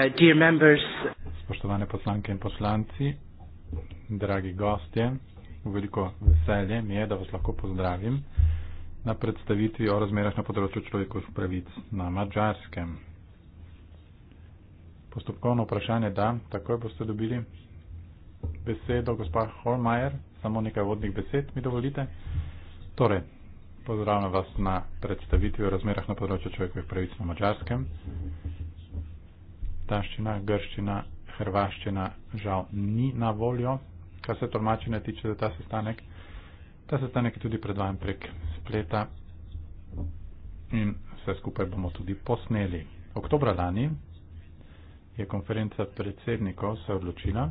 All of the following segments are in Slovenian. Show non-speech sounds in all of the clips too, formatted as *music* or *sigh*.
Uh, dear members, Spoštovane poslanke in poslanci, dragi gostje, veliko veselje mi je, da vas lahko pozdravim na predstavitvi o razmerah na področju človekovih pravic na mačarskem. Postopkovno vprašanje, da, takoj boste dobili besedo, gospa Holmeier, samo nekaj vodnih besed mi dovolite. Torej, pozdravljam vas na predstavitvi o razmerah na področju človekovih pravic na mačarskem italijanščina, grščina, hrvaščina žal ni na voljo, kar se tolmačenja tiče za ta sestanek. Ta sestanek je tudi predvajan prek spleta in vse skupaj bomo tudi posneli. Oktobra lani je konferenca predsednikov se odločila,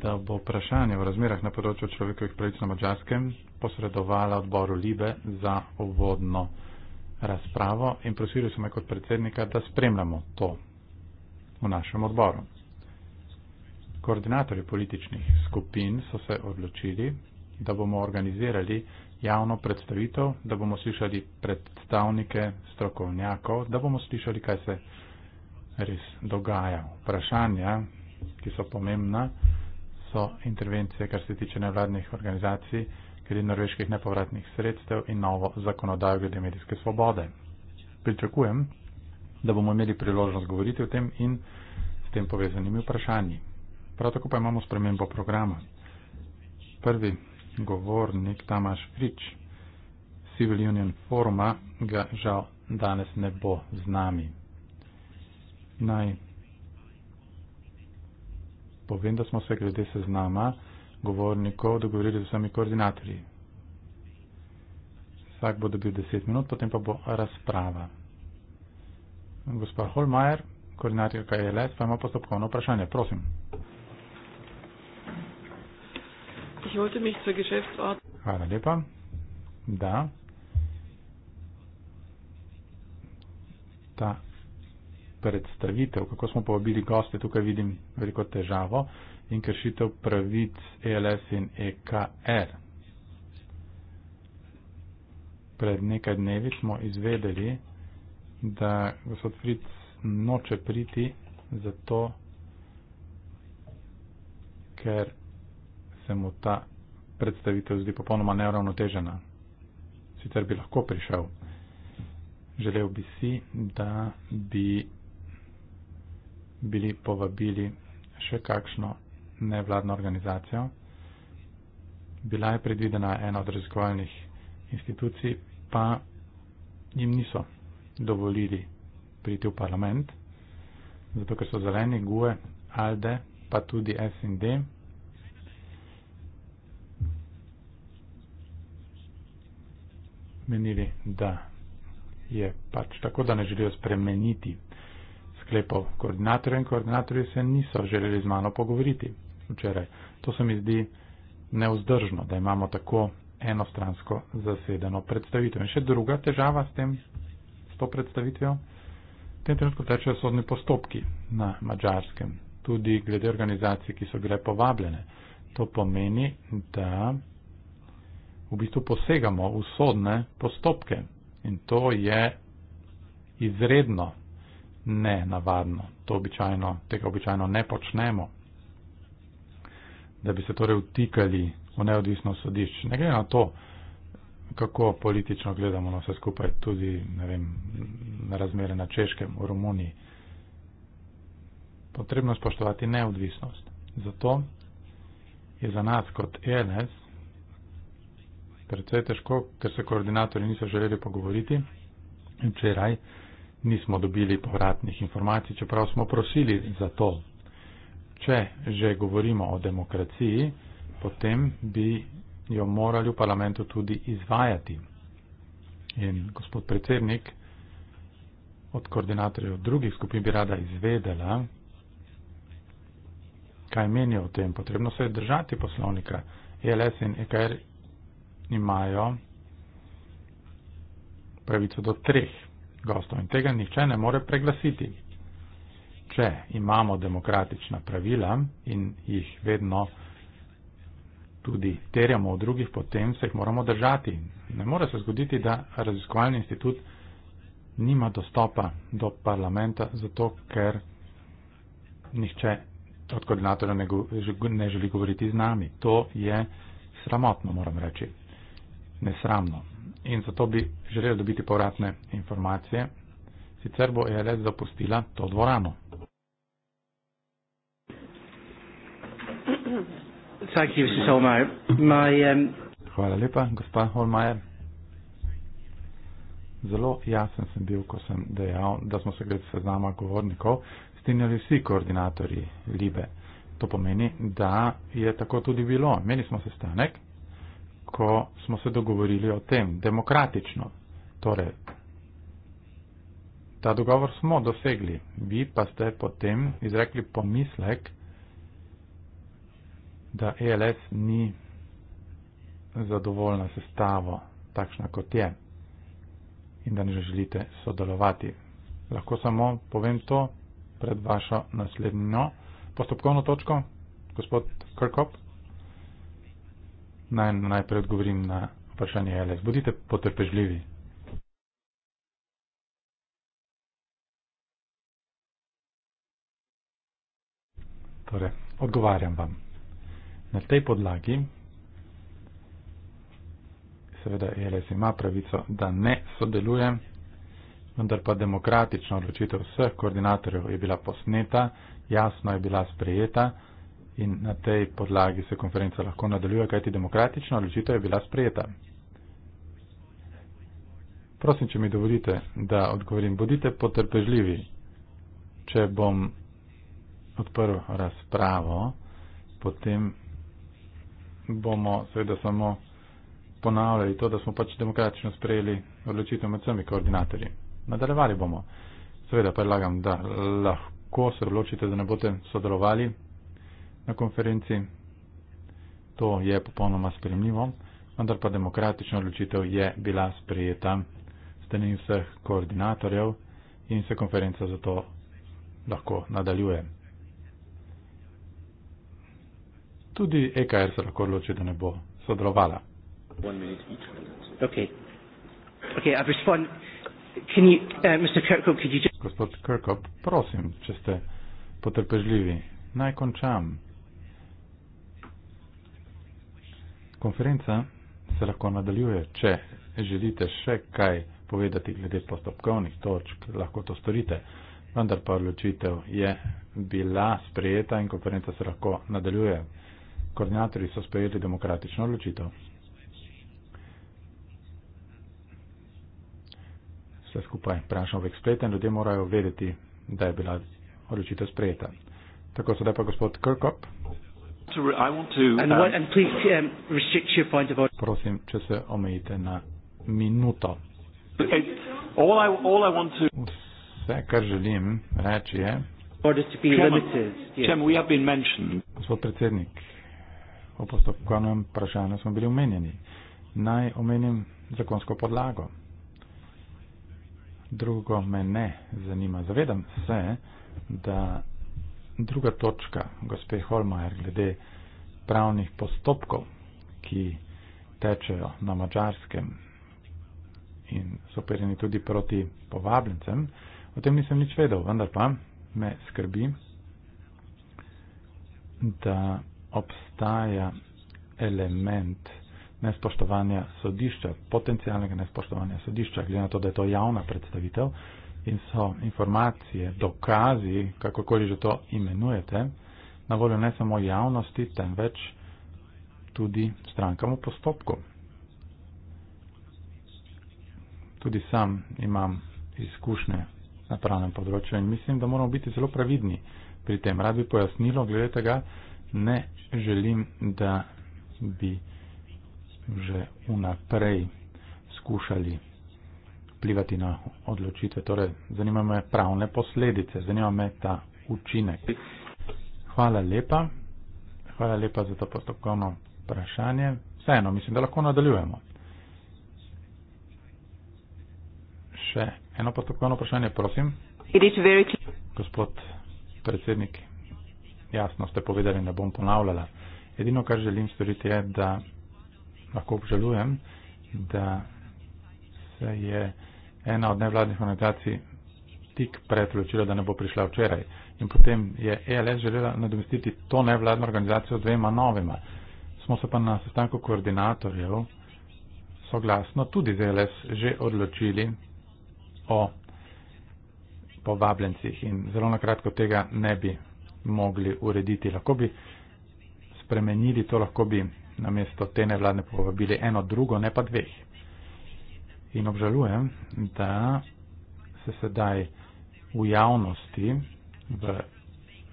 da bo vprašanje o razmerah na področju človekovih pravic na Mačarskem posredovala odboru Libe za uvodno razpravo in prosili so me kot predsednika, da spremljamo to v našem odboru. Koordinatorji političnih skupin so se odločili, da bomo organizirali javno predstavitev, da bomo slišali predstavnike strokovnjakov, da bomo slišali, kaj se res dogaja. Vprašanja, ki so pomembna, so intervencije, kar se tiče nevladnih organizacij, glede norveških nepovratnih sredstev in novo zakonodajo glede medijske svobode. Pričakujem, da bomo imeli priložnost govoriti o tem in s tem povezanimi vprašanji. Prav tako pa imamo spremembo programa. Prvi govornik Tamaš Frič, Civil Union Foruma, ga žal danes ne bo z nami. Naj povem, da smo se glede seznama govornikov dogovorili z vsemi koordinatorji. Vsak bo dobil 10 minut, potem pa bo razprava. Gospa Holmajer, koordinatorka ELS, pa ima postopkovno vprašanje. Prosim. Hvala lepa. Da. Ta predstavitev, kako smo povabili goste, tukaj vidim veliko težavo in kršitev pravic ELS in EKR. Pred nekaj dnevi smo izvedeli, da gospod Fritz noče priti zato, ker se mu ta predstavitev zdi popolnoma neravnotežena. Sicer bi lahko prišel. Želel bi si, da bi bili povabili še kakšno nevladno organizacijo. Bila je predvidena ena od raziskovalnih institucij, pa jim niso dovolili priti v parlament, zato ker so zeleni, GUE, ALDE, pa tudi SND. Menili, da je pač tako, da ne želijo spremeniti sklepov koordinatorjev in koordinatorji se niso želeli z mano pogovoriti včeraj. To se mi zdi neuzdržno, da imamo tako enostransko zasedeno predstavitev. In še druga težava s tem to predstavitvijo. V tem trenutku tečejo sodni postopki na mačarskem, tudi glede organizacij, ki so bile povabljene. To pomeni, da v bistvu posegamo v sodne postopke in to je izredno nenavadno. To običajno, tega običajno ne počnemo, da bi se torej vtikali v neodvisno sodišče. Ne glede na to, kako politično gledamo na vse skupaj, tudi ne vem, na razmere na Češkem, v Romuniji. Potrebno spoštovati neodvisnost. Zato je za nas kot ENS predvsej težko, ker se koordinatorji niso želeli pogovoriti. Včeraj nismo dobili povratnih informacij, čeprav smo prosili za to. Če že govorimo o demokraciji, potem bi jo morali v parlamentu tudi izvajati. In gospod predsednik, od koordinatorjev drugih skupin bi rada izvedela, kaj menijo o tem. Potrebno se je držati poslovnika. ELS in EKR imajo pravico do treh gostov in tega nihče ne more preglasiti. Če imamo demokratična pravila in jih vedno tudi terjamo od drugih, potem se jih moramo držati. Ne more se zgoditi, da raziskovalni institut nima dostopa do parlamenta, zato ker nihče od koordinatorja ne, ne želi govoriti z nami. To je sramotno, moram reči. Nesramno. In zato bi želel dobiti povratne informacije. Sicer bo ELS zapustila to dvorano. *clears throat* Thank you, Mrs. Holmeyer. My, um, Hvala lepa, gospa Holmeyer. Zelo jasen sem bil, ko sem dejal, da smo se glede seznama govornikov strinjali vsi koordinatorji Libe. To pomeni, da je tako tudi bilo. Meni smo sestanek, ko smo se dogovorili o tem demokratično. Torej, ta dogovor smo dosegli, vi pa ste potem izrekli pomislek, da ELS ni zadovoljna sestavo takšna kot je in da ne želite sodelovati. Lahko samo povem to pred vašo naslednjo postopkovno točko, gospod Krkop. Naj najprej odgovorim na vprašanje ELS. Budite potrpežljivi. Torej, odgovarjam vam na tej podlagi seveda ELS ima pravico, da ne sodeluje, vendar pa demokratična odločitev vseh koordinatorjev je bila posneta, jasno je bila sprejeta in na tej podlagi se konferenca lahko nadaljuje, kajti demokratična odločitev je bila sprejeta. Prosim, če mi dovolite, da odgovorim, bodite potrpežljivi, če bom odprl razpravo, potem bomo seveda samo ponavljali to, da smo pač demokratično sprejeli odločitev med vsemi koordinatorji. Nadaljevali bomo. Seveda predlagam, da lahko se odločite, da ne boste sodelovali na konferenci. To je popolnoma spremljivo, vendar pa demokratična odločitev je bila sprejeta strani vseh koordinatorjev in se konferenca zato lahko nadaljuje. Tudi EKR se lahko odloči, da ne bo sodelovala. Uh, Gospod Kirkop, prosim, če ste potrpežljivi, naj končam. Konferenca se lahko nadaljuje, če želite še kaj povedati glede postopkovnih točk, lahko to storite. Vendar pa odločitev je bila sprejeta in konferenca se lahko nadaljuje koordinatorji so sprejeli demokratično odločitev. Vse skupaj prenašamo v eksplete in ljudje morajo vedeti, da je bila odločitev sprejeta. Tako sedaj pa gospod Krkop. Um, um, Prosim, če se omejite na minuto. Vse, kar želim reči je, gospod predsednik, v postopkovnem vprašanju smo bili omenjeni. Naj omenim zakonsko podlago. Drugo me ne zanima. Zavedam se, da druga točka, gospe Holmajer, glede pravnih postopkov, ki tečejo na mačarskem in so pereni tudi proti povabljencem, o tem nisem nič vedel, vendar pa me skrbi, da obstaja element nespoštovanja sodišča, potencijalnega nespoštovanja sodišča, glede na to, da je to javna predstavitev in so informacije, dokazi, kakorkoli že to imenujete, na voljo ne samo javnosti, temveč tudi strankam v postopku. Tudi sam imam izkušnje na pravnem področju in mislim, da moramo biti zelo previdni pri tem. Rad bi pojasnilo, glede tega, ne želim, da bi že unaprej skušali plivati na odločitve. Torej, zanima me pravne posledice, zanima me ta učinek. Hvala lepa. Hvala lepa za to postopkovno vprašanje. Vseeno, mislim, da lahko nadaljujemo. Še eno postopkovno vprašanje, prosim. Gospod predsednik jasno ste povedali, ne bom ponavljala. Edino, kar želim storiti, je, da lahko obžalujem, da se je ena od nevladnih organizacij tik pred odločila, da ne bo prišla včeraj. In potem je ELS želela nadomestiti to nevladno organizacijo dvema novima. Smo se pa na sestanku koordinatorjev soglasno tudi z ELS že odločili o povabljencih in zelo na kratko tega ne bi mogli urediti. Lahko bi spremenili to, lahko bi namesto te nevladne povabili eno drugo, ne pa dveh. In obžalujem, da se sedaj v javnosti v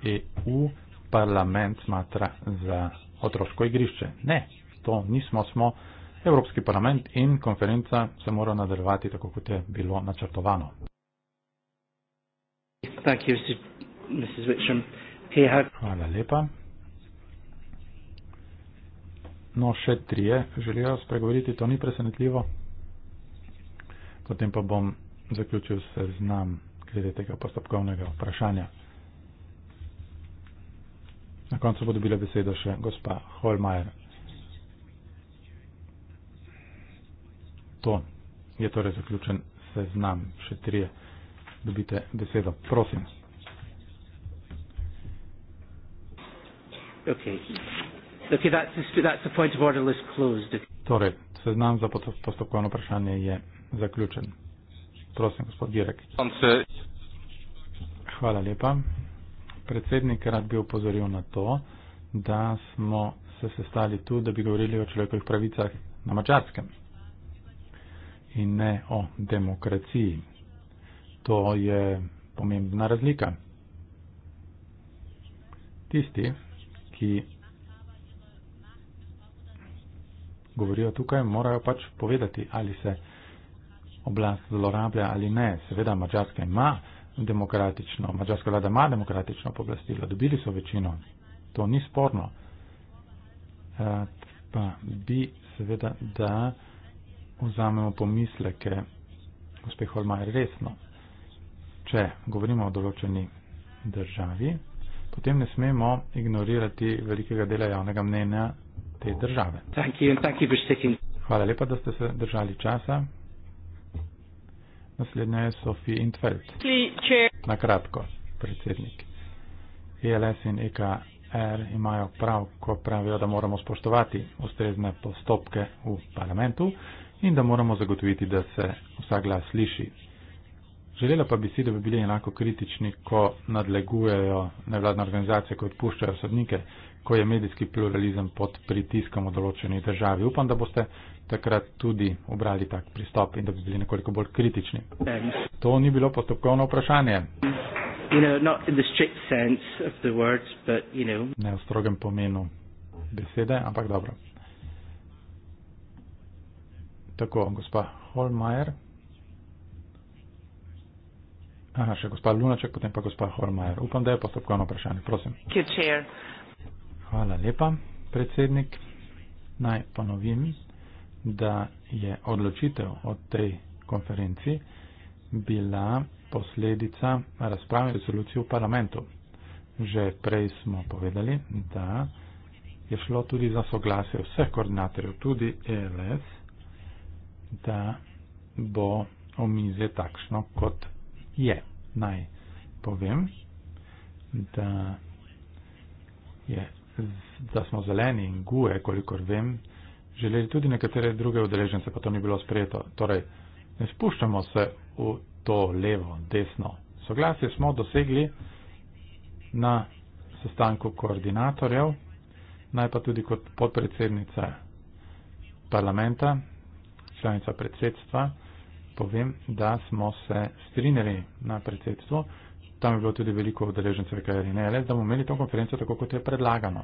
EU parlament smatra za otroško igrišče. Ne, to nismo, smo Evropski parlament in konferenca se mora nadaljevati tako, kot je bilo načrtovano. Thank you, Mrs. Mrs teha. Hvala lepa. No, še trije želijo spregovoriti, to ni presenetljivo. Potem pa bom zaključil se znam glede tega postopkovnega vprašanja. Na koncu bo dobila besedo še gospa Holmajer. To je torej zaključen seznam. Še trije dobite besedo. Prosim. Okay. Okay, that's the, that's the point of order list closed. Torej, seznam za postopkovno vprašanje je zaključen. Prosim, gospod Direk. Hvala lepa. Predsednik rad bi upozoril na to, da smo se sestali tu, da bi govorili o človekovih pravicah na mačarskem in ne o demokraciji. To je pomembna razlika. Tisti, ki govorijo tukaj, morajo pač povedati, ali se oblast zlorablja ali ne. Seveda, mačarska ima demokratično, mačarska vlada ima demokratično pooblastilo, dobili so večino, to ni sporno. Pa bi seveda, da vzamemo pomisleke uspeh Holmajer resno. Če govorimo o določeni državi, potem ne smemo ignorirati velikega dela javnega mnenja te države. Hvala lepa, da ste se držali časa. Naslednja je Sofija Intveld. Na kratko, predsednik. ELS in EKR imajo prav, ko pravijo, da moramo spoštovati ustrezne postopke v parlamentu in da moramo zagotoviti, da se vsa glas sliši. Želela pa bi si, da bi bili enako kritični, ko nadlegujejo nevladne organizacije, ko odpuščajo sodnike, ko je medijski pluralizem pod pritiskom v določeni državi. Upam, da boste takrat tudi obrali tak pristop in da bi bili nekoliko bolj kritični. To ni bilo postopkovno vprašanje. Ne v strogem pomenu besede, ampak dobro. Tako, gospa Holmajer. Aha, še gospa Lunaček, potem pa gospa Hormajer. Upam, da je postopkovno vprašanje. Prosim. Hvala lepa, predsednik. Naj ponovim, da je odločitev o tej konferenci bila posledica razprave resolucije v parlamentu. Že prej smo povedali, da je šlo tudi za soglasje vseh koordinatorjev, tudi ELS, da bo omizje takšno, kot je. Naj povem, da, je, da smo zeleni in guje, kolikor vem, želeli tudi nekatere druge udeležence, pa to ni bilo sprejeto. Torej, ne spuščamo se v to levo, desno. Soglasje smo dosegli na sestanku koordinatorjev, naj pa tudi kot podpredsednica parlamenta, članica predsedstva povem, da smo se strinjali na predsedstvo. Tam je bilo tudi veliko udeležencev, kaj ali ne, le da bomo imeli to konferenco tako, kot je predlagano.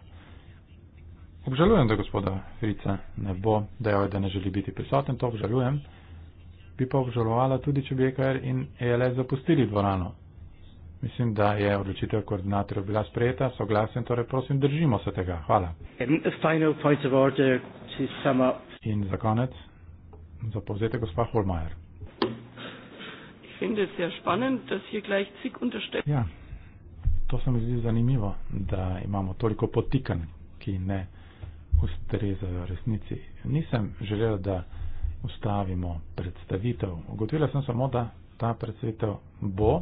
Obžalujem, da gospoda Frica ne bo dejal, da ne želi biti prisoten, to obžalujem. Bi pa obžalovala tudi, če bi EKR in ELS zapustili dvorano. Mislim, da je odločitev koordinatorja bila sprejeta, soglasen, torej prosim, držimo se tega. Hvala. In za konec, zapovzete gospa Holmajer finde es sehr spannend, dass hier gleich zig unterstellt. Ja, to se mi zdi zanimivo, da imamo toliko potikan, ki ne ustrezajo resnici. Nisem želel, da ustavimo predstavitev. Ugotovila sem samo, da ta predstavitev bo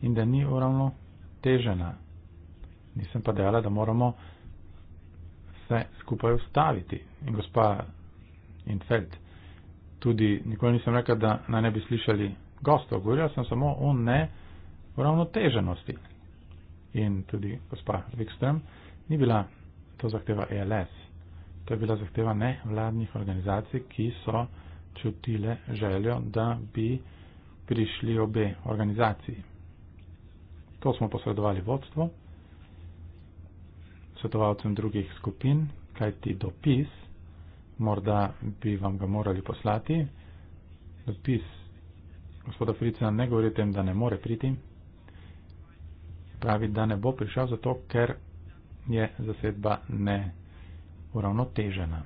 in da ni uravno težena. Nisem pa dejala, da moramo vse skupaj ustaviti. In gospa Infeld, tudi nikoli nisem rekla, da naj ne bi slišali gostov, govorila sem samo o neuravnoteženosti. In tudi gospa Wikström ni bila to zahteva ELS, to je bila zahteva nevladnih organizacij, ki so čutile željo, da bi prišli obe organizaciji. To smo posredovali vodstvu, svetovalcem drugih skupin, kajti dopis, morda bi vam ga morali poslati, dopis gospoda Fricena ne govori o tem, da ne more priti, pravi, da ne bo prišel zato, ker je zasedba neuravnotežena.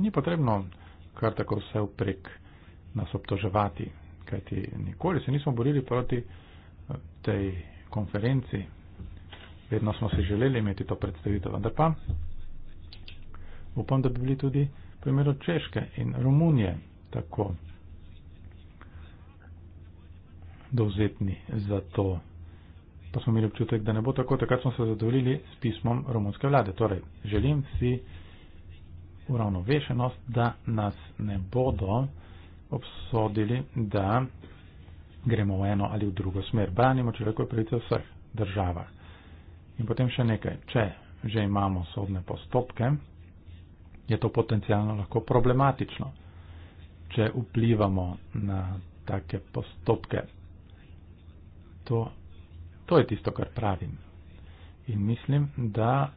Ni potrebno kar tako vse vprek nas obtoževati, kajti nikoli se nismo borili proti eh, tej konferenci, vedno smo si želeli imeti to predstavitev, vendar pa upam, da bi bili tudi v primeru Češke in Romunije tako dovzetni za to. Pa smo imeli občutek, da ne bo tako, takrat smo se zadovoljili s pismom romunske vlade. Torej, želim si uravnovešenost, da nas ne bodo obsodili, da gremo v eno ali v drugo smer. Branimo človekove pravice v vseh državah. In potem še nekaj. Če že imamo sodne postopke, je to potencijalno lahko problematično. Če vplivamo na take postopke, to, to je tisto, kar pravim. In mislim, da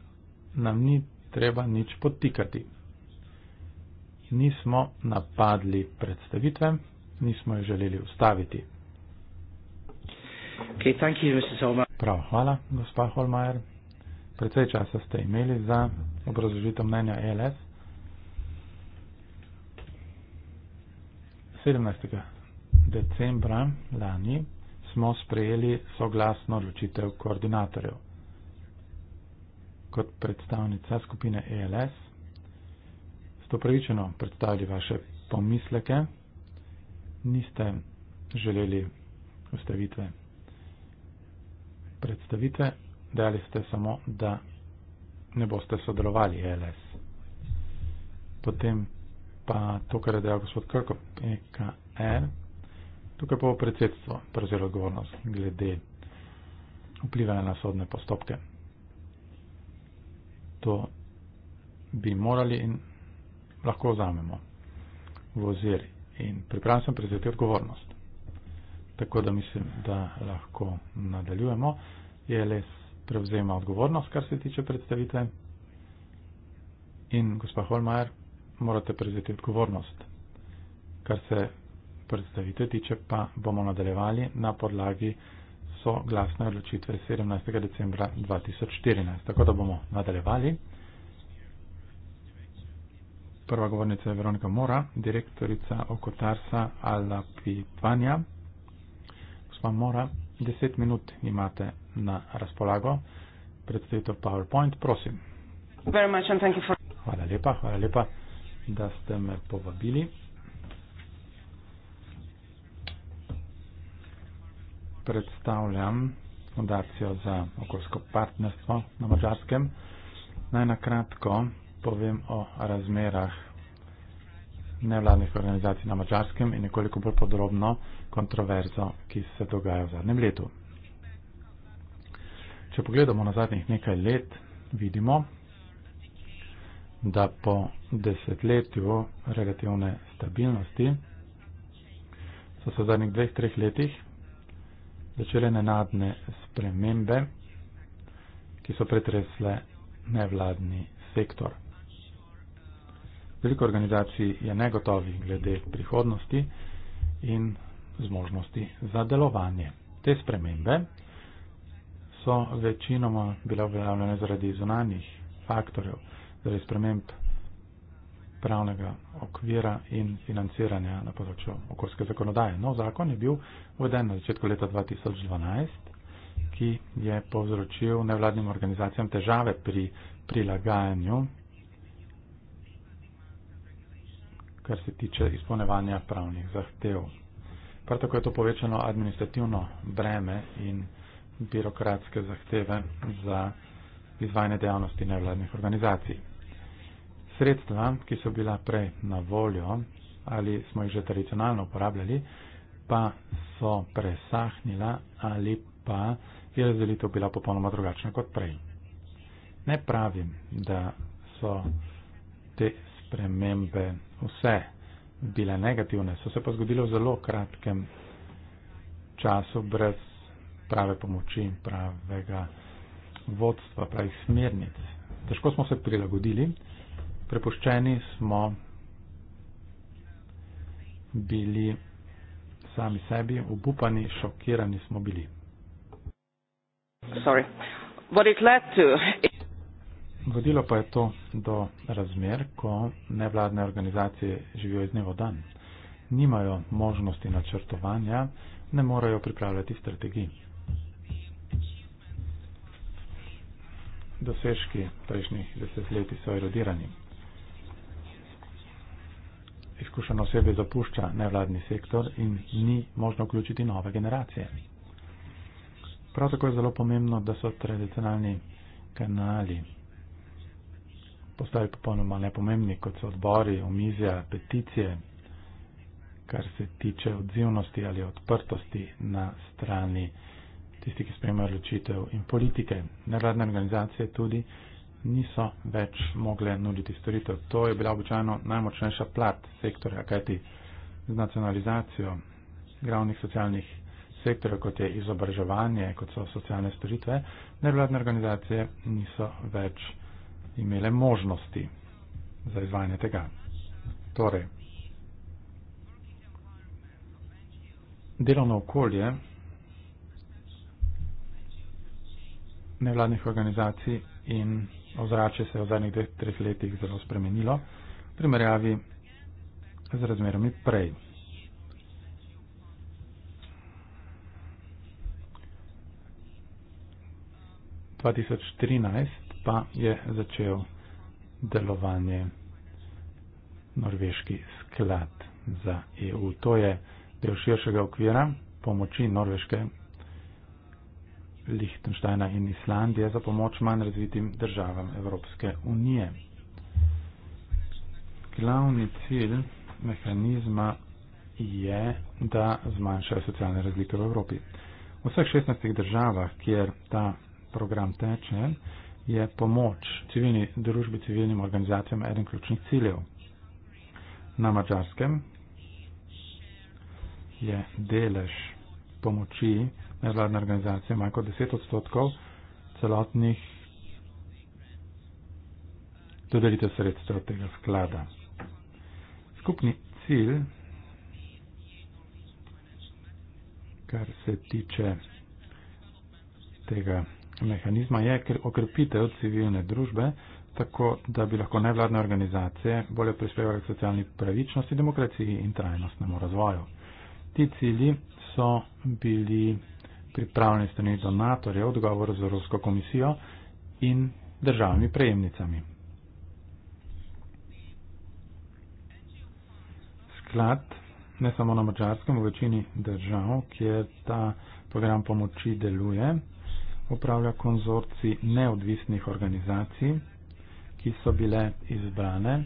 nam ni treba nič potikati. Nismo napadli predstavitve, nismo jo želeli ustaviti. Okay, thank you, Mr. Prav, hvala, gospa Holmajer. Predvsej časa ste imeli za obrazložitev mnenja ELS. 17. decembra lani smo sprejeli soglasno odločitev koordinatorjev. Kot predstavnica skupine ELS ste upravičeno predstavili vaše pomisleke, niste želeli ustavitve predstavitve, dali ste samo, da ne boste sodelovali ELS. Potem pa to, kar je dejal gospod Krkop, EKR, Tukaj pa bo predsedstvo prevzelo odgovornost glede vplivanja na sodne postopke. To bi morali in lahko vzamemo v ozir in pripravljam sem prevzeti odgovornost. Tako da mislim, da lahko nadaljujemo. Je les prevzema odgovornost, kar se tiče predstavitve. In gospod Holmajer, morate prevzeti odgovornost, kar se predstavitve tiče, pa bomo nadaljevali na podlagi soglasne odločitve 17. decembra 2014. Tako da bomo nadaljevali. Prva govornica je Veronika Mora, direktorica Okotarsa Alla Pipanja. Gospa Mora, 10 minut imate na razpolago. Predstavitev PowerPoint, prosim. Hvala lepa, hvala lepa, da ste me povabili. predstavljam fundacijo za okoljsko partnerstvo na Mačarskem. Naj na kratko povem o razmerah nevladnih organizacij na Mačarskem in nekoliko bolj podrobno kontroverzo, ki se dogaja v zadnjem letu. Če pogledamo na zadnjih nekaj let, vidimo, da po desetletju relativne stabilnosti so se v zadnjih dveh, treh letih začele nenadne spremembe, ki so pretresle nevladni sektor. Veliko organizacij je negotovih glede prihodnosti in zmožnosti za delovanje. Te spremembe so večinoma bile objavljene zaradi zunanjih faktorjev, zaradi sprememb pravnega okvira in financiranja na področju okoljske zakonodaje. Nov zakon je bil uveden na začetku leta 2012, ki je povzročil nevladnim organizacijam težave pri prilagajanju, kar se tiče izpolnevanja pravnih zahtev. Prav tako je to povečano administrativno breme in birokratske zahteve za izvajanje dejavnosti nevladnih organizacij. Sredstva, ki so bila prej na voljo ali smo jih že tradicionalno uporabljali, pa so presahnila ali pa je razdelitev bila popolnoma drugačna kot prej. Ne pravim, da so te spremembe vse bile negativne, so se pa zgodile v zelo kratkem času brez prave pomoči in pravega vodstva, pravih smernic. Težko smo se prilagodili prepuščeni smo bili sami sebi, obupani, šokirani smo bili. Vodilo pa je to do razmer, ko nevladne organizacije živijo iz dneva v dan. Nimajo možnosti načrtovanja, ne morejo pripravljati strategij. Dosežki prejšnjih desetletij so erodirani izkušeno osebe zapušča nevladni sektor in ni možno vključiti nove generacije. Prav tako je zelo pomembno, da so tradicionalni kanali postali popolnoma nepomembni, kot so odbori, omizja, peticije, kar se tiče odzivnosti ali odprtosti na strani tistih, ki spremljajo odločitev in politike. Nevladne organizacije tudi niso več mogle nuditi storitev. To je bila običajno najmočnejša plat sektorja, kajti z nacionalizacijo glavnih socialnih sektorjev, kot je izobraževanje, kot so socialne storitve, nevladne organizacije niso več imele možnosti za izvajanje tega. Torej, delovno okolje nevladnih organizacij in ozračje se je v zadnjih dveh, treh letih zelo spremenilo v primerjavi z razmerami prej. V 2013 pa je začel delovanje Norveški sklad za EU. To je del širšega okvira pomoči Norveške Lichtensteina in Islandije za pomoč manj razvitim državam Evropske unije. Glavni cilj mehanizma je, da zmanjšajo socialne razlike v Evropi. V vseh 16 državah, kjer ta program teče, je pomoč civilni družbi, civilnim organizacijam eden ključnih ciljev. Na mačarskem je delež pomoči mednarodne organizacije, manj kot 10 odstotkov celotnih dodelitev sredstev tega sklada. Skupni cilj, kar se tiče tega mehanizma, je okrepitev civilne družbe, tako da bi lahko nevladne organizacije bolje prispevali k socialni pravičnosti, demokraciji in trajnostnemu razvoju. Ti cilji so bili pripravljeni strani donatorje odgovor z Evropsko komisijo in državnimi prejemnicami. Sklad ne samo na mačarskem, v večini držav, kjer ta program pomoči deluje, upravlja konzorci neodvisnih organizacij, ki so bile izbrane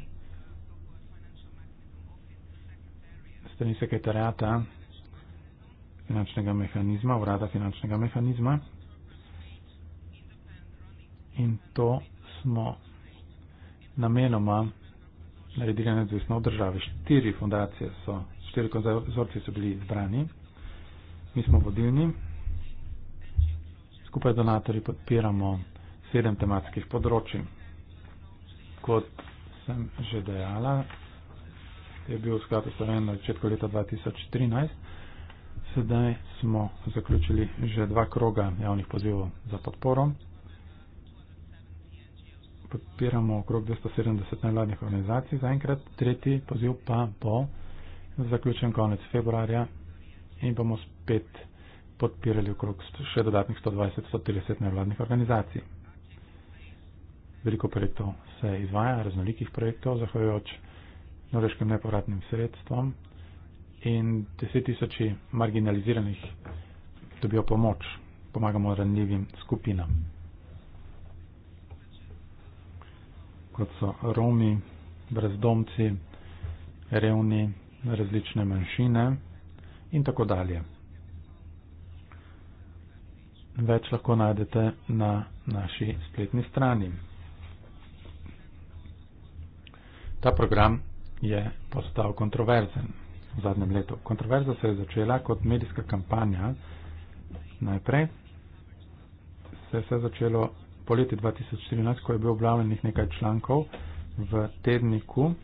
strani sekretarjata finančnega mehanizma, urada finančnega mehanizma. In to smo namenoma naredili neodvisno od države. Štiri fundacije so, štiri konzorci so bili izbrani. Mi smo vodilni. Skupaj donatori podpiramo sedem tematskih področji. Kot sem že dejala, je bil v skladu s na začetku leta 2013 Sedaj smo zaključili že dva kroga javnih pozivov za podporo. Podpiramo okrog 270 nevladnih organizacij zaenkrat, tretji poziv pa bo zaključen konec februarja in bomo spet podpirali okrog še dodatnih 120-130 nevladnih organizacij. Veliko projektov se izvaja, raznolikih projektov, zahvaljujoč norveškim nepovratnim sredstvom, in deset tisoči marginaliziranih dobijo pomoč, pomagamo ranljivim skupinam, kot so Romi, brezdomci, revni, različne manjšine in tako dalje. Več lahko najdete na naši spletni strani. Ta program je postal kontroverzen v zadnjem letu. Kontroverza se je začela kot medijska kampanja. Najprej se je vse začelo poleti 2014, ko je bilo objavljenih nekaj člankov v tedniku,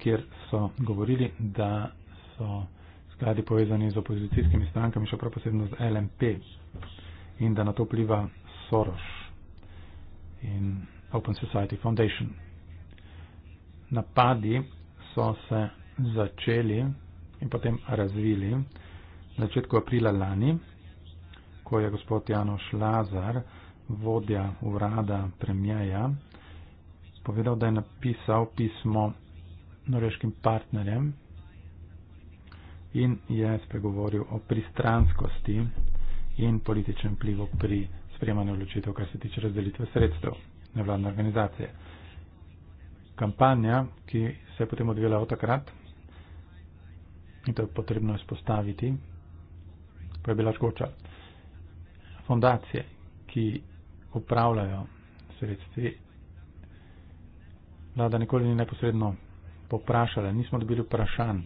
kjer so govorili, da so skladi povezani z opozicijskimi strankami, še prav posebno z LMP in da na to pliva Soros in Open Society Foundation. Napadi so se začeli in potem razvili v začetku aprila lani, ko je gospod Janoš Lazar, vodja urada premjeja, povedal, da je napisal pismo norveškim partnerjem in je spregovoril o pristranskosti in političnem plivu pri sprejemanju odločitev, kar se tiče razdelitve sredstev nevladne organizacije kampanja, ki se je potem odvijala od takrat in to je potrebno izpostaviti, pa je bila škoča. Fondacije, ki upravljajo sredstvi, vlada nikoli ni neposredno poprašala, nismo dobili vprašanj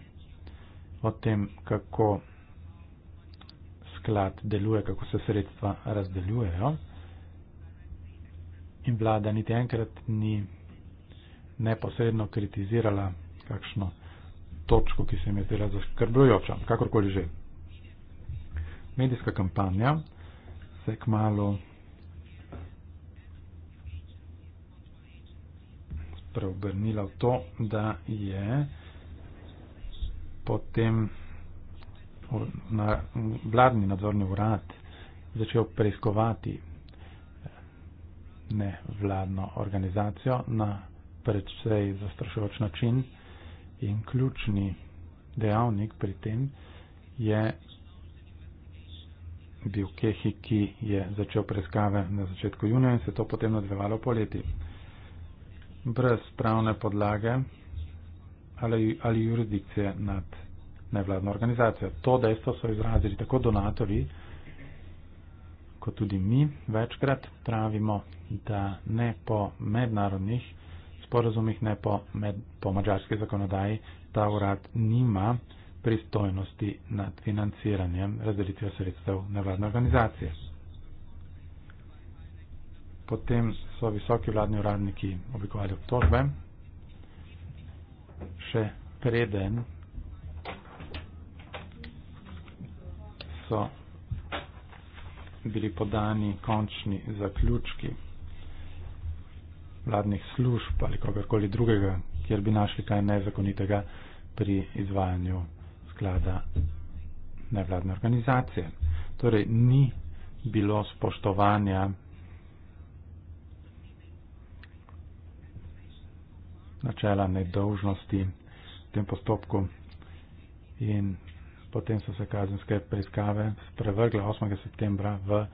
o tem, kako sklad deluje, kako se sredstva razdeljujejo. In vlada niti enkrat ni neposredno kritizirala kakšno točko, ki se mi je zdela zaskrbljujoča, kakorkoli že. Medijska kampanja se je kmalo preobrnila v to, da je potem na vladni nadzorni urad začel preiskovati nevladno organizacijo na predvsej zastrašujoč način in ključni dejavnik pri tem je bil Kehi, ki je začel preiskave na začetku junija in se to potem nadaljevalo poleti. Brez pravne podlage ali, ali jurisdikcije nad nevladno organizacijo. To dejstvo so izrazili tako donatori, kot tudi mi večkrat pravimo, da ne po mednarodnih sporazumih, ne po, med, po mađarski zakonodaji, ta urad nima pristojnosti nad financiranjem razdelitve sredstev nevladne organizacije. Potem so visoki vladni uradniki oblikovali obtožbe, še preden so bili podani končni zaključki vladnih služb ali kakorkoli drugega, kjer bi našli kaj nezakonitega pri izvajanju sklada nevladne organizacije. Torej, ni bilo spoštovanja načela nedolžnosti v tem postopku in potem so se kazenske preiskave sprevrgle 8. septembra v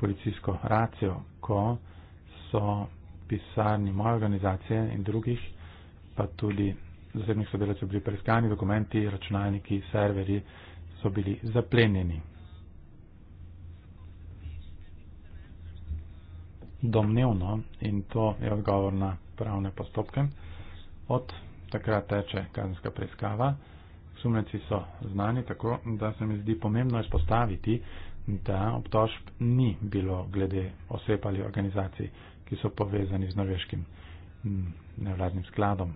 policijsko racijo, ko so pisarni moje organizacije in drugih, pa tudi zasebnih sodelavcev bili preiskani, dokumenti, računalniki, serverji so bili zaplenjeni. Domnevno in to je odgovor na pravne postopke. Od takrat teče kazenska preiskava. Sumljenci so znani tako, da se mi zdi pomembno izpostaviti, da obtožb ni bilo glede oseb ali organizacij ki so povezani z norveškim mm, nevladnim skladom.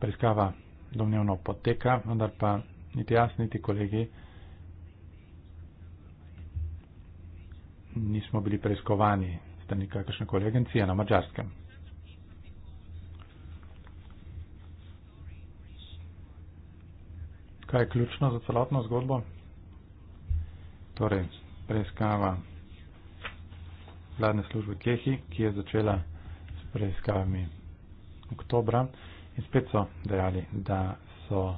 Preiskava domnevno poteka, vendar pa niti jaz, niti kolegi nismo bili preiskovani strani kakršne koli agencije na mačarskem. Kaj je ključno za celotno zgodbo? Torej, preiskava vladne službe Kehi, ki je začela s preiskavami oktobra in spet so dejali, da so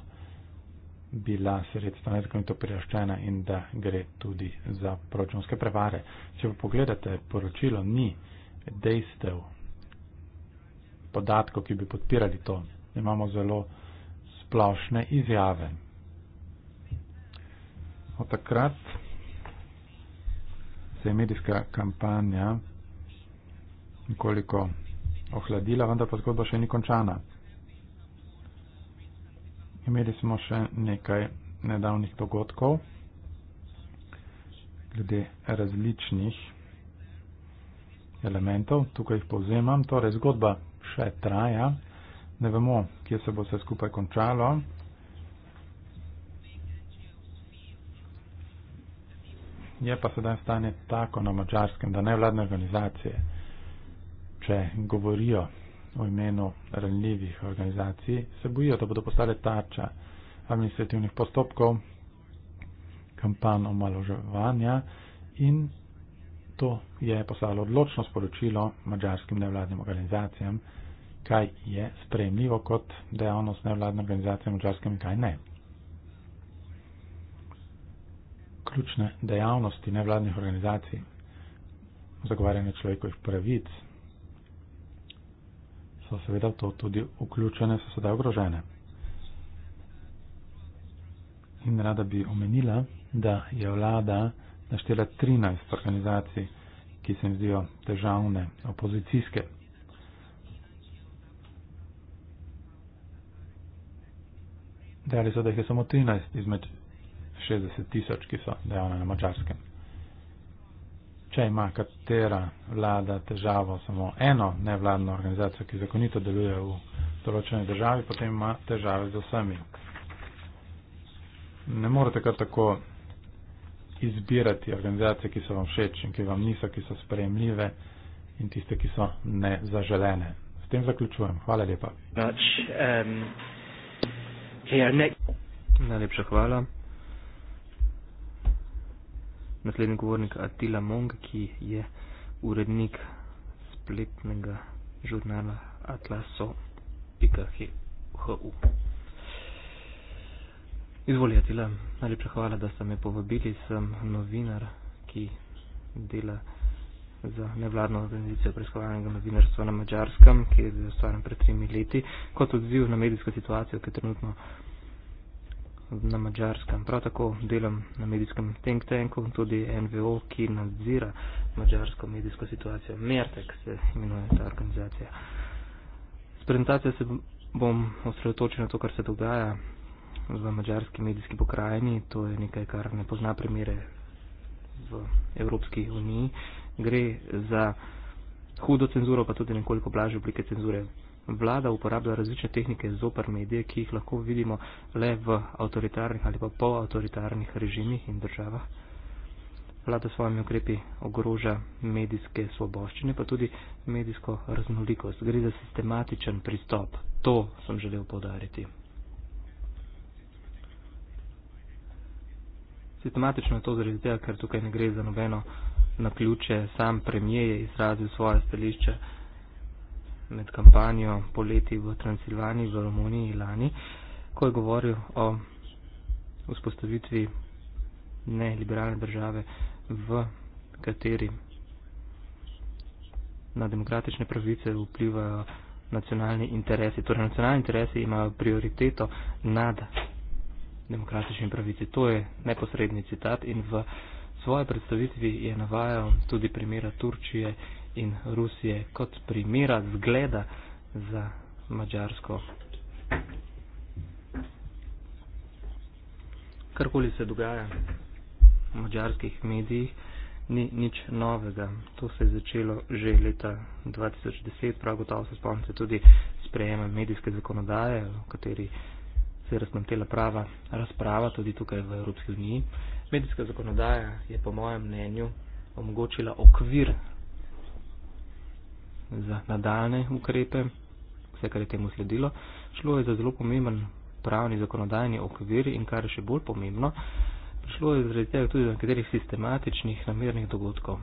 bila sredstva nezakonito priraščena in da gre tudi za proračunske prevare. Če pa pogledate, poročilo ni dejstev, podatkov, ki bi podpirali to. Imamo zelo splošne izjave. Od takrat je medijska kampanja nekoliko ohladila, vendar pa zgodba še ni končana. Imeli smo še nekaj nedavnih dogodkov glede različnih elementov. Tukaj jih povzemam. Torej, zgodba še traja. Ne vemo, kje se bo vse skupaj končalo. je pa sedaj stanje tako na mačarskem, da nevladne organizacije, če govorijo o imenu ranljivih organizacij, se bojijo, da bodo postale tarča administrativnih postopkov, kampanj omaloževanja in to je poslalo odločno sporočilo mačarskim nevladnim organizacijam, kaj je spremljivo kot dejavnost nevladne organizacije mačarskem in kaj ne. ključne dejavnosti nevladnih organizacij, zagovarjanje človekovih pravic, so seveda v to tudi vključene, so sedaj ogrožene. In rada bi omenila, da je vlada naštela 13 organizacij, ki se jim zdijo težavne, opozicijske. Dejali so, da jih je samo 13 izmed 60 tisoč, ki so dejavne na mačarskem. Če ima katera vlada težavo samo eno nevladno organizacijo, ki zakonito deluje v določeni državi, potem ima težave z vsemi. Ne morete kar tako izbirati organizacije, ki so vam všeč in ki vam niso, ki so sprejemljive in tiste, ki so nezaželene. S tem zaključujem. Hvala lepa. Um, Najlepša hvala naslednji govornik Atila Mong, ki je urednik spletnega žurnala atlaso.hu. Izvoli, Atila, najlepša hvala, da ste me povabili. Sem novinar, ki dela za nevladno organizacijo preiskovalnega novinarstva na Mačarskem, ki je zastavljen pred tremi leti, kot odziv na medijsko situacijo, ki je trenutno na mačarskem. Prav tako delam na medijskem think tanku, tudi NVO, ki nadzira mačarsko medijsko situacijo. Mertek se imenuje ta organizacija. S prezentacijo se bom osredotočil na to, kar se dogaja v mačarski medijski pokrajini. To je nekaj, kar ne pozna primere v Evropski uniji. Gre za hudo cenzuro, pa tudi nekoliko blažje oblike cenzure vlada uporablja različne tehnike zoper medije, ki jih lahko vidimo le v avtoritarnih ali pa polavtoritarnih režimih in državah. Vlada s svojimi ukrepi ogroža medijske svoboščine, pa tudi medijsko raznolikost. Gre za sistematičen pristop. To sem želel povdariti. Sistematično je to zaradi tega, ker tukaj ne gre za nobeno naključje. Sam premije je izrazil svoje stališče med kampanjo poleti v Transilvaniji, v Romuniji lani, ko je govoril o vzpostavitvi neliberalne države, v kateri na demokratične pravice vplivajo nacionalni interesi. Torej, nacionalni interesi imajo prioriteto nad demokratičnimi pravici. To je neposredni citat in v svoji predstavitvi je navajal tudi primera Turčije in Rusije kot primera zgleda za Mačarsko. Karkoli se dogaja v mačarskih medijih, ni nič novega. To se je začelo že leta 2010, prav gotovo se spomnite tudi sprejema medijske zakonodaje, v kateri se je razmantela prava razprava tudi tukaj v Evropski uniji. Medijska zakonodaja je po mojem mnenju omogočila okvir za nadaljne ukrepe, vse kar je temu sledilo. Šlo je za zelo pomemben pravni zakonodajni okvir in kar je še bolj pomembno, prišlo je zaradi tega tudi do nekaterih sistematičnih namernih dogodkov.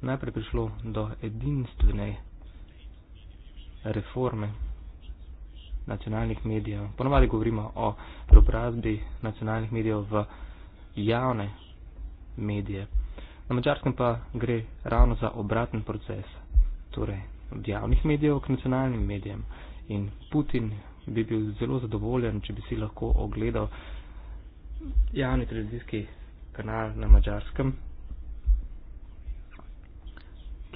Najprej prišlo do edinstvene reforme nacionalnih medijev. Ponovadi govorimo o preobrazbi nacionalnih medijev v javne medije. Na mačarskem pa gre ravno za obraten proces, torej od javnih medijev k nacionalnim medijem. In Putin bi bil zelo zadovoljen, če bi si lahko ogledal javni televizijski kanal na mačarskem,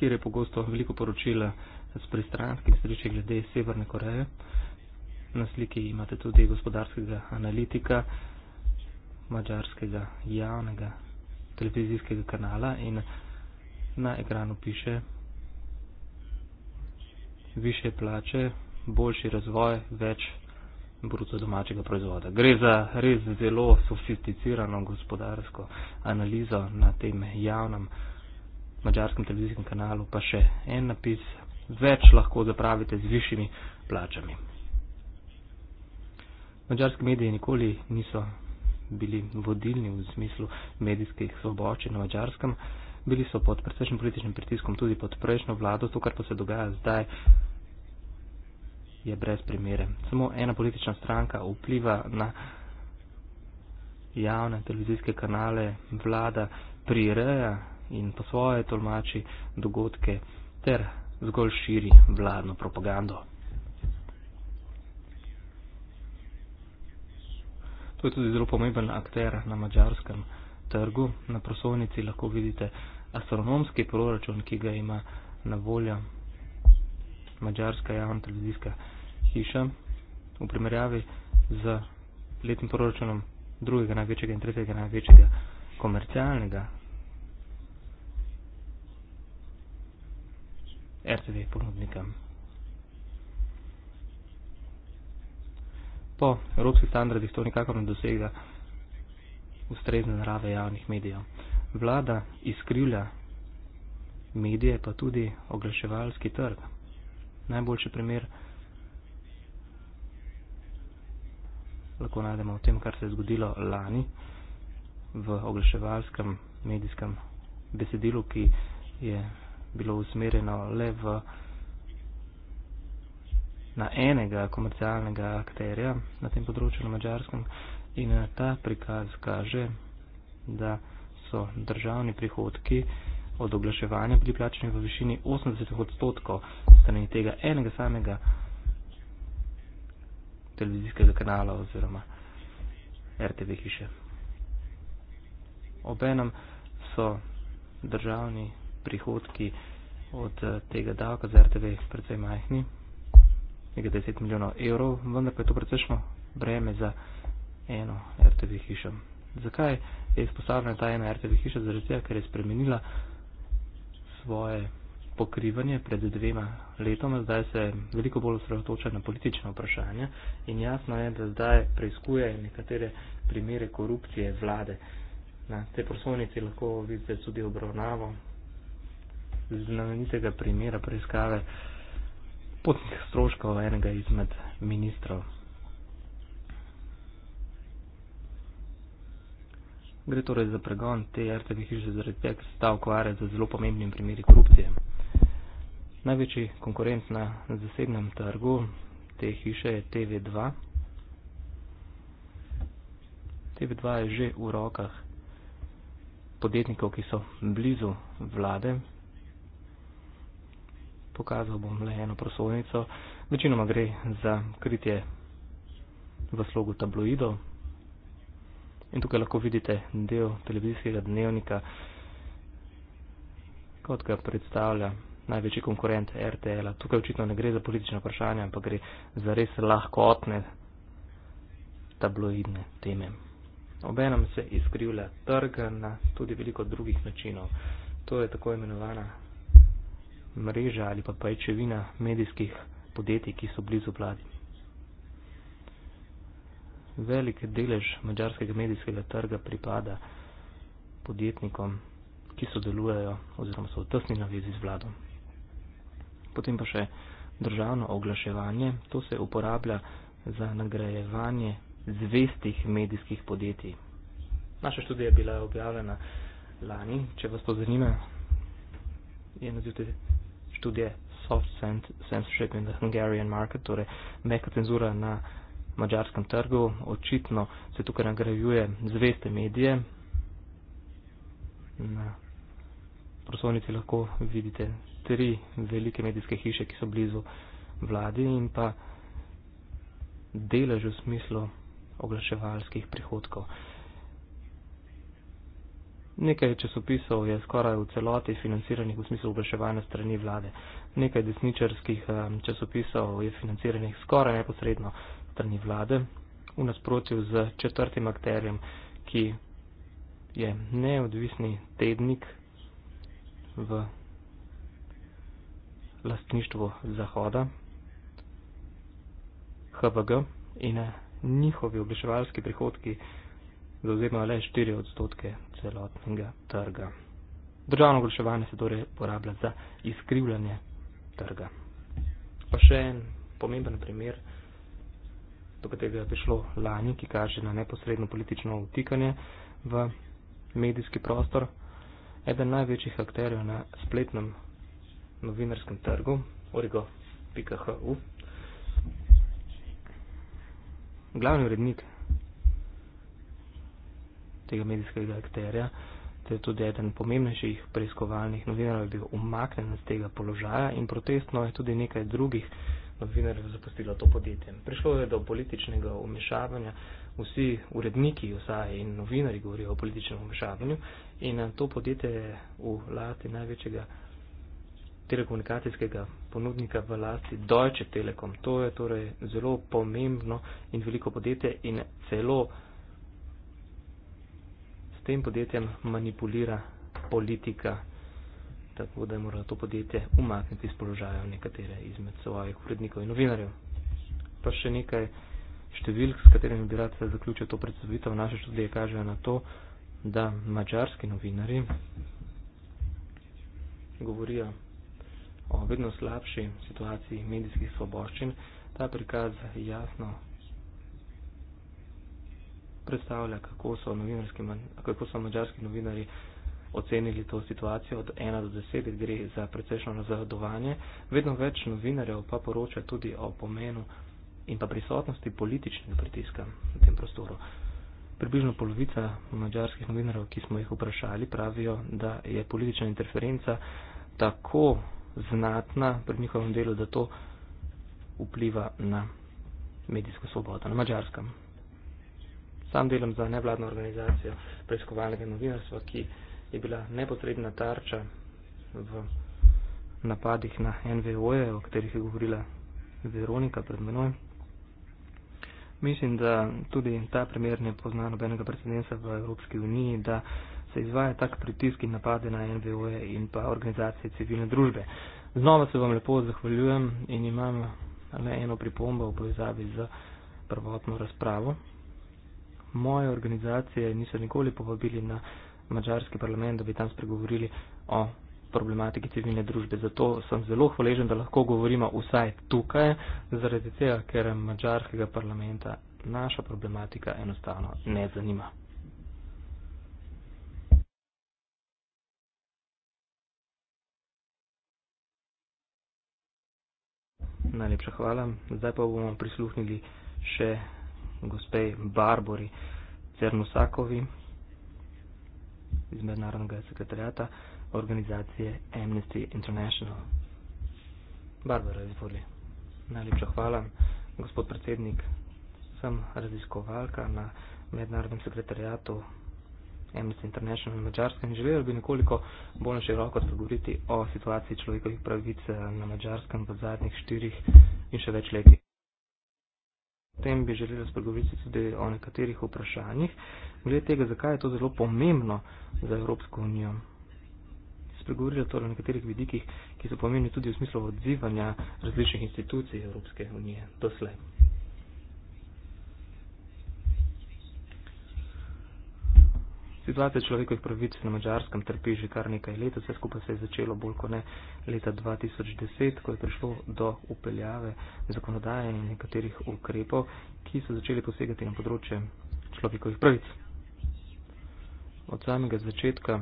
kjer je pogosto veliko poročila s pristranskim sreče glede Severne Koreje. Na sliki imate tudi gospodarskega analitika mačarskega javnega televizijskega kanala in na ekranu piše više plače, boljši razvoj, več bruto domačega proizvoda. Gre za res zelo sofisticirano gospodarsko analizo na tem javnem mađarskem televizijskem kanalu, pa še en napis, več lahko zapravite z višjimi plačami. Mađarski mediji nikoli niso bili vodilni v smislu medijskih svoboči na mačarskem. Bili so pod precejšnjim političnim pritiskom tudi pod prejšnjo vlado, to, kar pa se dogaja zdaj, je brez primere. Samo ena politična stranka vpliva na javne televizijske kanale, vlada prireja in po svoje tolmači dogodke ter zgolj širi vladno propagando. To je tudi zelo pomemben akter na mačarskem trgu. Na prosovnici lahko vidite astronomski proračun, ki ga ima na voljo mačarska javna televizijska hiša. V primerjavi z letnim proračunom drugega največjega in tretjega največjega komercialnega RTV ponudnika po evropskih standardih to nikakor ne dosega ustrezne narave javnih medijev. Vlada izkrivlja medije, pa tudi oglaševalski trg. Najboljši primer lahko najdemo v tem, kar se je zgodilo lani v oglaševalskem medijskem besedilu, ki je bilo usmerjeno le v na enega komercialnega akterja na tem področju na mačarskem in eh, ta prikaz kaže, da so državni prihodki od oglaševanja bili plačeni v višini 80 odstotkov strani tega enega samega televizijskega kanala oziroma RTV hiše. Obenem so državni prihodki od eh, tega davka za RTV precej majhni, nekaj 10 milijonov evrov, vendar pa je to precejšno breme za eno RTV hišo. Zakaj je izpostavljena ta ena RTV hiša? Zaradi tega, ker je spremenila svoje pokrivanje pred dvema letoma, zdaj se veliko bolj osredotoča na politične vprašanja in jasno je, da zdaj preizkuje nekatere primere korupcije vlade. Na tej prosovnici lahko vidite tudi obravnavo znamenitega primera preiskave potnih stroškov enega izmed ministrov. Gre torej za pregon te RTV hiše zaradi tega, ker se ta ukvarja z zelo pomembnim primeri korupcije. Največji konkurent na zasebnem trgu te hiše je TV2. TV2 je že v rokah podjetnikov, ki so blizu vlade, pokazal bom le eno prosovnico. Večinoma gre za kritje v slogu tabloidov. In tukaj lahko vidite del televizijskega dnevnika, kot ga predstavlja največji konkurent RTL. Tukaj očitno ne gre za politično vprašanje, ampak gre za res lahkotne tabloidne teme. Obenem se izkrivlja trg na tudi veliko drugih načinov. To je tako imenovana mreža ali pa pajčevina medijskih podjetij, ki so blizu vladi. Velik delež mađarskega medijskega trga pripada podjetnikom, ki sodelujejo oziroma so v tesni navezi z vlado. Potem pa še državno oglaševanje, to se uporablja za nagrajevanje zvestih medijskih podjetij. Naša študija je bila objavljena lani, če vas to zanima, je na zjutraj tudi je soft censorship in the Hungarian market, torej meka cenzura na mađarskem trgu. Očitno se tukaj nagrajuje zveste medije. Na prosovnici lahko vidite tri velike medijske hiše, ki so blizu vladi in pa delež v smislu oglaševalskih prihodkov. Nekaj časopisov je skoraj v celoti financiranih v smislu obraševanja strani vlade. Nekaj desničarskih časopisov je financiranih skoraj neposredno strani vlade, v nasprotju z četrtim akterjem, ki je neodvisni tednik v lastništvu Zahoda, HVG, in njihovi obraševalski prihodki zauzemajo le 4 odstotke celotnega trga. Državno oglaševanje se torej porablja za izkrivljanje trga. Pa še en pomemben primer, do katerega je prišlo lani, ki kaže na neposredno politično vtikanje v medijski prostor. Eden največjih akterjev na spletnem novinarskem trgu, origo.hu, glavni urednik tega medijskega akterja, ter tudi eden pomembnejših preiskovalnih novinarjev je bil umaknen z tega položaja in protestno je tudi nekaj drugih novinarjev zapustilo to podjetje. Prišlo je do političnega umešavanja, vsi uredniki vsaj in novinari govorijo o političnem umešavanju in eh, to podjetje je v lasti največjega telekomunikacijskega ponudnika v lasti Deutsche Telekom. To je torej zelo pomembno in veliko podjetje in celo tem podjetjem manipulira politika, tako da je moralo to podjetje umakniti iz položaja nekatere izmed svojih urednikov in novinarjev. Pa še nekaj številk, s katerimi bi rad se zaključil to predstavitev, naše študije kažejo na to, da mačarski novinari govorijo o vedno slabši situaciji medijskih svoboščin. Ta prikaz jasno predstavlja, kako so, kako so mađarski novinari ocenili to situacijo od 1 do 10, gre za precejšno nazadovanje. Vedno več novinarjev pa poroča tudi o pomenu in pa prisotnosti političnega pritiska na tem prostoru. Približno polovica mađarskih novinarjev, ki smo jih vprašali, pravijo, da je politična interferenca tako znatna pri njihovem delu, da to vpliva na medijsko svobodo na mađarskem. Sam delam za nevladno organizacijo preiskovalnega novinarstva, ki je bila nepotrebna tarča v napadih na NVO-je, o katerih je govorila Veronika pred menoj. Mislim, da tudi ta primer ne pozna nobenega precedensa v Evropski uniji, da se izvaja tak pritisk in napade na NVO-je in pa organizacije civilne družbe. Znova se vam lepo zahvaljujem in imam le eno pripombo v povezavi z prvotno razpravo moje organizacije niso nikoli povabili na mačarski parlament, da bi tam spregovorili o problematiki civilne družbe. Zato sem zelo hvaležen, da lahko govorimo vsaj tukaj, zaradi tega, ker mačarskega parlamenta naša problematika enostavno ne zanima. Najlepša hvala. Zdaj pa bomo prisluhnili še gospe Barbori Cernusakovi iz mednarodnega sekretarjata organizacije Amnesty International. Barbara, izvoli. Najlepša hvala, gospod predsednik. Sem raziskovalka na mednarodnem sekretarjatu Amnesty International na Mačarskem in želel bi nekoliko bolj široko spregovoriti o situaciji človekovih pravic eh, na Mačarskem v zadnjih štirih in še več letih potem bi želela spregovoriti tudi o nekaterih vprašanjih, glede tega, zakaj je to zelo pomembno za Evropsko unijo. Spregovorila torej o nekaterih vidikih, ki so pomembni tudi v smislu odzivanja različnih institucij Evropske unije doslej. Situacija človekovih pravic na mačarskem trpi že kar nekaj let, vse skupaj se je začelo bolj kot ne leta 2010, ko je prišlo do upeljave zakonodaje in nekaterih ukrepov, ki so začeli posegati na področje človekovih pravic. Od samega začetka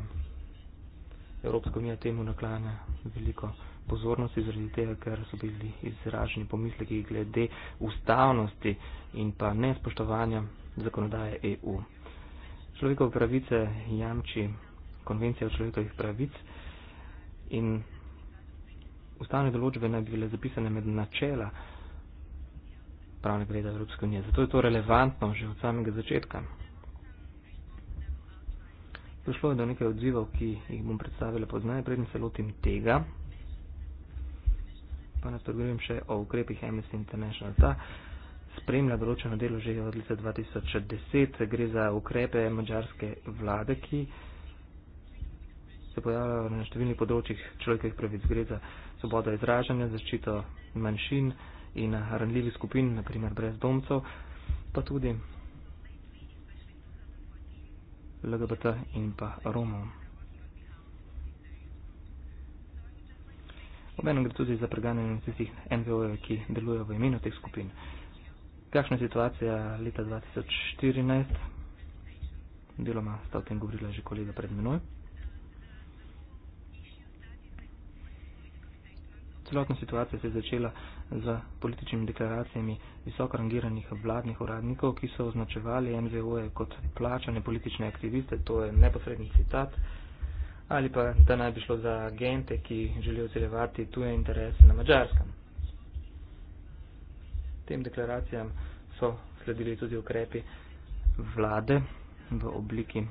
Evropska unija temu naklanja veliko pozornosti, zaradi tega, ker so bili izraženi pomisleki glede ustavnosti in pa nespoštovanja zakonodaje EU človekove pravice jamči konvencija o človekovih pravic in ustavne določbe naj bi bile zapisane med načela pravnega reda Evropske unije. Zato je to relevantno že od samega začetka. Prišlo je do nekaj odzivov, ki jih bom predstavila poznaje, preden se lotim tega. Pa nas še o ukrepih Amnesty International. Ta spremlja določeno delo že od leta 2010. Gre za ukrepe mađarske vlade, ki se pojavljajo na številnih področjih človekovih pravic. Gre za svobodo izražanja, zaščito manjšin in ranljivih skupin, naprimer brezdomcev, pa tudi LGBT in pa Romov. Obenem gre tudi za preganjanje tistih NVO-jev, ki delujejo v imenu teh skupin kakšna je situacija leta 2014, deloma sta o tem govorila že kolega pred menoj. Celotna situacija se je začela z političnimi deklaracijami visoko rangiranih vladnih uradnikov, ki so označevali MZO-je kot plačane politične aktiviste, to je neposredni citat, ali pa da naj bi šlo za agente, ki želijo celevati tuje interese na Mačarskem tem deklaracijam so sledili tudi ukrepi vlade v obliki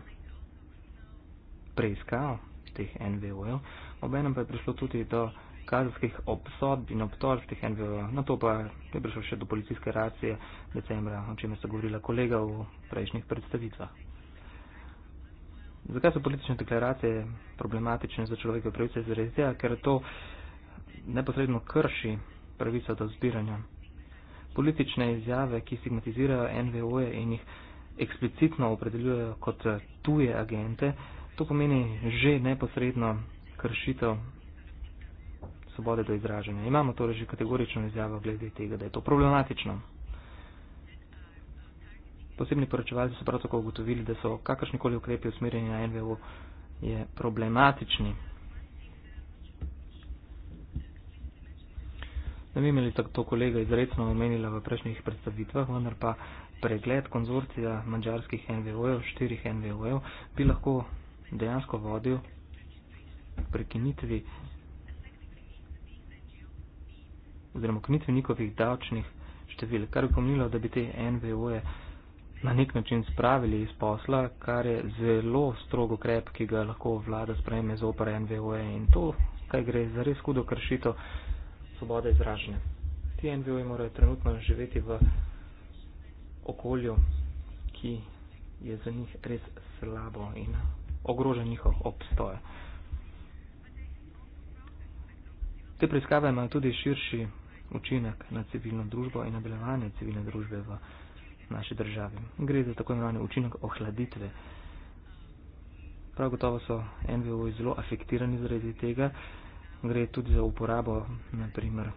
preiskav teh NVO-jev. Obenem pa je prišlo tudi do kazenskih obsodb in obtožb teh NVO-jev. Na to pa je prišlo še do policijske racije decembra, o čem je govorila kolega v prejšnjih predstavitvah. Zakaj so politične deklaracije problematične za človekove pravice? Zaradi tega, ker to neposredno krši pravico do zbiranja politične izjave, ki stigmatizirajo NVO-je in jih eksplicitno opredeljujejo kot tuje agente, to pomeni že neposredno kršitev svobode do izražanja. Imamo torej že kategorično izjavo glede tega, da je to problematično. Posebni poročevalci so prav tako ugotovili, da so kakršnikoli ukrepi usmerjeni na NVO je problematični. Ne vem, ali to kolega izredno omenila v prejšnjih predstavitvah, vendar pa pregled konzorcija mađarskih NVO-jev, štirih NVO-jev, bi lahko dejansko vodil prekinitvi oziroma knitvi njihovih davčnih števil, kar bi pomnilo, da bi te NVO-je na nek način spravili iz posla, kar je zelo strogo krep, ki ga lahko vlada sprejme z opera NVO-je in to, kaj gre za res hudo kršitev svobode izražanja. Ti NVO-ji morajo trenutno živeti v okolju, ki je za njih res slabo in ogroža njihov obstoj. Te preiskave imajo tudi širši učinek na civilno družbo in nadaljevanje civilne družbe v naši državi. Gre za tako imenovani učinek ohladitve. Prav gotovo so NVO-ji zelo afektirani zaradi tega, gre tudi za uporabo naprimer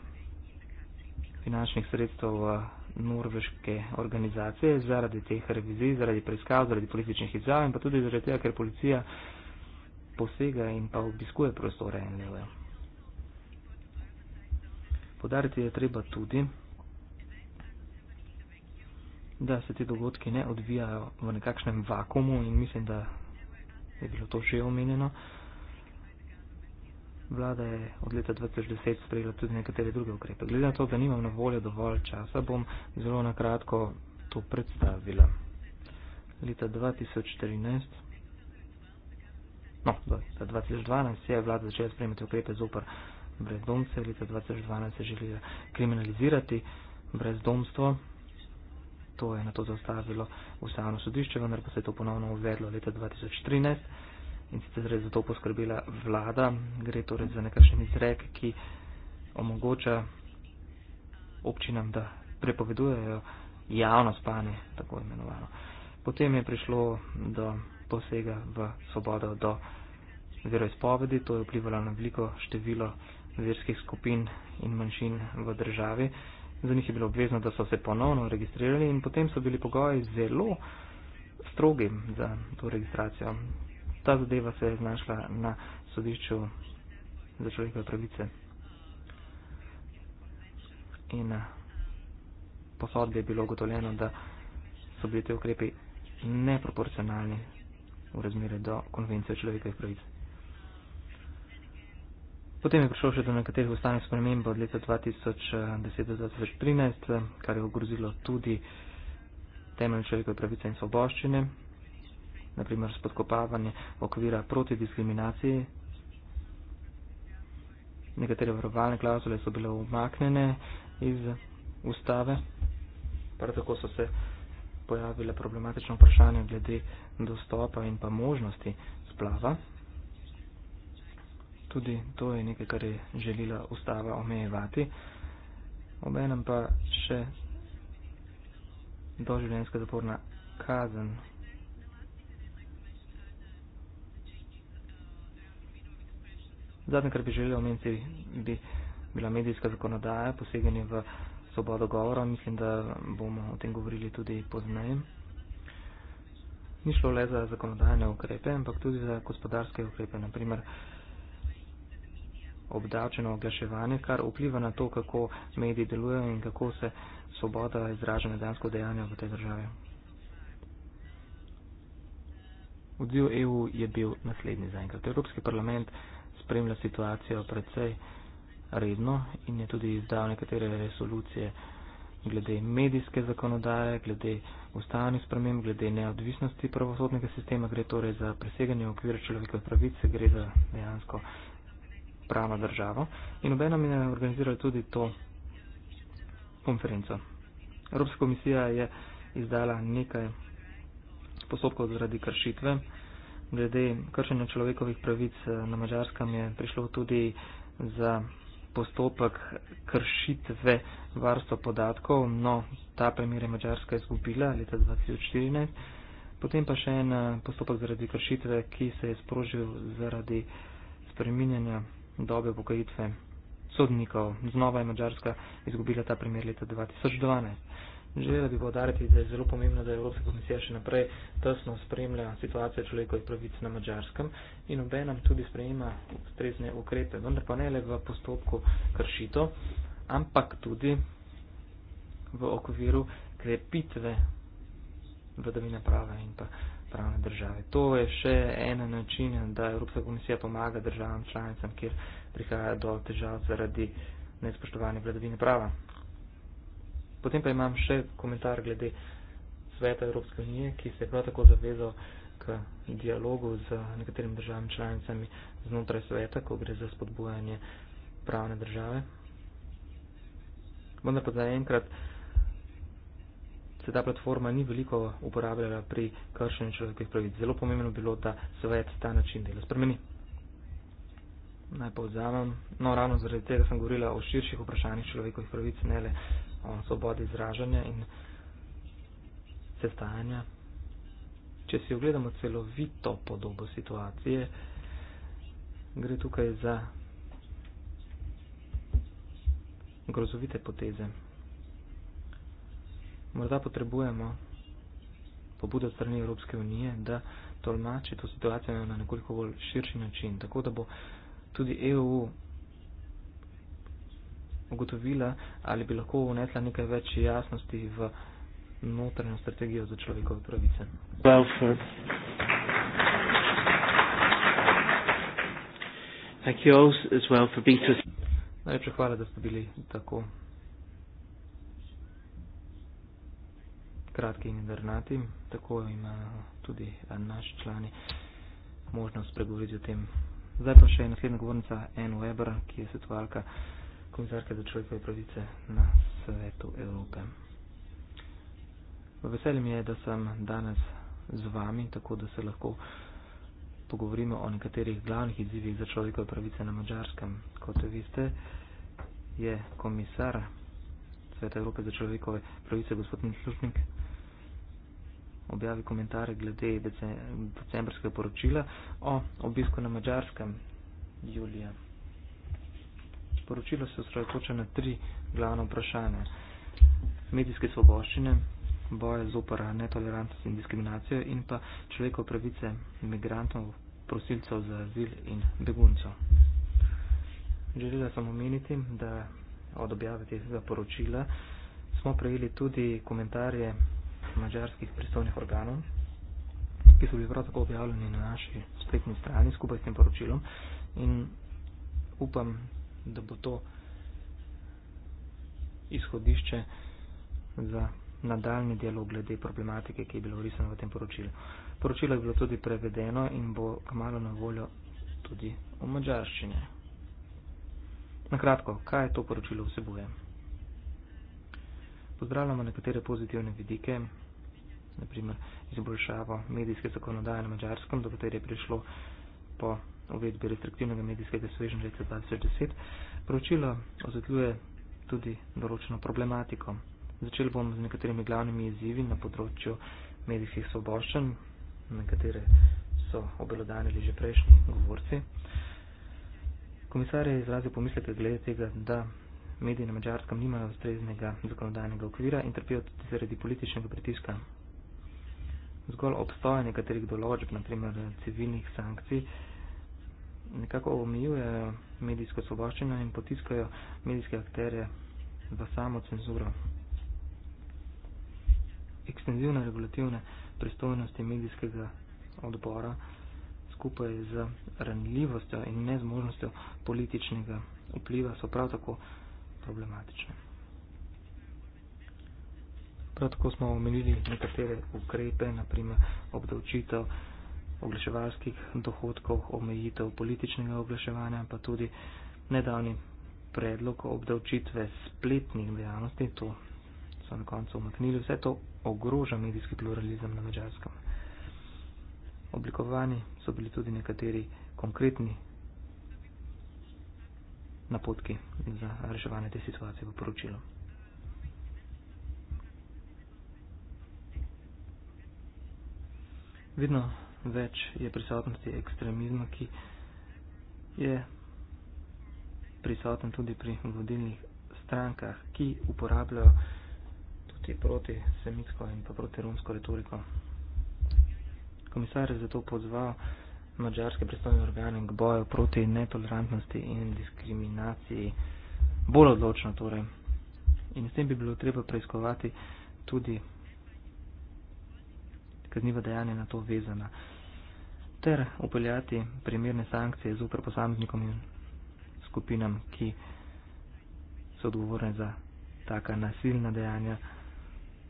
finančnih sredstev v eh, norveške organizacije zaradi teh revizij, zaradi preiskav, zaradi političnih izjav in pa tudi zaradi tega, ker policija posega in pa obiskuje prostore NLV. Podariti je treba tudi, da se te dogodki ne odvijajo v nekakšnem vakumu in mislim, da je bilo to že omenjeno. Uh, Vlada je od leta 2010 sprejela tudi nekatere druge ukrepe. Glede na to, da nimam na voljo dovolj časa, bom zelo na kratko to predstavila. Leta 2014, no, leta 2012 je vlada začela sprejemati ukrepe zoper brezdomce, leta 2012 je želela kriminalizirati brezdomstvo, to je na to zastavilo ustavno sodišče, vendar pa se je to ponovno uvedlo leta 2013 in sicer je za to poskrbila vlada. Gre torej za nekakšen izrek, ki omogoča občinam, da prepovedujejo javno spanje, tako imenovano. Potem je prišlo do posega v svobodo do veroizpovedi, to je vplivalo na veliko število verskih skupin in manjšin v državi. Za njih je bilo obvezno, da so se ponovno registrirali in potem so bili pogoji zelo strogi za to registracijo ta zadeva se je znašla na sodišču za človekove pravice. In eh, po sodbi je bilo ugotovljeno, da so bili te ukrepi neproporcionalni v razmere do konvencije o človekovih pravicah. Potem je prišlo še do nekaterih ustavnih sprememb od leta 2010 eh, do 2013, eh, kar je ogrozilo tudi temelj človekove pravice in svoboščine naprimer spodkopavanje okvira proti diskriminaciji. Nekatere varovalne klauzule so bile umaknjene iz ustave, prav tako so se pojavile problematično vprašanje glede dostopa in pa možnosti splava. Tudi to je nekaj, kar je želela ustava omejevati. Obenem pa še doživljenjska zaporna kazen Zadnje, kar bi želel omeniti, bi bila medijska zakonodaja, poseganje v svobodo govora. Mislim, da bomo o tem govorili tudi pozneje. Ni šlo le za zakonodajne ukrepe, ampak tudi za gospodarske ukrepe, naprimer obdavčeno oglaševanje, kar vpliva na to, kako mediji delujejo in kako se svoboda izražanja dejansko dejanja v tej državi. Odziv EU je bil naslednji zaenkrat. Evropski parlament spremlja situacijo predvsej redno in je tudi izdal nekatere resolucije glede medijske zakonodaje, glede ustavnih sprememb, glede neodvisnosti pravosodnega sistema, gre torej za preseganje okvira človekove pravice, gre za dejansko pravno državo. In obe nam je organizirali tudi to konferenco. Evropska komisija je izdala nekaj postopkov zaradi kršitve. Glede kršenja človekovih pravic eh, na Mačarskem je prišlo tudi za postopek kršitve varstva podatkov, no ta premjer je Mačarska izgubila leta 2014. Potem pa še en eh, postopek zaradi kršitve, ki se je sprožil zaradi spreminjanja dobe upokojitve sodnikov. Znova je Mačarska izgubila ta premjer leta 2012. Želela bi povdariti, da je zelo pomembno, da Evropska komisija še naprej tesno spremlja situacijo človekovih pravic na mačarskem in obenem tudi sprejema ustrezne ukrepe, vendar pa ne le v postopku kršito, ampak tudi v okviru krepitve vladavine prava in pa pravne države. To je še ena način, da Evropska komisija pomaga državam članicam, kjer prihaja do težav zaradi nespoštovanja vladavine prava. Potem pa imam še komentar glede Sveta Evropske unije, ki se je prav tako zavezal k dialogu z nekaterimi državami članicami znotraj sveta, ko gre za spodbujanje pravne države. Vendar pa zaenkrat se ta platforma ni veliko uporabljala pri kršenju človekovih pravic. Zelo pomembno bilo, da svet ta način dela spremeni. Naj pa odzamem. No, ravno zaradi tega sem govorila o širših vprašanjih človekovih pravic, ne le o svobodi izražanja in sestajanja. Če si ogledamo celovito podobo situacije, gre tukaj za grozovite poteze. Morda potrebujemo pobudo strani Evropske unije, da tolmači to situacijo na nekoliko bolj širši način, tako da bo tudi EU ugotovila, ali bi lahko unesla nekaj več jasnosti v notranjo strategijo za človekove pravice. Welford. Thank you all as well for being so... Najlepša hvala, da ste bili tako kratki in drnati. Tako ima tudi eh, naš člani možnost pregovoriti o tem. Zdaj pa še naslednja govornica, Anne Weber, ki je svetovalka komisarke za človekove pravice na svetu Evrope. Veselim je, da sem danes z vami, tako da se lahko pogovorimo o nekaterih glavnih izzivih za človekove pravice na mačarskem. Kot veste, je komisar Sveta Evrope za človekove pravice, gospod Mislušnik, objavil komentar glede decembrskega poročila o obisku na mačarskem julija poročilo se osredotoča na tri glavne vprašanja. Medijske svoboščine, boje zopora netolerantnost in diskriminacijo in pa človekov pravice migrantov, prosilcev za azil in beguncev. Želela sem omeniti, da od objave tega poročila smo prejeli tudi komentarje mađarskih pristojnih organov, ki so bili prav tako objavljeni na naši spletni strani skupaj s tem poročilom in upam, da bo to izhodišče za nadaljni delo glede problematike, ki je bilo vrisano v tem poročilu. Poročilo je bilo tudi prevedeno in bo kmalo na voljo tudi v mačarščine. Na kratko, kaj to poročilo vsebuje? Pozdravljamo nekatere pozitivne vidike, naprimer izboljšavo medijske zakonodaje na mačarskem, do katere je prišlo po uvedbi restriktivnega medijskega svežnja leta 2010. Poročilo ozetljuje tudi določeno problematiko. Začel bom z nekaterimi glavnimi izzivi na področju medijskih svoboščen, na katere so obelodanili že prejšnji govorci. Komisar je izrazil pomisleke glede tega, da mediji na mačarskem nimajo ustreznega zakonodajnega okvira in trpijo tudi zaradi političnega pritiska. Zgolj obstoje nekaterih določb, naprimer civilnih sankcij, nekako omejujejo medijsko svoboščino in potiskajo medijske akterje v samo cenzuro. Ekstenzivne regulativne pristojnosti medijskega odbora skupaj z ranljivostjo in nezmožnostjo političnega vpliva so prav tako problematične. Prav tako smo omenili nekatere ukrepe, naprimer obdavčitev oglaševalskih dohodkov, omejitev političnega oglaševanja, pa tudi nedavni predlog obdavčitve spletnih dejavnosti, to so na koncu umaknili, vse to ogroža medijski pluralizem na mačarskem. Oblikovani so bili tudi nekateri konkretni napotki za reševanje te situacije v poročilu. Vidno več je prisotnosti ekstremizma, ki je prisoten tudi pri vodilnih strankah, ki uporabljajo tudi proti semitsko in pa proti romsko retoriko. Komisar je zato pozval mađarske predstavne organe k boju proti netolerantnosti in diskriminaciji bolj odločno torej. In s tem bi bilo treba preiskovati tudi kaznivo dejanje na to vezana ter upeljati primerne sankcije zoper posameznikom in skupinam, ki so odgovorne za taka nasilna dejanja,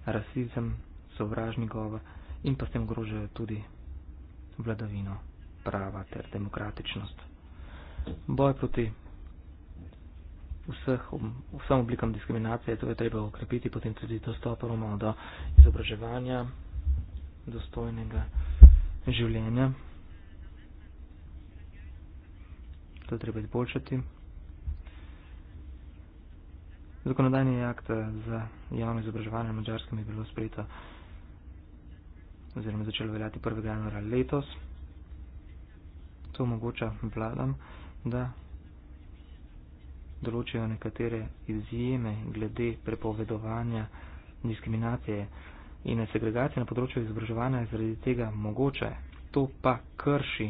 rasizem, sovražni govor in pa s tem grožajo tudi vladavino prava ter demokratičnost. Boj proti vseh, vsem oblikam diskriminacije, to je treba okrepiti, potem tudi dostopamo do izobraževanja, dostojnega življenja. to treba izboljšati. Zakonodajni akt eh, za javno izobraževanje na mačarskem je bilo sprejeto oziroma začelo veljati 1. januara letos. To omogoča vladam, da določijo nekatere izjeme glede prepovedovanja diskriminacije in segregacije na področju izobraževanja, zaradi tega mogoče. To pa krši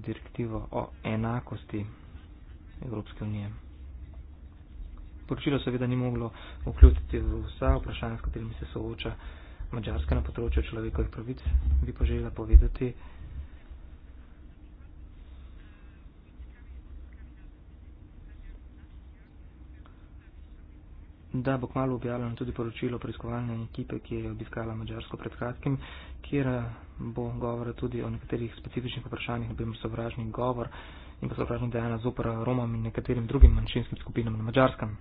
direktivo o enakosti Evropske unije. Poročilo seveda ni moglo vključiti v vsa vprašanja, s katerimi se sooča Mačarska na področju človekovih pravic. Bi pa želela povedati, da bo kmalo objavljeno tudi poročilo preiskovalne ekipe, ki je obiskala Mačarsko pred kratkim, kjer bo govora tudi o nekaterih specifičnih vprašanjih, ne bi imel sovražni govor in pa sovražni dejanja zopra Romom in nekaterim drugim manjšinskim skupinam na Mačarskem.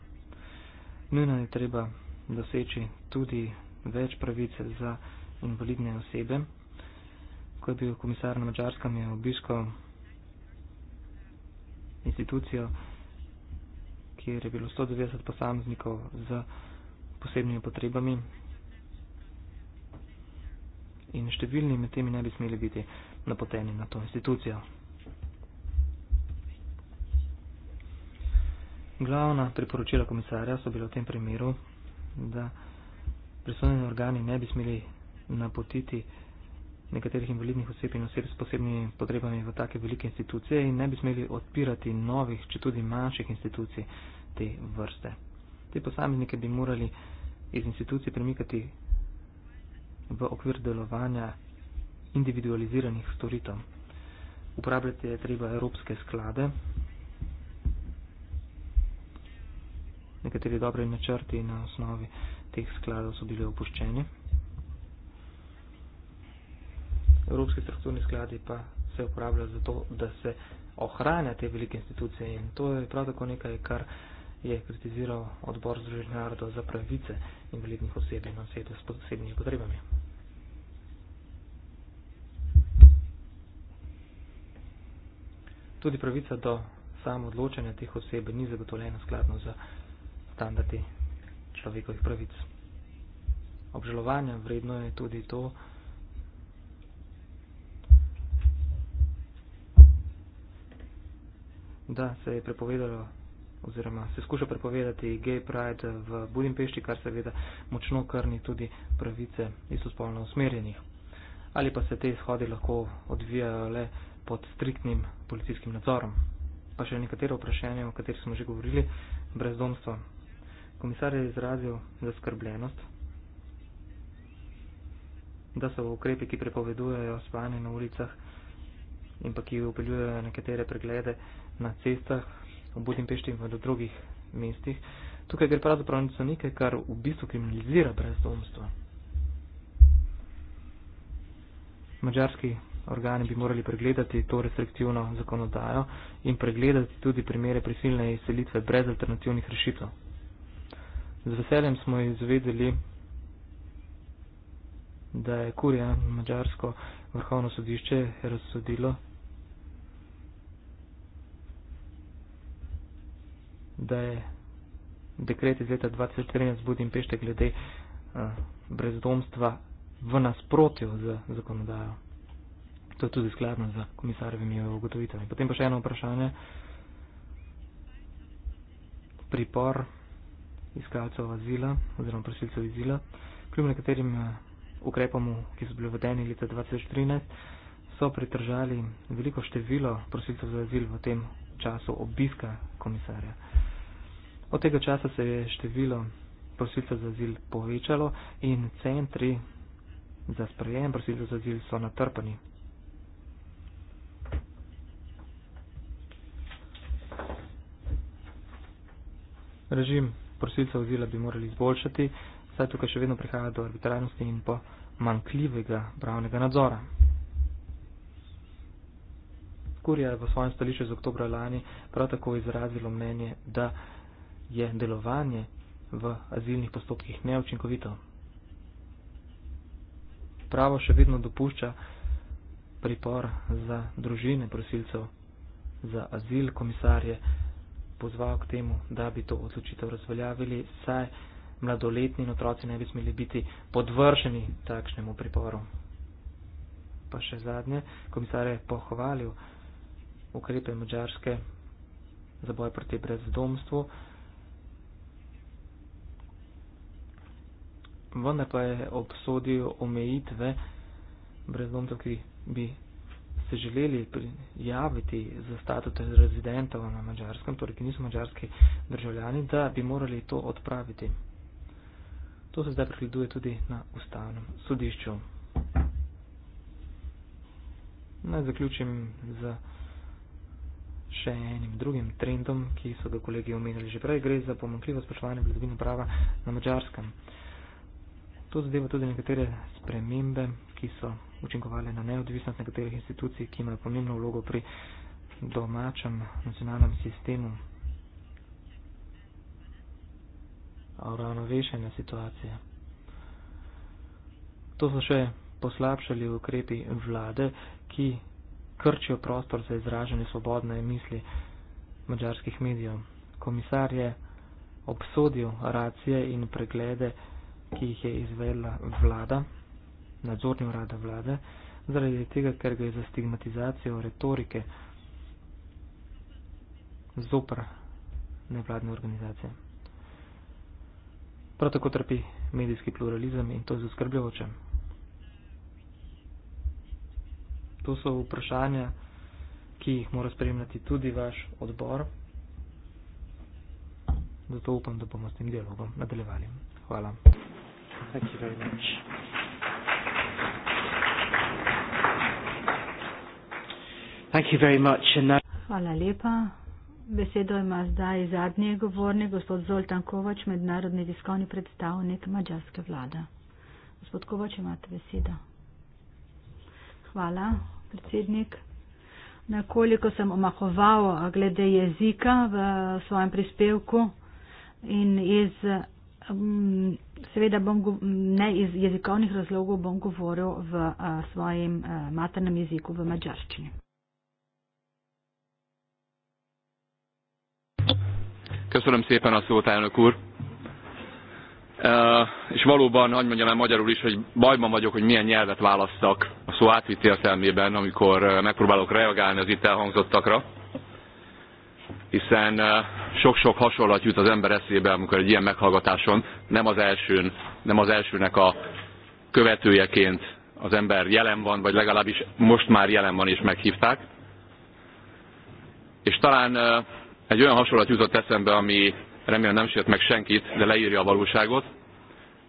Nujno je treba doseči tudi več pravice za invalidne osebe. Ko je bil komisar na Mačarskem, je obiskal institucijo, kjer je bilo 190 posameznikov z posebnimi potrebami in številni med temi ne bi smeli biti napoteni na to institucijo. Glavna priporočila komisarja so bila v tem primeru, da pristojni organi ne bi smeli napotiti nekaterih invalidnih oseb in oseb s posebnimi potrebami v take velike institucije in ne bi smeli odpirati novih, če tudi manjših institucij te vrste. Te posameznike bi morali iz institucij premikati v okvir delovanja individualiziranih storitev. Uporabljati je treba evropske sklade, nekateri dobri načrti na osnovi teh skladov so bili opuščeni. Evropski strukturni skladi pa se uporabljajo za to, da se ohranja te velike institucije in to je prav tako nekaj, kar je kritiziral odbor Združenih narodov za pravice invalidnih oseb in oseb s posebnimi potrebami. Tudi pravica do samoodločanja teh oseb ni zagotovljena skladno za standardi človekovih pravic. Obžalovanja vredno je tudi to, da da se je prepovedalo oziroma se skuša prepovedati gay pride v Budimpešti, kar seveda močno krni tudi pravice istospolno usmerjenih. Ali pa se te izhodi lahko odvijajo le pod striktnim policijskim nadzorom. Pa še nekatero vprašanje, o katerih smo že govorili, brezdomstvo. Komisar je izrazil zaskrbljenost, da so ukrepi, ki prepovedujejo spanje na ulicah in pa ki upeljujejo nekatere preglede, na cestah v Budimpešti in v drugih mestih. Tukaj gre pravzaprav za nekaj, kar v bistvu kriminalizira brezdomstvo. Mačarski organi bi morali pregledati to restriktivno zakonodajo in pregledati tudi primere prisilne izselitve brez alternativnih rešitev. Z veseljem smo izvedeli, da je Kurija, mačarsko vrhovno sodišče, razsodilo, da je dekret iz leta 2013 Budimpešte glede uh, brezdomstva v nasprotju z zakonodajo. To je tudi skladno z komisarjevimi ugotovitvami. Potem pa še eno vprašanje. Pripor iskalcev azila oziroma prosilcev azila. Kljub nekaterim eh, ukrepom, ki so bili vedeni leta 2013, so pridržali veliko število prosilcev za azil v tem času obiska komisarja. Uh, Od tega časa se je število prosilcev za zil povečalo in centri za sprejem prosilcev za zil so natrpani. Režim prosilcev vzila bi morali izboljšati, saj tukaj še vedno prihaja do arbitrarnosti in po manjkljivega pravnega nadzora. Kurija je v svojem stališču iz oktobra lani prav tako izrazilo mnenje, da je delovanje v azilnih postopkih neučinkovito. Pravo še vedno dopušča pripor za družine prosilcev, za azil komisarje, pozval k temu, da bi to odločitev razveljavili, saj mladoletni in otroci ne bi smeli biti podvršeni takšnemu priporu. Pa še zadnje, komisar je pohvalil ukrepe mačarske za boj proti brezdomstvu. vendar pa je obsodil omejitve brezdomcev, ki bi se želeli prijaviti za statute rezidentov na mačarskem, torej ki niso mačarski državljani, da bi morali to odpraviti. To se zdaj prekliduje tudi na ustavnem sodišču. Naj zaključim z še enim drugim trendom, ki so ga kolegi omenjali že prej. Gre za pomankljivo spoštovanje vladavine prava na mačarskem to zadeva tudi nekatere spremembe, ki so učinkovali na neodvisnost nekaterih institucij, ki imajo pomembno vlogo pri domačem nacionalnem sistemu uravnovešene situacije. To so še poslabšali ukrepi vlade, ki krčijo prostor za izražanje svobodne misli mađarskih medijev. Komisar je obsodil racije in preglede ki jih je izvedla vlada, nadzorni urad vlade, zaradi tega, ker gre za stigmatizacijo retorike zopr nevladne organizacije. Prav tako trpi medijski pluralizem in to je zaskrbljujoče. To so vprašanja, ki jih mora spremljati tudi vaš odbor. Zato upam, da bomo s tem dialogom nadaljevali. Hvala. Thank you very much. Thank you very much. And that Hvala lepa. Besedo ima zdaj zadnji govornik, gospod Zoltan Kovač, mednarodni tiskovni predstavnik mađarske vlade. Gospod Kovač, imate besedo. Hvala, predsednik. Nekoliko sem omahoval glede jezika v svojem prispevku in iz Seveda bom, ne iz jezikovnih razlogov bom govoril v eh, svojem eh, maternem jeziku v mačarščini. Köszönöm szépen a szót, elnök úr. E, és valóban, hogy mondjam el magyarul is, hogy bajban vagyok, hogy milyen nyelvet választak a szó átvitt értelmében, amikor megpróbálok reagálni az itt elhangzottakra hiszen eh, sok-sok hasonlat jut az ember eszébe, amikor egy ilyen meghallgatáson nem az elsőn, nem az elsőnek a követőjeként az ember jelen van, vagy legalábbis most már jelen van és meghívták. És talán eh, egy olyan hasonlat jutott eszembe, ami remélem nem sért meg senkit, de leírja a valóságot.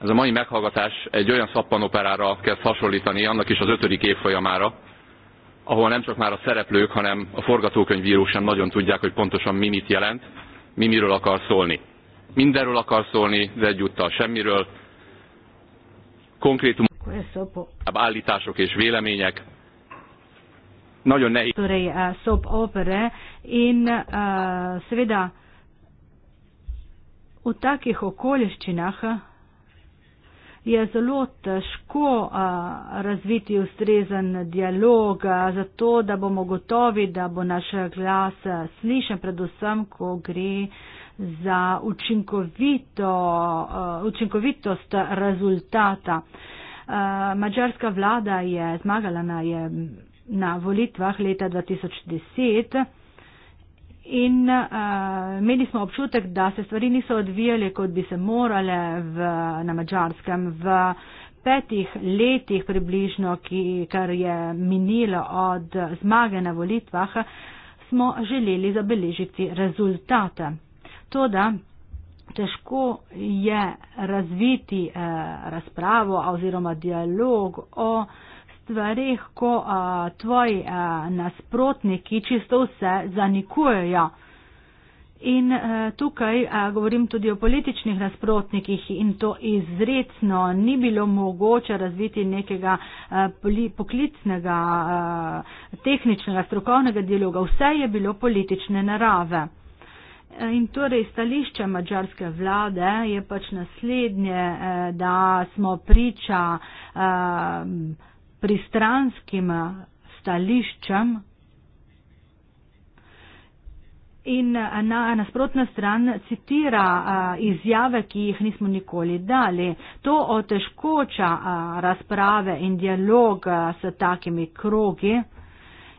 Ez a mai meghallgatás egy olyan szappanoperára kezd hasonlítani, annak is az ötödik évfolyamára, ahol nem csak már a szereplők, hanem a forgatókönyvírók sem nagyon tudják, hogy pontosan mi mit jelent, mi miről akar szólni. Mindenről akar szólni, az egyúttal semmiről. Konkrétum állítások és vélemények. Nagyon nehéz. Torej, uh, szop opere in uh, seveda v takih okoliščinah je zelo težko uh, razviti ustrezen dialog, uh, zato da bomo gotovi, da bo naš glas slišen, predvsem, ko gre za učinkovito, uh, učinkovitost rezultata. Uh, mađarska vlada je zmagala na, je, na volitvah leta 2010 in uh, imeli smo občutek, da se stvari niso odvijale, kot bi se morale v, na mačarskem. V petih letih približno, ki, kar je minilo od zmage na volitvah, smo želeli zabeležiti rezultate. Toda težko je razviti eh, razpravo oziroma dialog o eh, stvarih, ko uh, tvoji uh, nasprotniki čisto vse zanikujejo. In uh, tukaj uh, govorim tudi o političnih nasprotnikih in to izredno ni bilo mogoče razviti nekega uh, poklicnega, uh, tehničnega, strokovnega dialoga. Vse je bilo politične narave. In torej stališče mađarske vlade je pač naslednje, da smo priča. Uh, pristranskim eh, stališčem in eh, na nasprotno stran citira eh, izjave, ki jih nismo nikoli dali. To otežkoča razprave in dialog s takimi krogi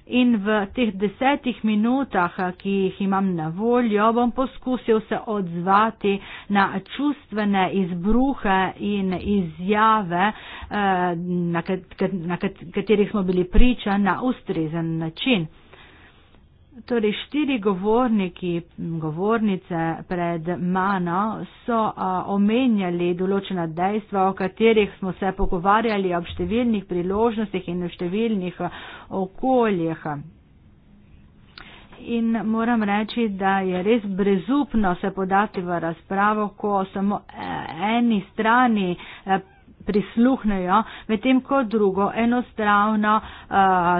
in v teh desetih minutah, ki jih imam na voljo, bom poskusil se odzvati na čustvene izbruhe in izjave, eh, na katerih smo bili priča na ustrezen način. Torej, štiri govorniki, govornice pred mano so a, omenjali določena dejstva, o katerih smo se pogovarjali ob številnih priložnostih in v številnih okoljih. In moram reči, da je res brezupno se podati v razpravo, ko samo e, eni strani. A, e, prisluhnejo, medtem ko drugo enostavno eh,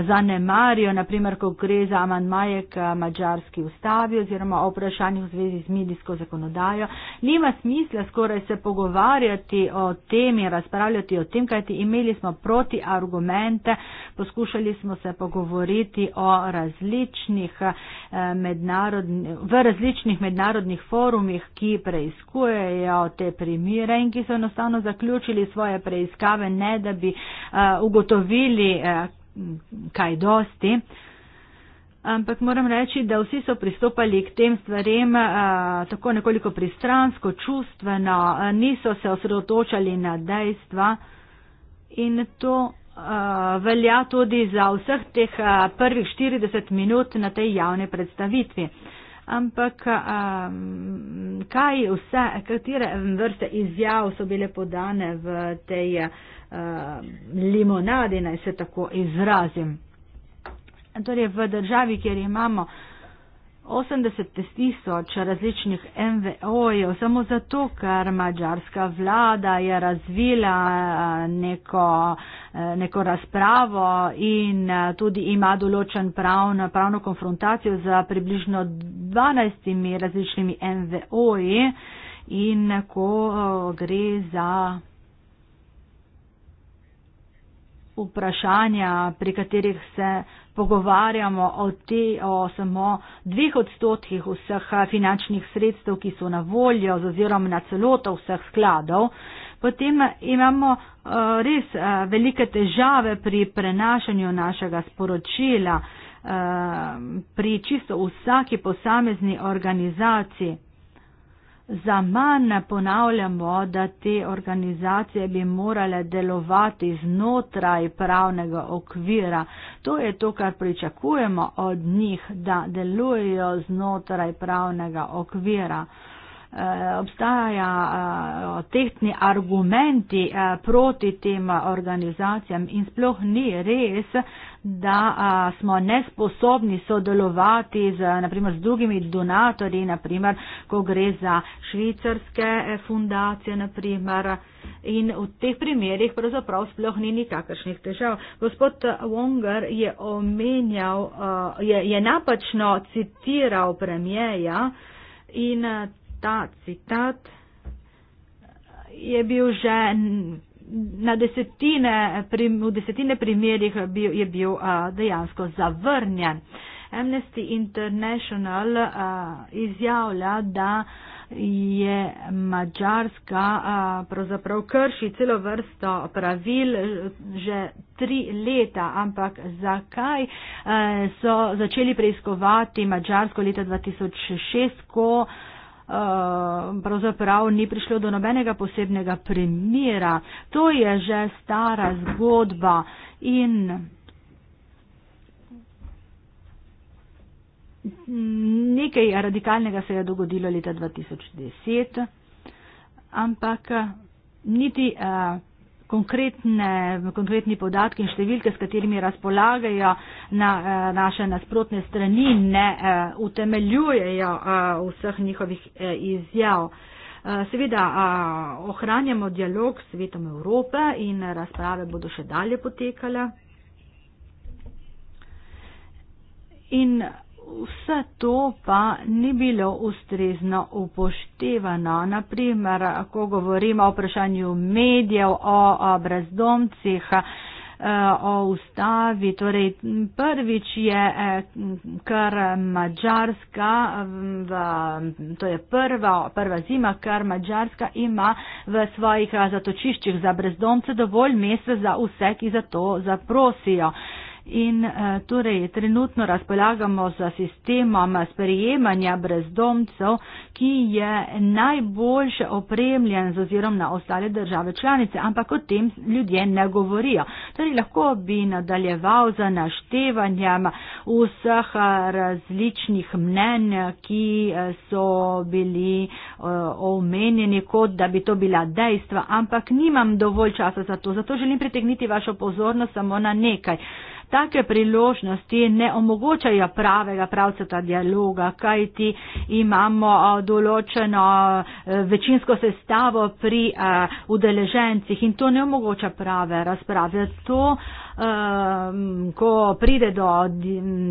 zanemarijo, naprimer, ko gre za amanmaje k mađarski ustavi oziroma o vprašanju v zvezi z medijsko zakonodajo. Nima smisla skoraj se pogovarjati o tem in razpravljati o tem, kajti imeli smo proti argumente, poskušali smo se pogovoriti o različnih eh, v različnih mednarodnih forumih, ki preizkujejo te primire in ki so enostavno zaključili svoje preiskave, ne da bi eh, ugotovili eh, kaj dosti. Ampak moram reči, da vsi so pristopali k tem stvarem eh, tako nekoliko pristransko, čustveno, niso se osredotočali na dejstva in to. Uh, velja tudi za vseh teh uh, prvih 40 minut na tej javni predstavitvi. Uh, ampak um, kaj vse, katere vrste izjav so bile podane v tej uh, limonadi, naj se tako izrazim. Torej, v državi, kjer imamo uh, 80 tisoč različnih MVO-jev samo zato, ker mađarska vlada je razvila eh, neko, eh, neko razpravo in eh, tudi ima določen pravno, pravno konfrontacijo z približno 12 različnimi MVO-ji in ko gre za vprašanja, pri katerih se pogovarjamo o, te, o samo dveh odstotkih vseh eh, finančnih sredstev, ki so na voljo oziroma na celoto vseh skladov, potem eh, imamo eh, res velike težave pri prenašanju našega sporočila pri čisto vsaki posamezni organizaciji. Za manj ne ponavljamo, da te organizacije bi morale delovati znotraj pravnega okvira. To je to, kar pričakujemo od njih, da delujejo znotraj pravnega okvira. E, eh, obstajajo eh, tehtni argumenti e, proti tem organizacijam in sploh ni res, da a, smo nesposobni sodelovati z, naprimer, z drugimi donatorji, naprimer, ko gre za švicarske e, fundacije. Naprimer. In v teh primerjih pravzaprav sploh ni nikakršnih težav. Gospod Wonger je omenjal, je, je napačno citiral premijeja in ta citat je bil že na desetine, pri, v desetine primerjih bi, je bil a, dejansko zavrnjen. Amnesty International a, izjavlja, da je Mačarska pravzaprav krši celo vrsto pravil že tri leta, ampak zakaj a, so začeli preiskovati Mačarsko leta 2006, ko Eh, pravzaprav ni prišlo do nobenega posebnega primira. To je že stara zgodba in nekaj radikalnega se je dogodilo leta 2010, ampak niti. Uh, konkretne, konkretni podatki in številke, s katerimi razpolagajo na, eh, naše nasprotne strani, ne eh, utemeljujejo eh, vseh njihovih izjav. Seveda ohranjamo dialog s svetom Evrope in razprave bodo še dalje potekale. In vse to pa ni bilo ustrezno upoštevano. Naprimer, ko govorimo o vprašanju medijev, o, o brezdomcih, eh, o ustavi. Torej, prvič je eh, kar Mačarska, to je prva, prva zima, kar Mačarska ima v svojih eh, zatočiščih za brezdomce dovolj mesta za vse, ki za to zaprosijo. In eh, torej trenutno razpolagamo z sistemom sprejemanja brezdomcev, ki je najboljše opremljen z ozirom na ostale države članice, ampak o tem ljudje ne govorijo. Torej lahko bi nadaljeval z naštevanjem vseh eh, različnih mnen, ki eh, so bili omenjeni kot da bi to bila dejstva, ampak nimam dovolj časa za to. Zato želim pritegniti vašo pozornost samo na nekaj. Take priložnosti ne omogočajo pravega pravcata dialoga, kajti imamo določeno večinsko sestavo pri udeležencih in to ne omogoča prave razprave. To, Ehm, ko pride do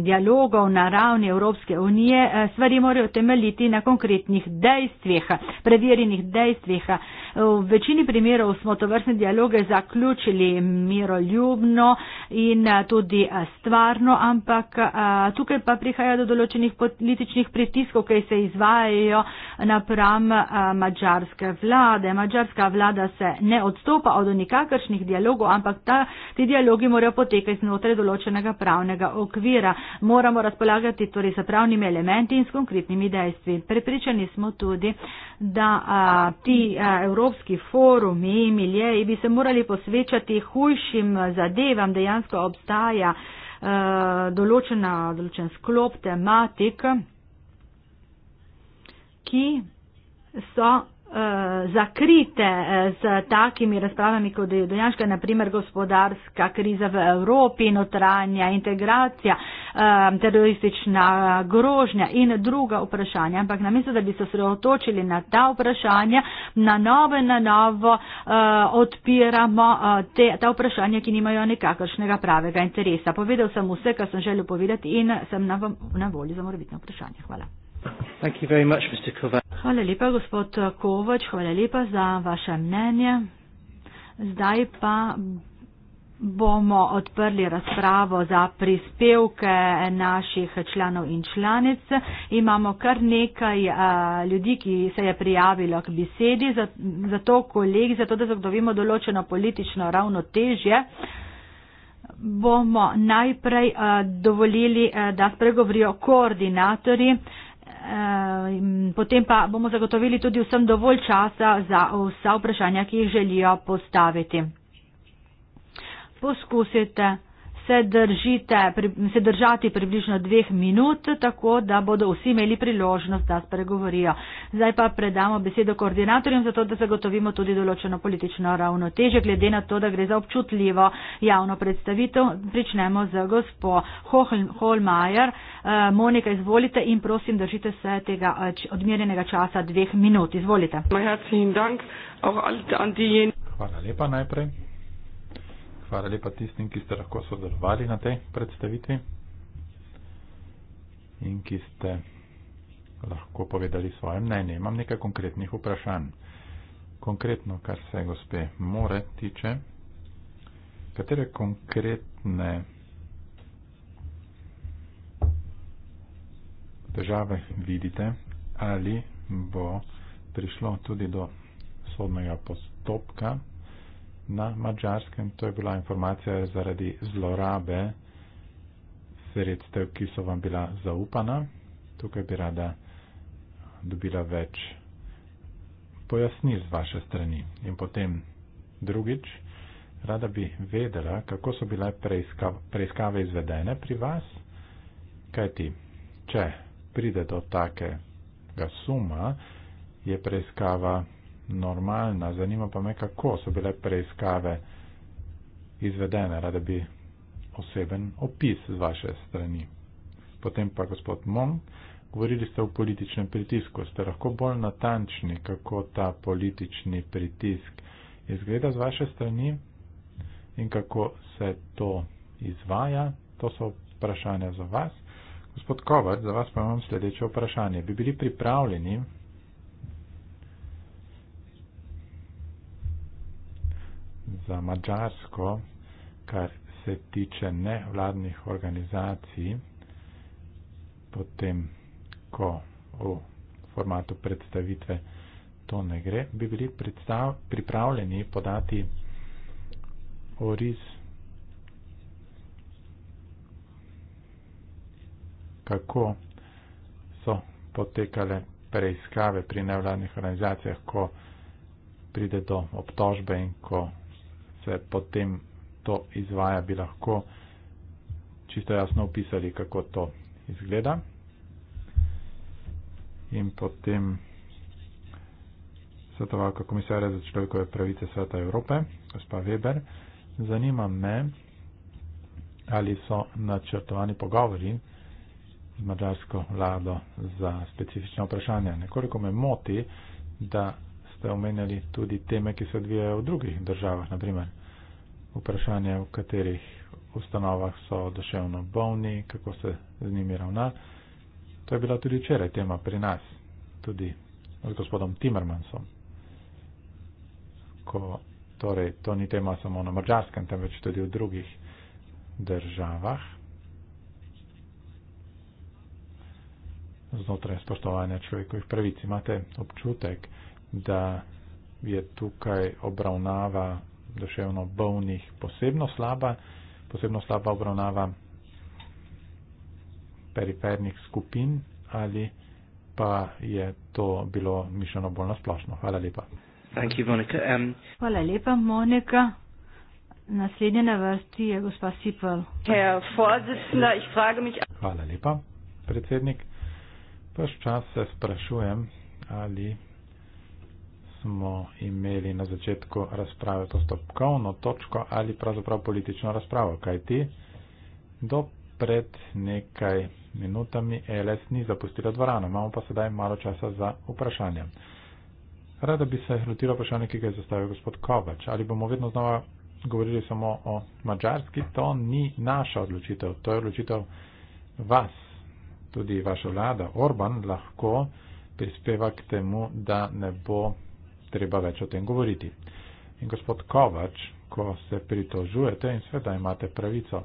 dialogov na ravni Evropske unije, eh, stvari morajo temeljiti na konkretnih dejstvih, preverjenih dejstvih. Eh, v večini primerov smo to vrstne dialoge zaključili miroljubno in eh, tudi stvarno, ampak tukaj pa prihaja do določenih političnih pritiskov, ki se izvajajo napram mađarske vlade. Mađarska vlada se ne odstopa od nikakršnih dialogov, ampak ta, ti dialogi morajo potekati znotraj določenega pravnega okvira. Moramo razpolagati torej s pravnimi elementi in s konkretnimi dejstvi. Pripričani smo tudi, da a, ti a, evropski forumi in miljeji bi se morali posvečati hujšim zadevam, dejansko obstaja a, določena, določen sklop tematik, ki so Eh, zakrite z eh, takimi razpravami, kot je Dojanška, naprimer gospodarska kriza v Evropi, notranja integracija, eh, teroristična grožnja in druga vprašanja. Ampak namesto, da bi se sreotočili na ta vprašanja, na novo in na novo odpiramo te, ta vprašanja, ki nimajo nekakršnega pravega interesa. Povedal sem vse, kar sem želel povedati in sem na, na voljo za morbitno vprašanje. Hvala. Thank you very much, Mr. Hvala lepa, gospod Kovač. Hvala lepa za vaše mnenje. Zdaj pa bomo odprli razpravo za prispevke naših članov in članic. Imamo kar nekaj a, eh, ljudi, ki se je prijavilo k besedi, zato za kolegi, zato da zagotovimo določeno politično ravnotežje, bomo najprej a, eh, dovolili, a, eh, da spregovorijo koordinatorji. A, Eh, potem pa bomo zagotovili tudi vsem dovolj časa za vsa vprašanja, ki jih želijo postaviti. Poskusite se, držite, se držati približno dveh minut, tako da bodo vsi imeli priložnost, da spregovorijo. Zdaj pa predamo besedo koordinatorjem, zato da zagotovimo tudi določeno politično ravnoteže, glede na to, da gre za občutljivo javno predstavitev. Pričnemo z gospo Holmajer. Eh, Monika, izvolite in prosim, držite se tega eh, odmerjenega časa dveh minut. Izvolite. Hvala lepa najprej. Hvala lepa tistim, ki ste lahko sodelovali na tej predstavitvi in ki ste lahko povedali svoje mnenje. Imam nekaj konkretnih vprašanj. Konkretno, kar se gospe More tiče, katere konkretne težave vidite ali bo prišlo tudi do sodnega postopka na mačarskem. To je bila informacija zaradi zlorabe sredstev, ki so vam bila zaupana. Tukaj bi rada dobila več pojasnil z vaše strani. In potem drugič, rada bi vedela, kako so bile preiskave, preiskave izvedene pri vas, kajti če pride do takega suma, je preiskava normalna. Zanima pa me, kako so bile preiskave izvedene, rada bi oseben opis z vaše strani. Potem pa gospod Monk, govorili ste o političnem pritisku. Ste lahko bolj natančni, kako ta politični pritisk izgleda z vaše strani in kako se to izvaja? To so vprašanja za vas. Gospod Kovar, za vas pa imam sledeče vprašanje. Bi bili pripravljeni za Mađarsko, kar se tiče nevladnih organizacij, potem, ko v formatu predstavitve to ne gre, bi bili pripravljeni podati oriz kako so potekale preiskave pri nevladnih organizacijah, ko pride do obtožbe in ko se potem to izvaja, bi lahko čisto jasno opisali, kako to izgleda. In potem svetovalka komisarja za človekove pravice Sveta Evrope, gospa Weber, zanima me, ali so načrtovani pogovori z mađarsko vlado za specifična vprašanja. Nekoliko me moti, da ste omenjali tudi teme, ki se odvijajo v drugih državah, naprimer vprašanje, v katerih ustanovah so duševno bolni, kako se z njimi ravna. To je bila tudi včeraj tema pri nas, tudi z gospodom Timmermansom. Ko, torej, to ni tema samo na mačarskem, temveč tudi v drugih državah. Znotraj spoštovanja človekovih pravic imate občutek, da je tukaj obravnava duševno bolnih posebno slaba, posebno slaba obravnava perifernih skupin ali pa je to bilo mišljeno bolj nasplošno. Hvala lepa. You, um... Hvala lepa, Monika. Naslednja na vrsti je gospa Sipel. Hvala lepa, predsednik. Vrš čas se sprašujem, ali smo imeli na začetku razprave postopkovno točko ali pravzaprav politično razpravo, kaj ti do pred nekaj minutami LS ni zapustila dvorano, imamo pa sedaj malo časa za vprašanje. Rada bi se lotila vprašanje, ki ga je zastavil gospod Kovač. Ali bomo vedno znova govorili samo o mačarski, to ni naša odločitev, to je odločitev vas, tudi vaša vlada. Orban lahko prispeva k temu, da ne bo treba več o tem govoriti. In gospod Kovač, ko se pritožujete in sveda imate pravico,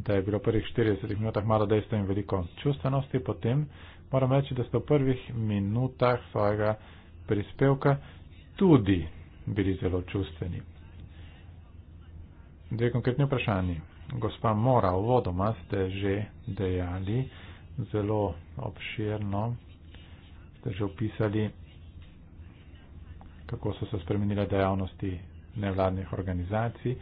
da je bilo v prvih 40 minutah malo dejstva in veliko čustvenosti, potem moram reči, da ste v prvih minutah svojega prispevka tudi bili zelo čustveni. Dve konkretni vprašanji. Gospa Mora, uvodoma ste že dejali zelo obširno, ste že opisali kako so se spremenile dejavnosti nevladnih organizacij,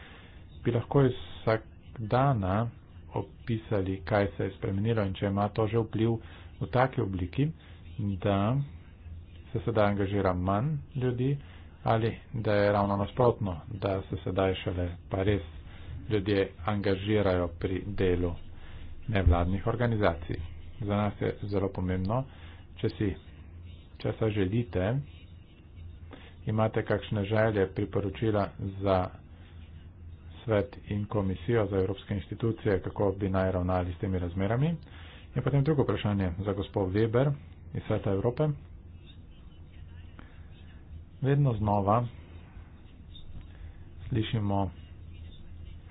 bi lahko iz vsak dana opisali, kaj se je spremenilo in če ima to že vpliv v taki obliki, da se sedaj angažira manj ljudi ali da je ravno nasprotno, da se sedaj šele pa res ljudje angažirajo pri delu nevladnih organizacij. Za nas je zelo pomembno, če si, če se želite, imate kakšne želje, priporočila za svet in komisijo za evropske institucije, kako bi naj ravnali s temi razmerami. In potem drugo vprašanje za gospod Weber iz sveta Evrope. Vedno znova slišimo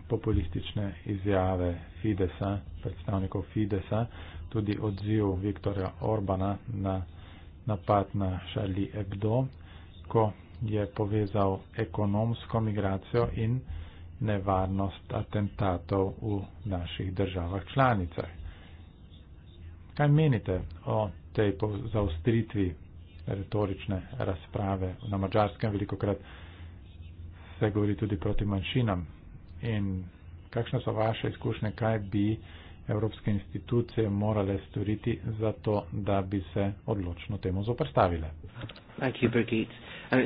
populistične izjave Fidesa, predstavnikov Fidesa, tudi odziv Viktorja Orbana na napad na Charlie Hebdo, ko je povezal ekonomsko migracijo in nevarnost atentatov v naših državah članicah. Kaj menite o tej zaustritvi retorične razprave? Na mačarskem veliko krat se govori tudi proti manjšinam. In kakšne so vaše izkušnje, kaj bi evropske institucije morale storiti za to, da bi se odločno temu zoprstavile? Hvala, Brigitte. Uh,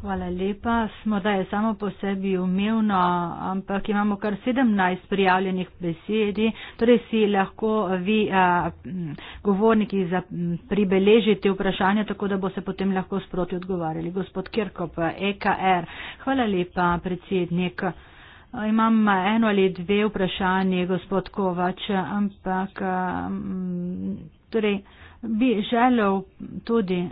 Hvala lepa. Smo da je samo po sebi umevno, ampak imamo kar 17 prijavljenih besedi. Torej si lahko vi a, uh, govorniki za, pribeležite vprašanje, tako da bo se potem lahko sproti odgovarjali. Gospod Kirkop, EKR. Hvala lepa, predsednik. Imam eno ali dve vprašanje, gospod Kovač, ampak a, torej, bi želel tudi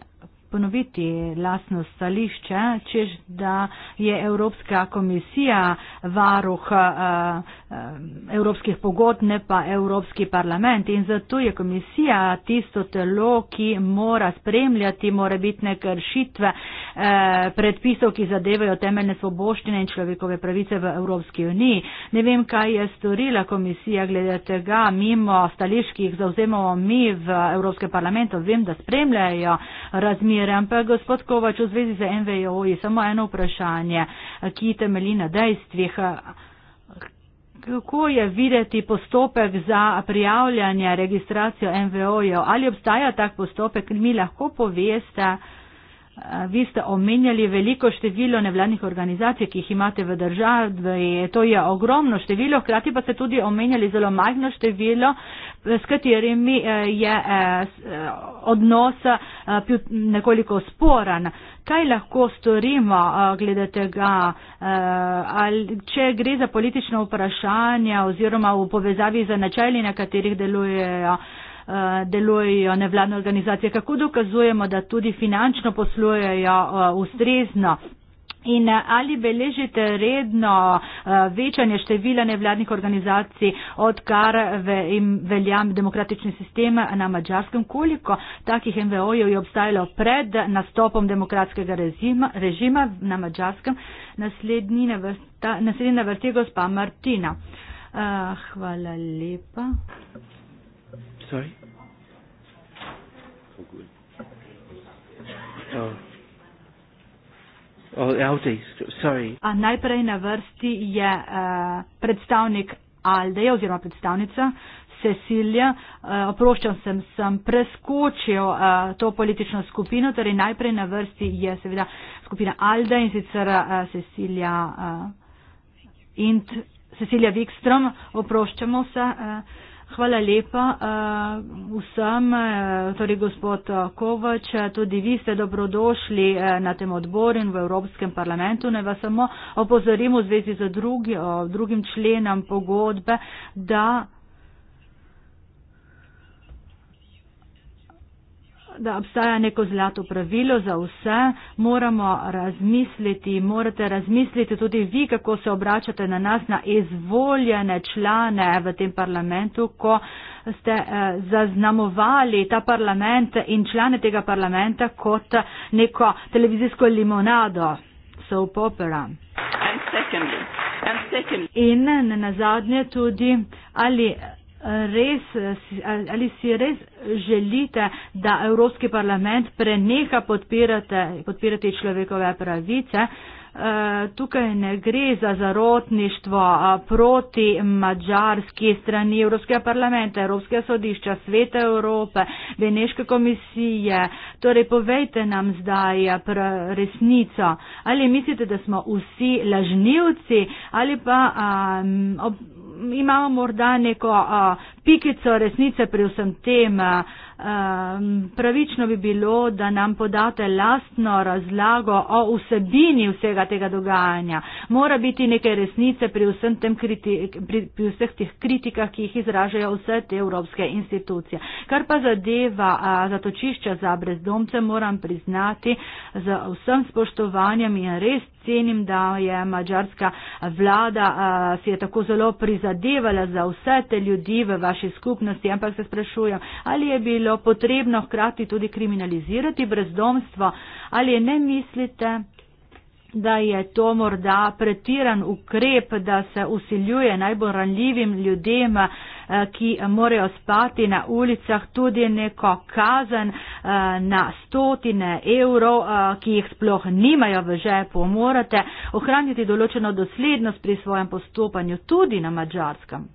ponoviti lasno stališče, čež da je Evropska komisija varuh eh, eh, evropskih pogod, ne pa Evropski parlament. In zato je komisija tisto telo, ki mora spremljati morebitne kršitve eh, predpisov, ki zadevajo temeljne svoboščine in človekove pravice v Evropski uniji. Ne vem, kaj je storila komisija glede tega, mimo stališč, ki jih zauzemamo mi v Evropskem parlamentu. Vem, da spremljajo razmere primere. Ampak, gospod Kovač, v zvezi z NVO je samo eno vprašanje, ki temelji na dejstvih. Kako je videti postopek za prijavljanje, registracijo NVO-jev? Ali obstaja tak postopek? Mi lahko poveste, Vi ste omenjali veliko število nevladnih organizacij, ki jih imate v državi. To je ogromno število, hkrati pa ste tudi omenjali zelo majhno število, s katerimi e, je e, e, odnos nekoliko sporan. Kaj lahko storimo glede tega, če gre za politično vprašanje oziroma v povezavi z načeli, na katerih delujejo? Eh, delujejo nevladne organizacije, kako dokazujemo, da tudi finančno poslujejo eh, ustrezno. In eh, ali beležite redno večanje števila nevladnih organizacij, odkar velja demokratični sistem na mačarskem, koliko takih NVO-jev je obstajalo pred nastopom demokratskega režima, režima na mačarskem? Naslednji na vrsti je gospa Martina. Hvala lepa. Sorry. So good. Oh. Oh, Aldis, sorry. A najprej na vrsti je uh, predstavnik Aldeja oziroma predstavnica Cecilija. Uh, oproščam sem, sem preskočil uh, to politično skupino, torej najprej na vrsti je seveda skupina Alde in sicer uh, Cecilija uh, in Cecilija Wikström. Oproščamo se. Uh, Hvala lepa uh, vsem, eh, torej gospod Kovač, tudi vi ste dobrodošli eh, na tem odboru in v Evropskem parlamentu. Ne vas samo opozorimo v zvezi z drugi, drugim členom pogodbe, da da obstaja neko zlato pravilo za vse, moramo razmisliti, morate razmisliti tudi vi, kako se obračate na nas, na izvoljene člane v tem parlamentu, ko ste eh, zaznamovali ta parlament in člane tega parlamenta kot neko televizijsko limonado, soap opera. In na zadnje tudi, ali res, ali si res želite, da Evropski parlament preneha podpirati človekove pravice. Eh, tukaj ne gre za zarotništvo proti mađarski strani Evropskega parlamenta, Evropskega sodišča, Sveta Evrope, Veneške komisije. Torej, povejte nam zdaj resnico. Ali mislite, da smo vsi lažnivci ali pa um, imamo morda neko uh, pikico resnice pri vsem tem. Eh, ehm, pravično bi bilo, da nam podate lastno razlago o vsebini vsega tega dogajanja. Mora biti nekaj resnice pri, tem pri, pri vseh tih kritikah, ki jih izražajo vse te evropske institucije. Kar pa zadeva a, eh, zatočišča za brezdomce, moram priznati z vsem spoštovanjem in res cenim, da je mađarska vlada a, eh, si je tako zelo prizadevala za vse te ljudi v vašem vaši skupnosti, ampak se sprašujem, ali je bilo potrebno hkrati tudi kriminalizirati brezdomstvo, ali ne mislite, da je to morda pretiran ukrep, da se usiljuje najbolj ranljivim ljudem, eh, ki morajo spati na ulicah, tudi neko kazen eh, na stotine evrov, eh, ki jih sploh nimajo v žepu. Morate ohraniti določeno doslednost pri svojem postopanju tudi na mačarskem.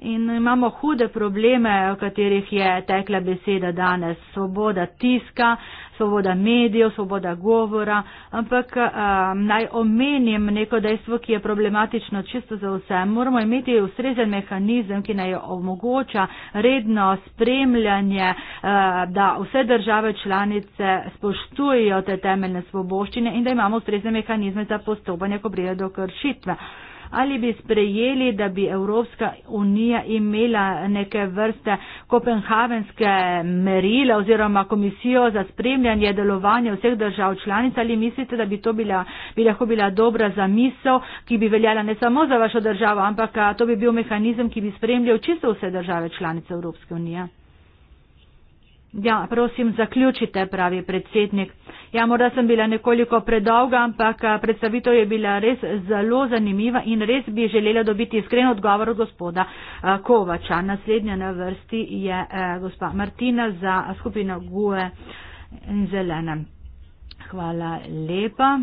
In imamo hude probleme, o katerih je tekla beseda danes. Svoboda tiska, svoboda medijev, svoboda govora. Ampak um, naj omenim neko dejstvo, ki je problematično čisto za vse. Moramo imeti ustrezen mehanizem, ki naj omogoča redno spremljanje, uh, da vse države članice spoštujejo te temeljne svoboščine in da imamo ustrezne mehanizme za postopanje, ko pride do kršitve. Uh, ali bi sprejeli, da bi Evropska unija imela neke vrste kopenhavenske merile oziroma komisijo za spremljanje delovanja vseh držav članic ali mislite, da bi to bila, bi lahko bila dobra zamisel, ki bi veljala ne samo za vašo državo, ampak to bi bil mehanizem, ki bi spremljal čisto vse države članice Evropske unije? Ja, prosim, zaključite, pravi predsednik. Ja, morda sem bila nekoliko predolga, ampak predstavitev je bila res zelo zanimiva in res bi želela dobiti iskren odgovor od gospoda Kovača. Naslednja na vrsti je gospa Martina za skupino GUE in zelene. Hvala lepa.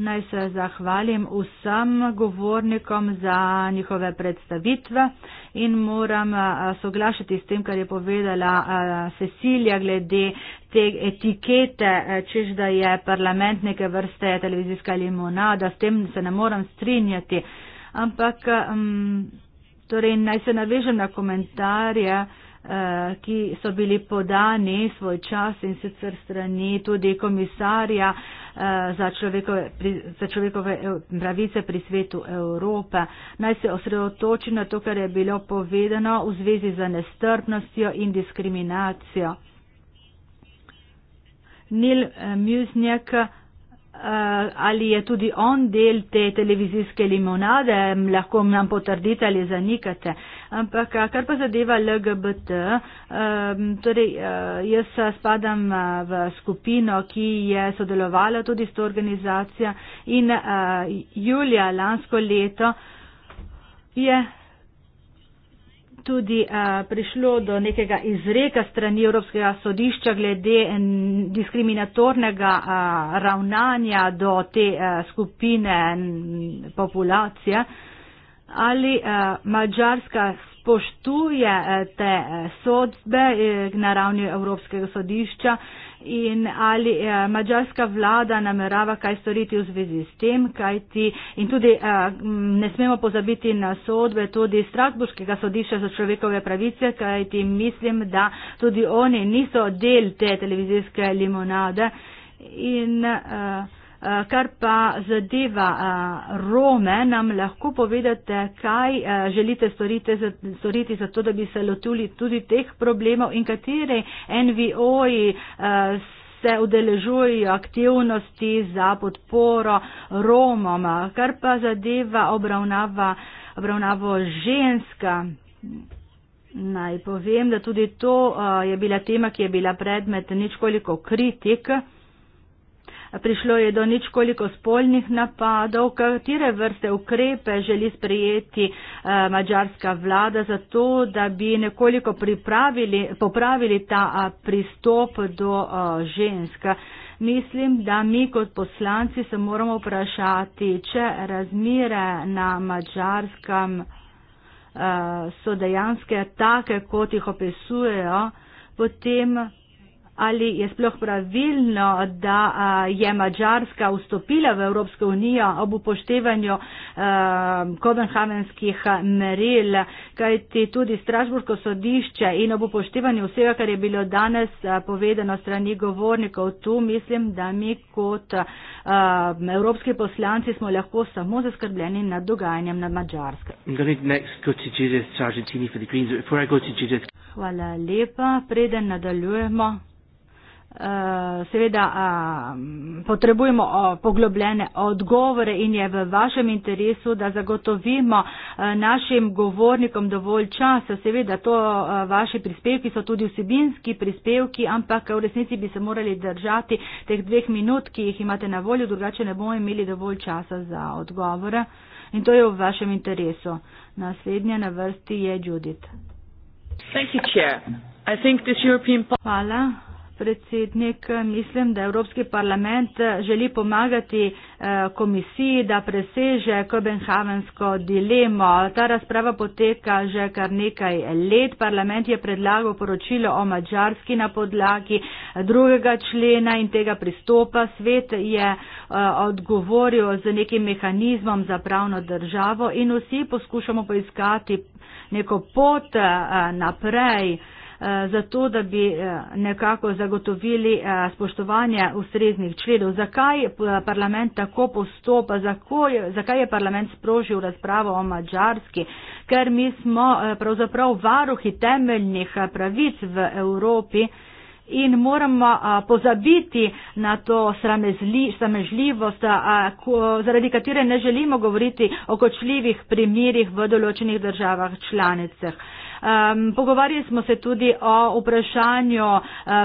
Naj se zahvalim vsem govornikom za njihove predstavitve in moram soglašati s tem, kar je povedala Cecilija glede te etikete, čež da je parlament neke vrste televizijska limonada. S tem se ne moram strinjati. Ampak torej, naj se navežem na komentarje. Eh, ki so bili podani svoj čas in sicer strani tudi komisarja eh, za človekove, za človekove eh, pravice pri svetu Evrope. Naj se osredotoči na to, kar je bilo povedano v zvezi z nestrpnostjo in diskriminacijo. Nil Mjuznjak Eh, ali je tudi on del te televizijske limonade, lahko nam potrdite ali zanikate. Ampak eh, kar pa zadeva LGBT, torej eh, jaz spadam v skupino, ki je sodelovala tudi s to organizacijo in julija lansko leto je tudi a, eh, prišlo do nekega izreka strani Evropskega sodišča glede eh, diskriminatornega a, eh, ravnanja do te a, skupine populacije. Ali a, Mačarska spoštuje eh, te eh, sodbe eh, na ravni Evropskega sodišča in ali mađarska vlada namerava kaj storiti v zvezi s tem, kaj ti in tudi ne smemo pozabiti na sodbe tudi Strasburškega sodišča za človekove pravice, kaj ti mislim, da tudi oni niso del te televizijske limonade. In, uh, Eh, kar pa zadeva eh, Rome, nam lahko povedate, kaj eh, želite storiti za to, da bi se lotili tudi teh problemov in kateri NVO-ji se udeležujejo aktivnosti za podporo Romom. Kar pa zadeva obravnava, obravnavo ženska. Naj povem, da tudi to je bila tema, ki je bila predmet ničkoliko kritik. Prišlo je do ničkoliko spolnih napadov, katere vrste ukrepe želi sprejeti eh, mađarska vlada za to, da bi nekoliko popravili ta eh, pristop do eh, ženska. Mislim, da mi kot poslanci se moramo vprašati, če razmire na mađarskem so dejanske take, kot jih opisujejo, potem ali je sploh pravilno, da je Mačarska vstopila v Evropsko unijo ob upoštevanju kopenhavenskih meril, kajti tudi Strasburško sodišče in ob upoštevanju vsega, kar je bilo danes povedano strani govornikov, tu mislim, da mi kot evropski poslanci smo lahko samo zaskrbljeni nad dogajanjem na Mačarske. Hvala lepa, preden nadaljujemo. Eh, seveda eh, potrebujemo eh, poglobljene odgovore in je v vašem interesu, da zagotovimo našim govornikom dovolj časa. Seveda to vaši prispevki so tudi vsebinski prispevki, ampak v resnici bi se morali držati teh dveh minut, ki jih imate na voljo, drugače ne bomo imeli dovolj časa za odgovore. In to je v vašem interesu. Naslednja na vrsti je Judith. Hvala predsednik, mislim, da Evropski parlament eh, želi pomagati eh, komisiji, da preseže kobenhavensko dilemo. Ta razprava poteka že kar nekaj let. Parlament je predlagal poročilo o Mačarski na podlagi drugega člena in tega pristopa. Svet je eh, odgovoril z nekim mehanizmom za pravno državo in vsi poskušamo poiskati neko pot naprej. Eh, zato, da bi eh, nekako zagotovili eh, spoštovanje ustreznih členov. Zakaj parlament tako postopa, zakaj je parlament sprožil razpravo o mačarski, ker mi smo pravzaprav varuhi temeljnih pravic v Evropi. In moramo pozabiti na to sramežljivost, zaradi katere ne želimo govoriti o kočljivih primirjih v določenih državah članicah. Um, pogovarjali smo se tudi o vprašanju uh,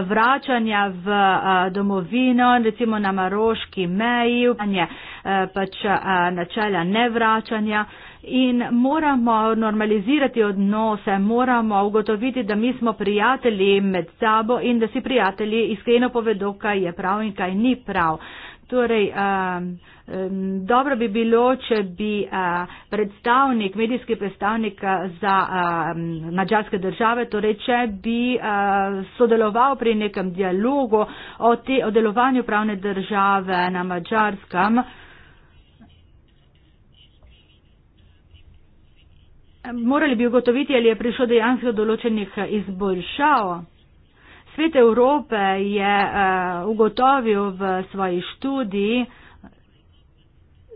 vračanja v uh, domovino, recimo na maroški meji, vprašanje uh, pač uh, načela nevračanja. In moramo normalizirati odnose, moramo ugotoviti, da mi smo prijatelji med sabo in da si prijatelji iskreno povedo, kaj je prav in kaj ni prav. Torej, um, Dobro bi bilo, če bi predstavnik, medijski predstavnik za mađarske države, torej če bi sodeloval pri nekem dialogu o, te, o delovanju pravne države na mađarskem. Morali bi ugotoviti, ali je prišlo dejansko določenih izboljšav. Svet Evrope je ugotovil v svoji študiji,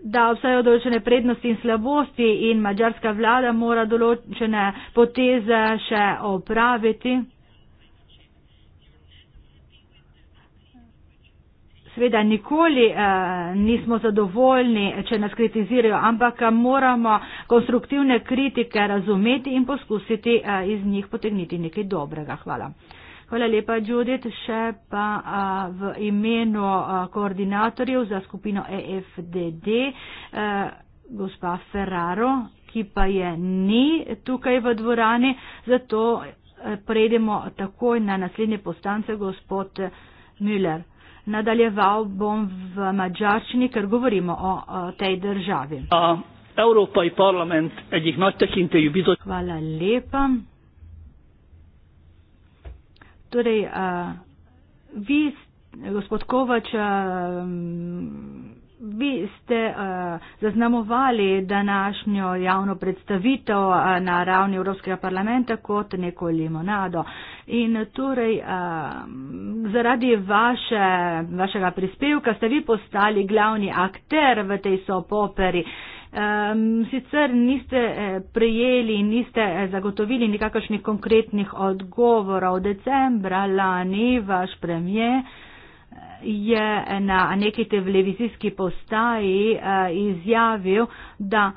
da obstajajo določene prednosti in slabosti in mađarska vlada mora določene poteze še opraviti. Sveda nikoli eh, nismo zadovoljni, če nas kritizirajo, ampak eh, moramo konstruktivne kritike razumeti in poskusiti eh, iz njih potegniti nekaj dobrega. Hvala. Hvala lepa, Judith. Še pa a, v imenu a, koordinatorjev za skupino EFDD, a, gospa Ferraro, ki pa je ni tukaj v dvorani, zato prejdemo takoj na naslednje postance, gospod Müller. Nadaljeval bom v mađarščini, ker govorimo o, o tej državi. Hvala lepa. Torej, uh, vi, gospod Kovač, uh, vi ste uh, zaznamovali današnjo javno predstavitev uh, na ravni Evropskega parlamenta kot neko limonado. In torej, uh, zaradi vaše, vašega prispevka ste vi postali glavni akter v tej sopoperi. Uh, Um, sicer niste eh, prejeli in niste eh, zagotovili nikakršnih konkretnih odgovorov. Decembra lani vaš premije eh, je na neki televizijski postaji uh, izjavil, da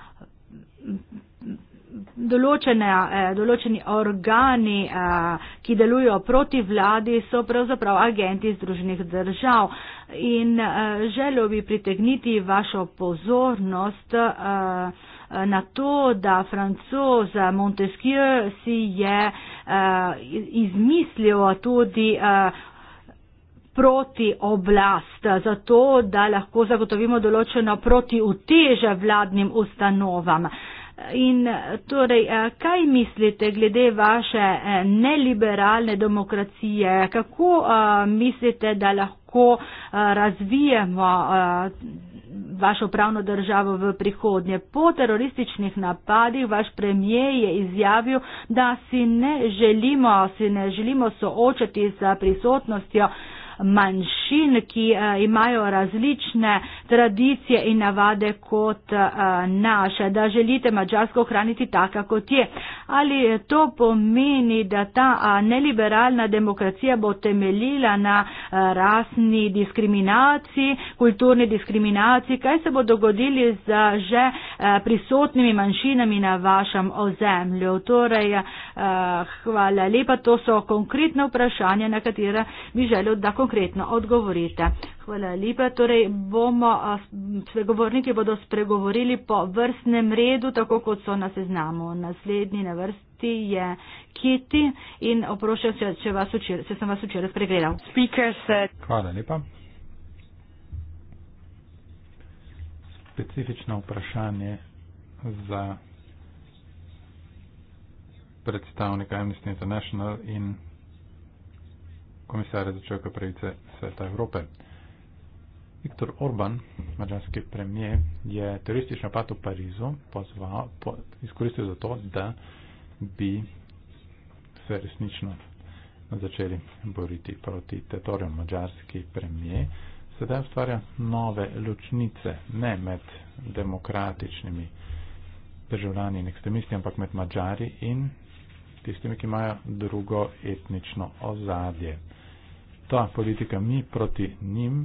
določene, eh, določeni organi, eh, ki delujo proti vladi, so pravzaprav agenti Združenih držav. In eh, želel bi pritegniti vašo pozornost na to, da francoz Montesquieu si je izmislil tudi proti oblast, zato da lahko zagotovimo določeno proti uteže vladnim ustanovam. Uh, In torej, eh, kaj mislite glede vaše eh, neliberalne demokracije? Kako eh, mislite, da lahko razvijemo vašo pravno državo v prihodnje? Po terorističnih napadih vaš premijer je izjavil, da si ne želimo, si ne želimo soočati z prisotnostjo manjšin, ki eh, imajo različne tradicije in navade kot eh, naše, da želite Mačarsko ohraniti taka, kot je. Ali to pomeni, da ta eh, neliberalna demokracija bo temeljila na rasni diskriminaciji, kulturni diskriminaciji? Kaj se bo dogodili z že prisotnimi manjšinami na vašem ozemlju? Torej, hvala lepa, to so konkretne vprašanja, na katere bi želel, da konkretno konkretno odgovorite. Hvala lepa. Torej bomo, spregovorniki bodo spregovorili po vrstnem redu, tako kot so na seznamu. Naslednji na vrsti je Kiti in oprošam, če, če, vas učer, če sem vas včeraj spregledal. Eh. Hvala lepa. Specifično vprašanje za predstavnika Amnesty International in komisarja za človeka pravice Sveta Evrope. Viktor Orban, mađarski premijer, je teroristični napad v Parizu pozval, po, izkoristil za to, da bi se resnično začeli boriti proti teritoriju. Mađarski premijer sedaj ustvarja nove ločnice, ne med demokratičnimi državljani in ekstremisti, ampak med mađari in tistimi, ki imajo drugo etnično ozadje ta politika ni proti njim,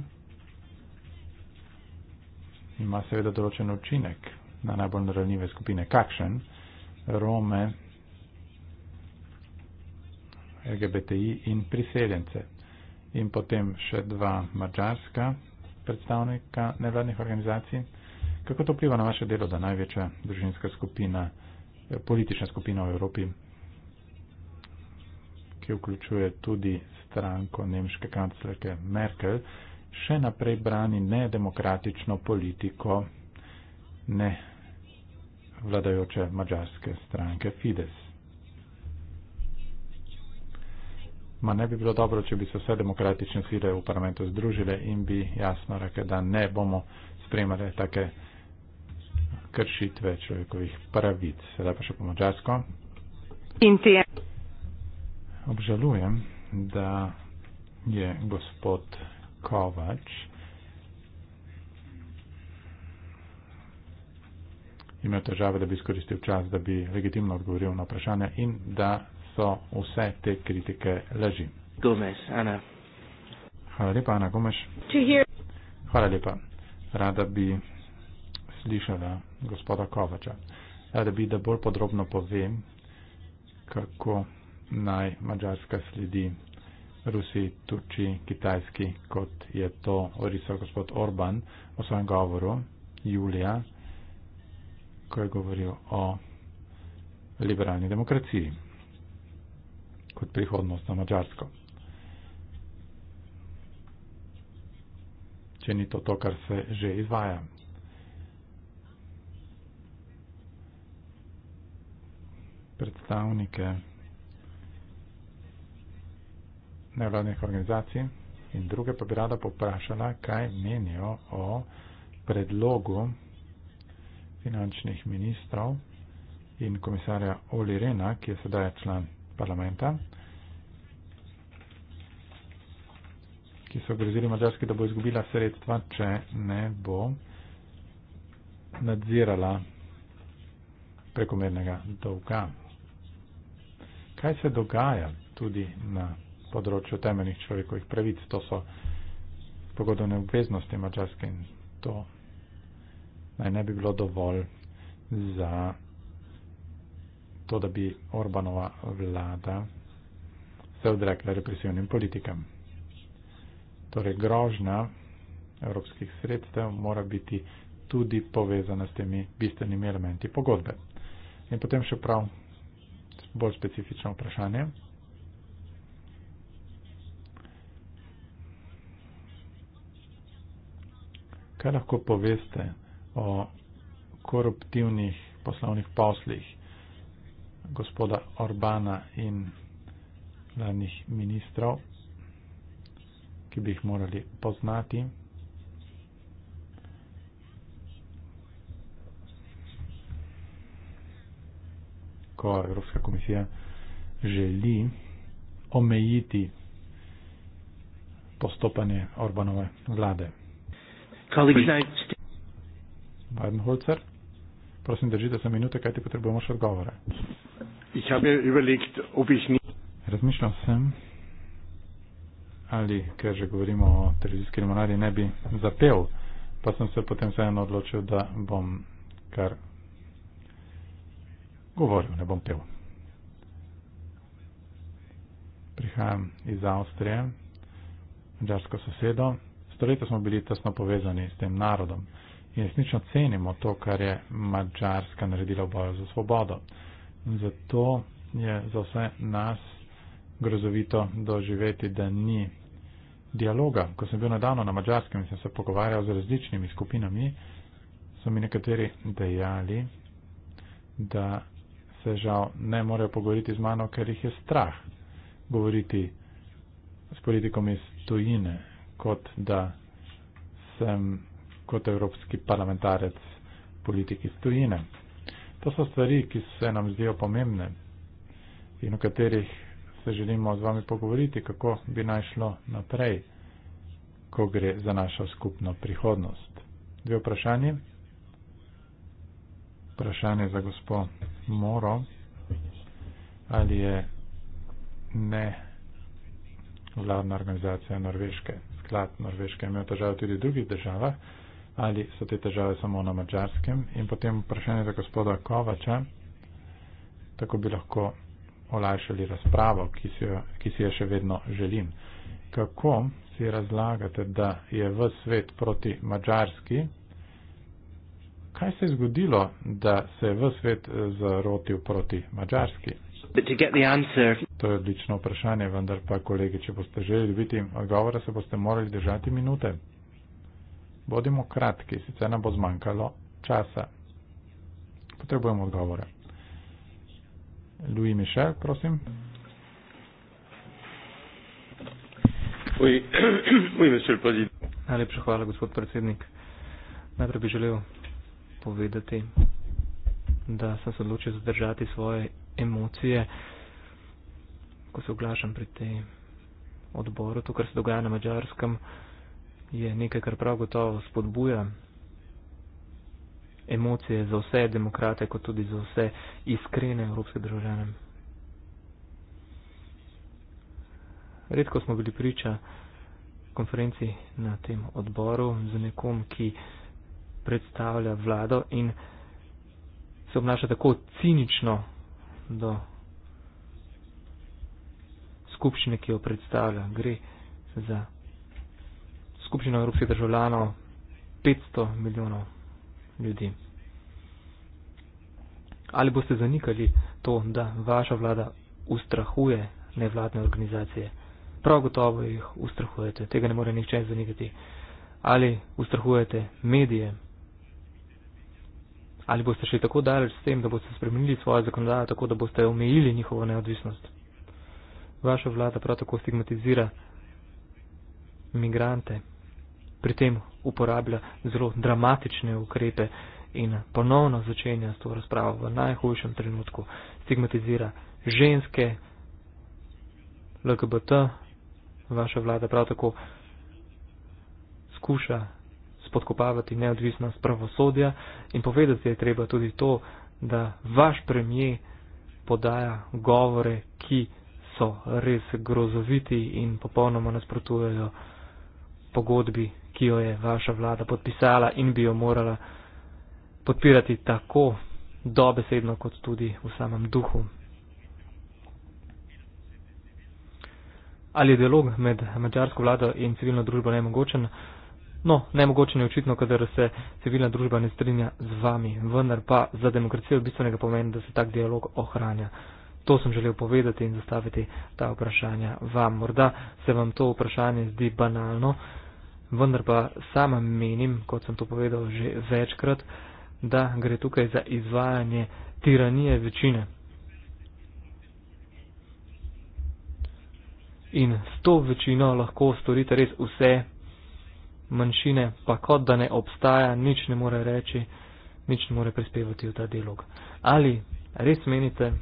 ima seveda določen učinek na najbolj naravnive skupine. Kakšen? Rome, LGBTI in priseljence. In potem še dva mačarska predstavnika nevladnih organizacij. Kako to vpliva na vaše delo, da največja družinska skupina, politična skupina v Evropi ki vključuje tudi stranko nemške kanclerke Merkel, še naprej brani nedemokratično politiko ne vladajoče mađarske stranke Fides. Ma ne bi bilo dobro, če bi se vse demokratične sile v parlamentu združile in bi jasno rekli, da ne bomo spremljali take kršitve človekovih pravic. Sedaj pa še po mađarsko. In ti je obžalujem, da je gospod Kovač imel težave, da bi izkoristil čas, da bi legitimno odgovoril na vprašanje in da so vse te kritike laži. Gomez, Ana. Hvala lepa, Ana Gomeš. Hvala lepa. Rada bi slišala gospoda Kovača. Rada bi, da bolj podrobno povem, kako naj Mađarska sledi Rusiji, Turčiji, Kitajski, kot je to orisal gospod Orban v svojem govoru julija, ko je govoril o liberalni demokraciji kot prihodnost na Mačarsko. Če ni to to, kar se že izvaja. Predstavnike nevladnih organizacij in druge pa bi rada poprašala, kaj menijo o predlogu finančnih ministrov in komisarja Oli Rena, ki je sedaj član parlamenta, ki so grozili Mađarski, da bo izgubila sredstva, če ne bo nadzirala prekomernega dolga. Kaj se dogaja tudi na področju temeljnih človekovih pravic, to so pogodovne obveznosti Mačarske in to naj ne bi bilo dovolj za to, da bi Orbanova vlada se odrekla represivnim politikam. Torej grožnja evropskih sredstev mora biti tudi povezana s temi bistvenimi elementi pogodbe. In potem še prav bolj specifično vprašanje. Kaj lahko poveste o koruptivnih poslovnih poslih gospoda Orbana in glavnih ministrov, ki bi jih morali poznati? Ko Evropska komisija želi omejiti postopanje Orbanove vlade. Weidenholzer, prosim, držite se minute, kajti potrebujemo še odgovore. Razmišljal sem, ali ker že govorimo o televizijski limonadi, ne bi zapel, pa sem se potem vseeno odločil, da bom kar govoril, ne bom pel. Prihajam iz Avstrije, mađarsko sosedo, stoletja smo bili tesno povezani s tem narodom in resnično cenimo to, kar je Mačarska naredila v boju za svobodo. In zato je za vse nas grozovito doživeti, da ni dialoga. Ko sem bil nedavno na Mačarskem in sem se pogovarjal z različnimi skupinami, so mi nekateri dejali, da se žal ne morejo pogovoriti z mano, ker jih je strah govoriti s politikom iz tujine, kot da sem kot evropski parlamentarec politiki stojine. To so stvari, ki se nam zdijo pomembne in o katerih se želimo z vami pogovoriti, kako bi naj šlo naprej, ko gre za našo skupno prihodnost. Dve vprašanje. Vprašanje za gospod Moro. Ali je ne vladna organizacija Norveške? sklad Norveške imel težave tudi v drugih državah, ali so te težave samo na mačarskem. In potem vprašanje za gospoda Kovača, tako bi lahko olajšali razpravo, ki si jo, ki si jo še vedno želim. Kako si razlagate, da je v svet proti mačarski? Kaj se je zgodilo, da se je v svet eh, zarotil proti mačarski? But to get the answer, To je odlično vprašanje, vendar pa, kolegi, če boste želeli biti odgovora, se boste morali držati minute. Bodimo kratki, sicer nam bo zmanjkalo časa. Potrebujemo odgovore. Louis Michel, prosim. *coughs* Najlepša hvala, gospod predsednik. Najprej bi želel povedati, da sem se odločil zadržati svoje emocije ko se oglašam pri tem odboru, to, kar se dogaja na mačarskem, je nekaj, kar prav gotovo spodbuja emocije za vse demokrate, kot tudi za vse iskrene evropske državljane. Redko smo bili priča konferenci na tem odboru z nekom, ki predstavlja vlado in se obnaša tako cinično do skupščine, ki jo predstavlja. Gre za skupščino evropskih državljanov 500 milijonov ljudi. Ali boste zanikali to, da vaša vlada ustrahuje nevladne organizacije? Prav gotovo jih ustrahujete, tega ne more nihče zanikati. Ali ustrahujete medije? Ali boste šli tako daleč s tem, da boste spremenili svojo zakonodajo tako, da boste omejili njihovo neodvisnost? vaša vlada prav tako stigmatizira migrante, pri tem uporablja zelo dramatične ukrepe in ponovno začenja s to razpravo v najhujšem trenutku, stigmatizira ženske, LGBT, vaša vlada prav tako skuša spodkopavati neodvisnost pravosodja in povedati je treba tudi to, da vaš premije podaja govore, ki so res grozoviti in popolnoma nasprotujejo pogodbi, ki jo je vaša vlada podpisala in bi jo morala podpirati tako dobesedno kot tudi v samem duhu. Ali je dialog med mačarsko vlado in civilno družbo nemogočen? No, nemogočen je očitno, kadar se civilna družba ne strinja z vami, vendar pa za demokracijo bistvenega pomena, da se tak dialog ohranja to sem želel povedati in zastaviti ta vprašanja vam. Morda se vam to vprašanje zdi banalno, vendar pa sama menim, kot sem to povedal že večkrat, da gre tukaj za izvajanje tiranije večine. In s to večino lahko storite res vse manjšine, pa kot da ne obstaja, nič ne more reči, nič ne more prispevati v ta dialog. Ali res menite,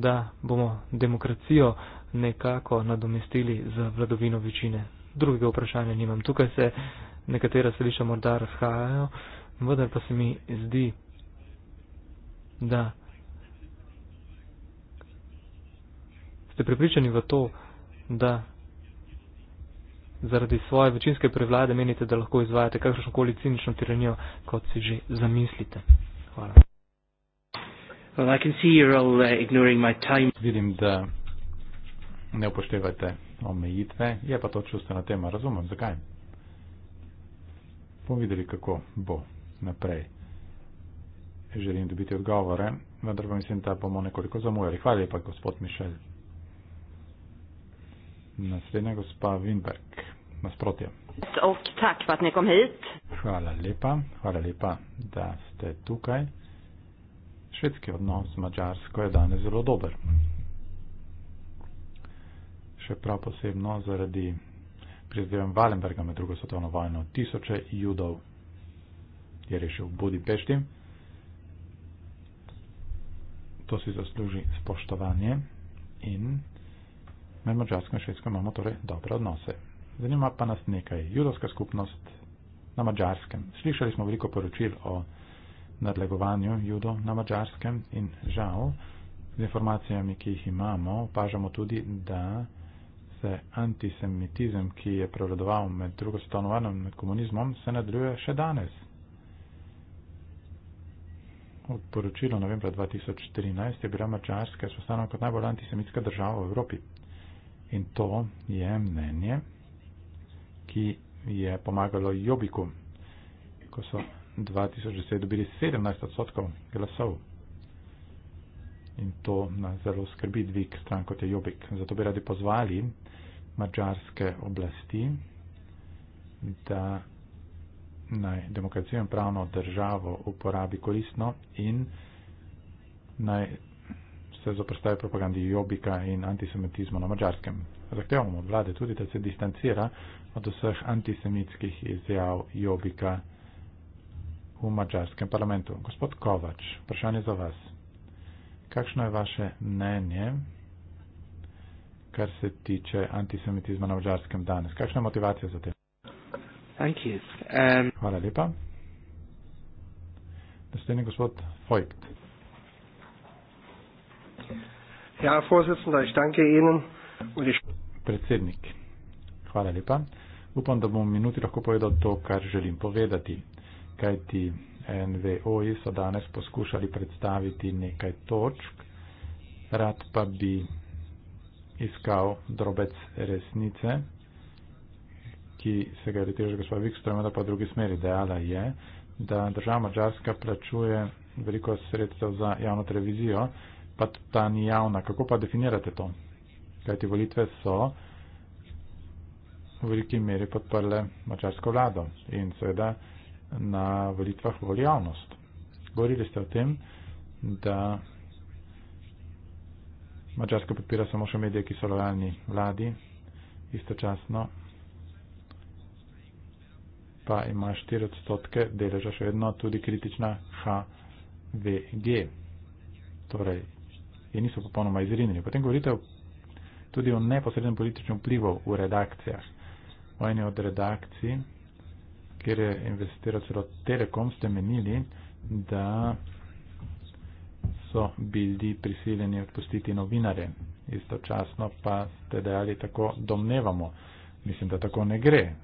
da bomo demokracijo nekako nadomestili z vladovino večine. Drugega vprašanja nimam. Tukaj se nekatera stališča morda razhajajo, vendar pa se mi zdi, da ste pripričani v to, da zaradi svoje večinske prevlade menite, da lahko izvajate kakršnokoli cinično tiranijo, kot si že zamislite. Hvala. Well, I can see you're all uh, ignoring my time. Vidim, da ne upoštevate omejitve. Je pa to čustvena tema, razumem, zakaj. Bom videli, kako bo naprej. Želim dobiti odgovore, vendar pa mislim, da bomo nekoliko zamujali. Hvala lepa, gospod Mišel. Naslednja gospa Winberg, nasprotje. Oh, hvala lepa, hvala lepa, da ste tukaj švedski odnos z Mačarsko je danes zelo dober. Še prav posebno zaradi prizdevem Valenberga med drugo svetovno vojno. Tisoče judov je rešil v Budipešti. To si zasluži spoštovanje in med Mačarsko in Švedsko imamo torej dobre odnose. Zanima pa nas nekaj. Judovska skupnost na Mačarskem. Slišali smo veliko poročil o nadlegovanju judo na mačarskem in žal z informacijami, ki jih imamo, opažamo tudi, da se antisemitizem, ki je prevladoval med drugo svetovno med komunizmom, se nadaljuje še danes. V poročilu novembra 2013 je bila Mačarska spostavljena kot najbolj antisemitska država v Evropi. In to je mnenje, ki je pomagalo Jobiku, ko so 2010 dobili 17 odstotkov glasov. In to na zelo skrbi dvig stran kot je Jobik. Zato bi radi pozvali mačarske oblasti, da naj demokracijo in pravno državo uporabi koristno in naj se zoprstavi propagandi Jobika in antisemitizmu na mačarskem. Zahtevamo od vlade tudi, da se distancira od vseh antisemitskih izjav Jobika in v mađarskem parlamentu. Gospod Kovač, vprašanje za vas. Kakšno je vaše mnenje, kar se tiče antisemitizma na mađarskem danes? Kakšna je motivacija za te? Thank you. Um... Hvala lepa. Naslednji gospod Feucht. Ja, Predsednik, hvala lepa. Upam, da bom v minuti lahko povedal to, kar želim povedati kajti NVO-ji so danes poskušali predstaviti nekaj točk, rad pa bi iskal drobec resnice, ki se ga je detežil gospod Vikstrom, da pa v drugi smeri dejala je, da država Mačarska plačuje veliko sredstev za javno televizijo, pa ta ni javna. Kako pa definirate to? Kajti volitve so v veliki meri podprle mačarsko vlado in seveda na volitvah v javnost. Govorili ste o tem, da Mačarska podpira samo še medije, ki so lojalni vladi, istočasno pa ima 4 odstotke deleža še vedno tudi kritična HVG. Torej, in niso popolnoma izrinjeni. Potem govorite o, tudi o neposrednem političnem vplivu v redakcijah. O eni od redakcij kjer je investiral celo Telekom, ste menili, da so bili prisiljeni odpustiti novinare. Istočasno pa ste dejali tako domnevamo. Mislim, da tako ne gre.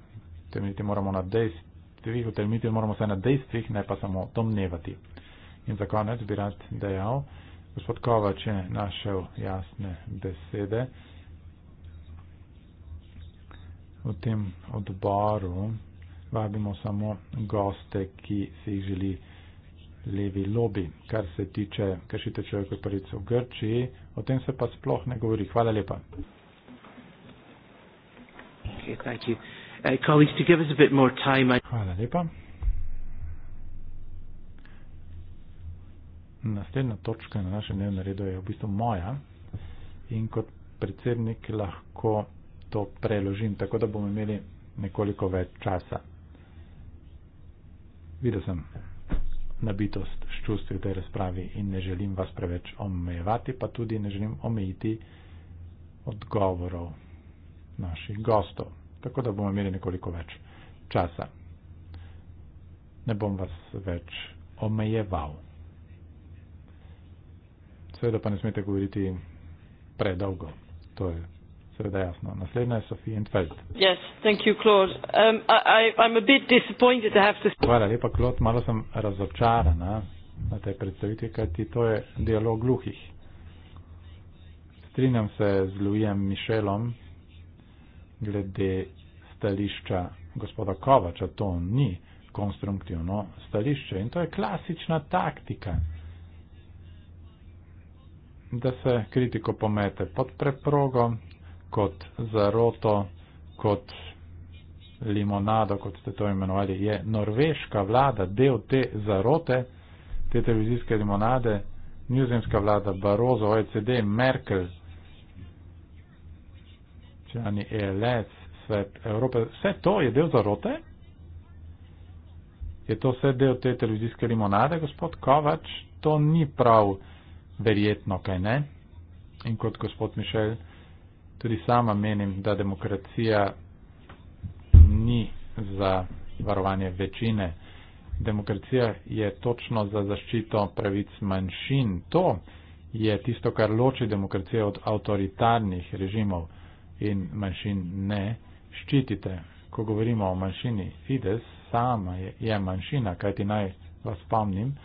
Temeljiti moramo na dejstvih, utemeljiti moramo se na dejstvih, ne pa samo domnevati. In za konec bi rad dejal, gospod Kovač je našel jasne besede v tem odboru vabimo samo goste, ki si jih želi levi lobby, kar se tiče kršite človekove pravice v Grčiji, o tem se pa sploh ne govori. Hvala lepa. Uh, Hvala lepa. Naslednja točka na našem dnevnem redu je v bistvu moja in kot predsednik lahko to preložim, tako da bomo imeli nekoliko več časa videl sem nabitost s čustvi v tej razpravi in ne želim vas preveč omejevati, pa tudi ne želim omejiti odgovorov naših gostov, tako da bomo imeli nekoliko več časa. Ne bom vas več omejeval. Seveda pa ne smete govoriti predolgo. To je seveda jasno. Naslednja je Sofija Entfeld. Yes, um, Hvala lepa, Klod. Malo sem razočarana na tej predstavitvi, kajti to je dialog gluhih. Strinjam se z Louisem Mišelom glede stališča gospoda Kovača. To ni konstruktivno stališče in to je klasična taktika da se kritiko pomete pod preprogo, kot zaroto, kot limonado, kot ste to imenovali, je norveška vlada del te zarote, te televizijske limonade, nizozemska vlada, Barozo, OECD, Merkel, člani ELS, svet Evrope, vse to je del zarote? Je to vse del te televizijske limonade, gospod Kovač? To ni prav verjetno, kaj ne? In kot gospod Mišel, Tudi sama menim, da demokracija ni za varovanje večine. Demokracija je točno za zaščito pravic manjšin. To je tisto, kar loči demokracijo od avtoritarnih režimov in manjšin ne ščitite. Ko govorimo o manjšini Fides, sama je, je manjšina, kajti naj vas spomnim,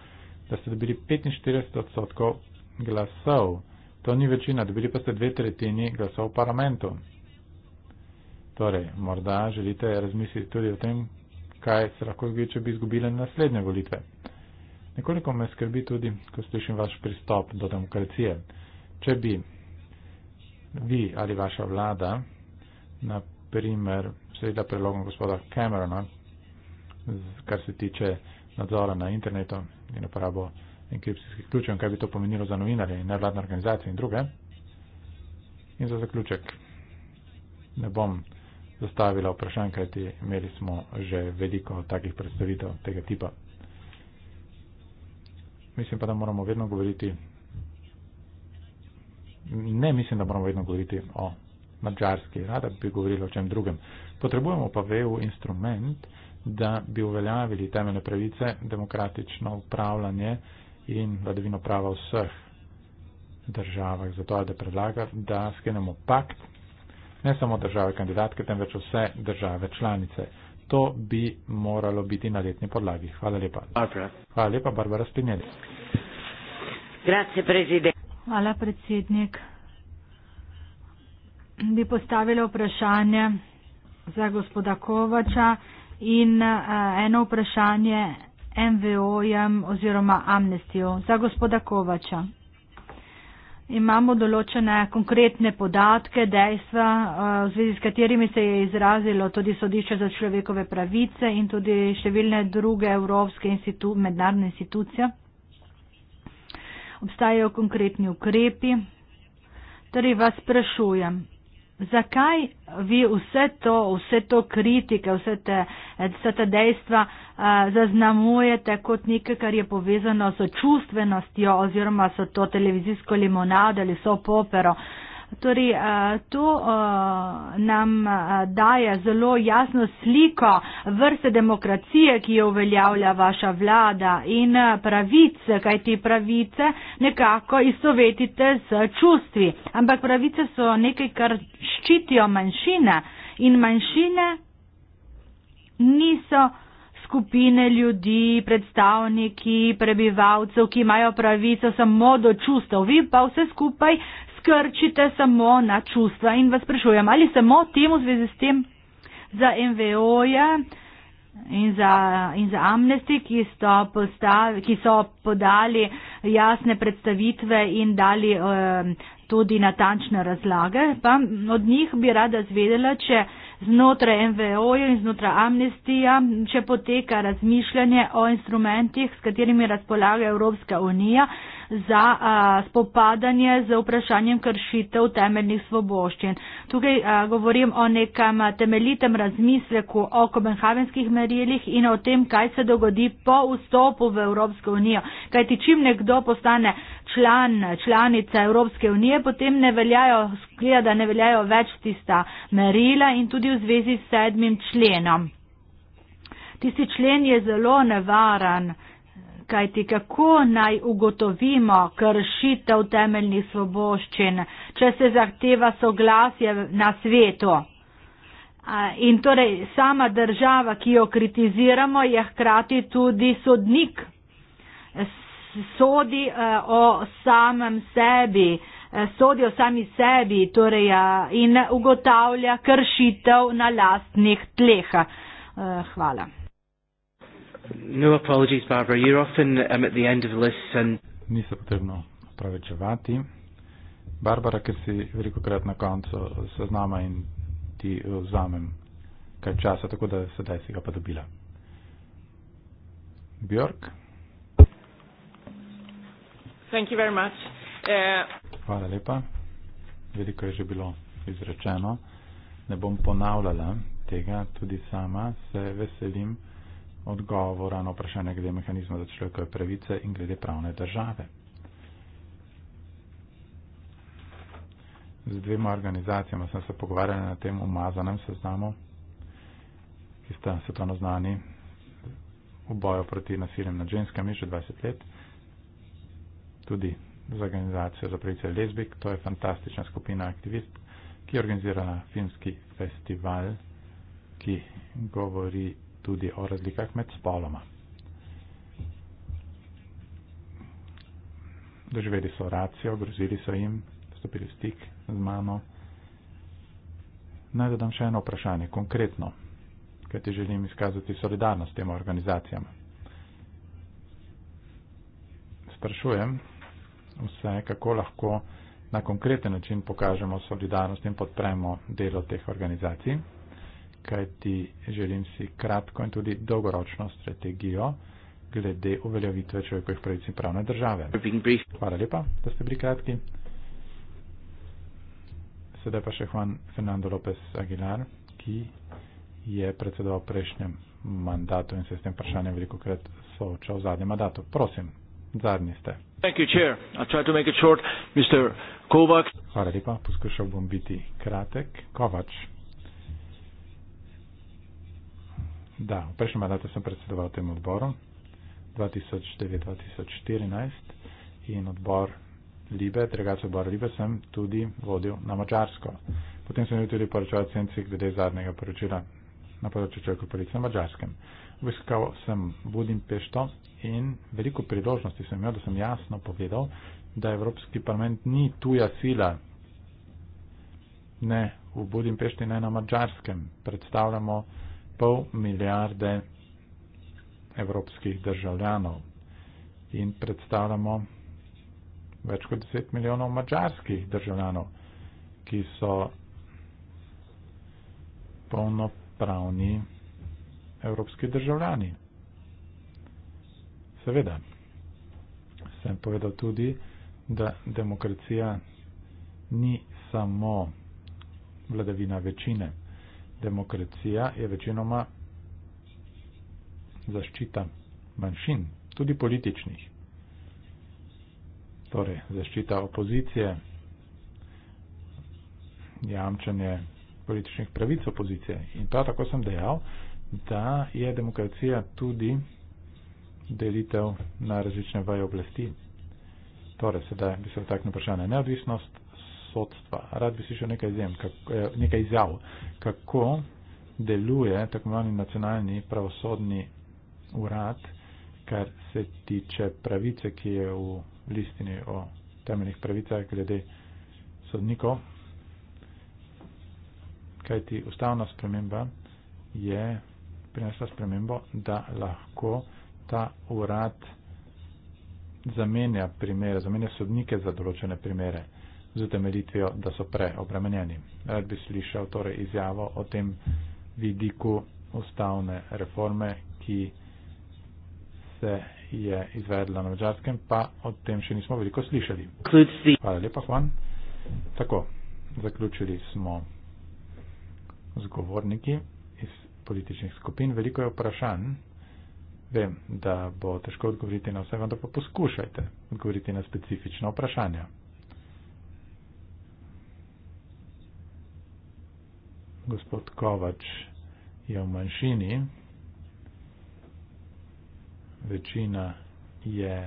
da ste dobili 45 odstotkov glasov To ni večina, dobili pa ste dve tretjini glasov v parlamentu. Torej, morda želite razmisliti tudi o tem, kaj se lahko zgodi, če bi izgubili naslednje volitve. Nekoliko me skrbi tudi, ko slišim vaš pristop do demokracije. Če bi vi ali vaša vlada, na primer, sedela prelogom gospoda Camerona, kar se tiče nadzora na internetu in uporabo in ki se zaključujem, kaj bi to pomenilo za novinarje in nevladne organizacije in druge. In za zaključek ne bom zastavila vprašanj, kajti imeli smo že veliko takih predstavitev tega tipa. Mislim pa, da moramo vedno govoriti, ne mislim, da moramo vedno govoriti o mačarski, rada bi govorila o čem drugem. Potrebujemo pa VEU instrument, da bi uveljavili temeljne pravice, demokratično upravljanje in vladavino prava v vseh državah. Zato je, da predlaga, da skenemo pakt, ne samo države kandidatke, temveč vse države članice. To bi moralo biti na letni podlagi. Hvala lepa. Hvala lepa, Barbara Spinelli. Hvala, predsednik. Bi postavila vprašanje za gospoda Kovača in eh, eno vprašanje MVO-jem oziroma amnestijo za gospoda Kovača. Imamo določene konkretne podatke, dejstva, eh, v zvezi s katerimi se je izrazilo tudi sodišče za človekove pravice in tudi številne druge evropske institu, mednarodne institucije. Obstajajo konkretni ukrepi. Torej vas sprašujem, Zakaj vi vse to, vse to kritike, vse, te, vse ta dejstva a, zaznamujete kot nekaj, kar je povezano s čustvenostjo oziroma s to televizijsko limonado ali so popero? A, Torej, eh, to eh, nam eh, daje zelo jasno sliko vrste demokracije, ki jo uveljavlja vaša vlada in pravice, kaj ti pravice nekako izsovetite z čustvi. Ampak pravice so nekaj, kar ščitijo manjšine in manjšine niso skupine ljudi, predstavniki, prebivalcev, ki imajo pravico samo do čustev. Vi pa vse skupaj krčite samo na čustva in vas sprašujem, ali samo temu zvezi s tem za MVO-je in za, in za amnesti, ki so, postavi, ki so podali jasne predstavitve in dali um, tudi natančne razlage, pa od njih bi rada zvedela, če znotraj MVO-ja in znotraj amnestija, če poteka razmišljanje o instrumentih, s katerimi razpolaga Evropska unija, za a, spopadanje z vprašanjem kršitev temeljnih svoboščin. Tukaj a, govorim o nekem temeljitem razmisleku o kopenhavenskih merilih in o tem, kaj se dogodi po vstopu v Evropsko unijo. Kajti čim nekdo postane član, članica Evropske unije, potem ne veljajo, skleda, da ne veljajo več tista merila in tudi v zvezi s sedmim členom. Tisti člen je zelo nevaren kajti kako naj ugotovimo kršitev temeljnih svoboščin, če se zahteva soglasje na svetu. In torej sama država, ki jo kritiziramo, je hkrati tudi sodnik, sodi e, o samem sebi, e, sodi o sami sebi torej, in ugotavlja kršitev na lastnih tleh. E, hvala. No apologies, Barbara. You're often um, at the end of the list and Ni se potrebno opravičevati. Barbara, ker si velikokrat na koncu seznama in ti vzamem kaj časa, tako da sedaj si ga pa dobila. Björk? Thank you very much. Uh, Hvala lepa. Veliko je že bilo izrečeno. Ne bom ponavljala tega, tudi sama se veselim odgovora na vprašanje glede mehanizma za človekove pravice in glede pravne države. Z dvema organizacijama sem se pogovarjala na tem umazanem seznamu, ki sta svetovno znani v boju proti nasiljem nad ženskami že 20 let, tudi z organizacijo za pravice lezbik, to je fantastična skupina aktivist, ki je organizirala filmski festival, ki govori tudi o razlikah med spoloma. Doživeli so racijo, grozili so jim, stopili stik z mano. Naj dodam še eno vprašanje, konkretno, kaj ti želim izkazati solidarnost tem organizacijam. Sprašujem vse, kako lahko na konkreten način pokažemo solidarnost in podpremo delo teh organizacij kajti želim si kratko in tudi dolgoročno strategijo glede uveljavitve človekovih pravic in pravne države. Hvala lepa, da ste bili kratki. Sedaj pa še Juan Fernando López Aguilar, ki je predsedoval prejšnjem mandatu in se s tem vprašanjem veliko krat soočal v zadnjem mandatu. Prosim, zadnji ste. Hvala lepa, poskušal bom biti kratek. Kovač. Da, v prejšnjem mandatu sem predsedoval tem odborom 2009-2014 in odbor Libe, delegacijo odbor Libe sem tudi vodil na Mačarsko. Potem sem imel tudi poročilo Cenci glede zadnjega poročila na področju človekov pravic na Mačarskem. Obiskal sem Budimpešto in veliko priložnosti sem imel, da sem jasno povedal, da Evropski parlament ni tuja sila ne v Budimpešti, ne na Mačarskem. Predstavljamo pol milijarde evropskih državljanov in predstavljamo več kot 10 milijonov mačarskih državljanov, ki so polnopravni evropski državljani. Seveda, sem povedal tudi, da demokracija ni samo vladavina večine demokracija je večinoma zaščita manjšin, tudi političnih. Torej, zaščita opozicije, jamčanje političnih pravic opozicije. In prav tako sem dejal, da je demokracija tudi delitev na različne vaje oblasti. Torej, sedaj bi se vtaknil vprašanje neodvisnost, sodstva. Rad bi slišal nekaj, izjem, kako, eh, nekaj izjav, kako deluje tako imenovani nacionalni pravosodni urad, kar se tiče pravice, ki je v listini o temeljnih pravicah glede sodnikov. Kaj ti ustavna sprememba je prinesla spremembo, da lahko ta urad zamenja primere, zamenja sodnike za določene primere z utemeljitvijo, da so preobremenjeni. Rad bi slišal torej izjavo o tem vidiku ustavne reforme, ki se je izvedla na Mačarskem, pa o tem še nismo veliko slišali. Hvala lepa, Juan. Tako, zaključili smo z govorniki iz političnih skupin. Veliko je vprašanj. Vem, da bo težko odgovoriti na vse, vendar pa poskušajte odgovoriti na specifična vprašanja. gospod Kovač je v manjšini, večina je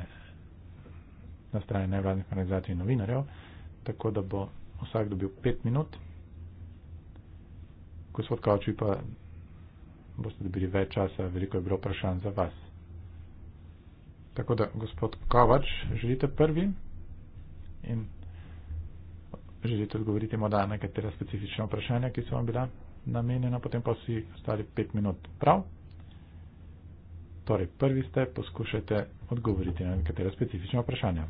na strani nevladnih organizacij in novinarjev, tako da bo vsak dobil pet minut, gospod Kovač pa boste dobili več časa, veliko je bilo vprašanj za vas. Tako da, gospod Kovač, želite prvi in želite odgovoriti morda na nekatera specifična vprašanja, ki so vam bila namenjena, potem pa si ostali pet minut prav. Torej, prvi ste, poskušajte odgovoriti na nekatera specifična vprašanja.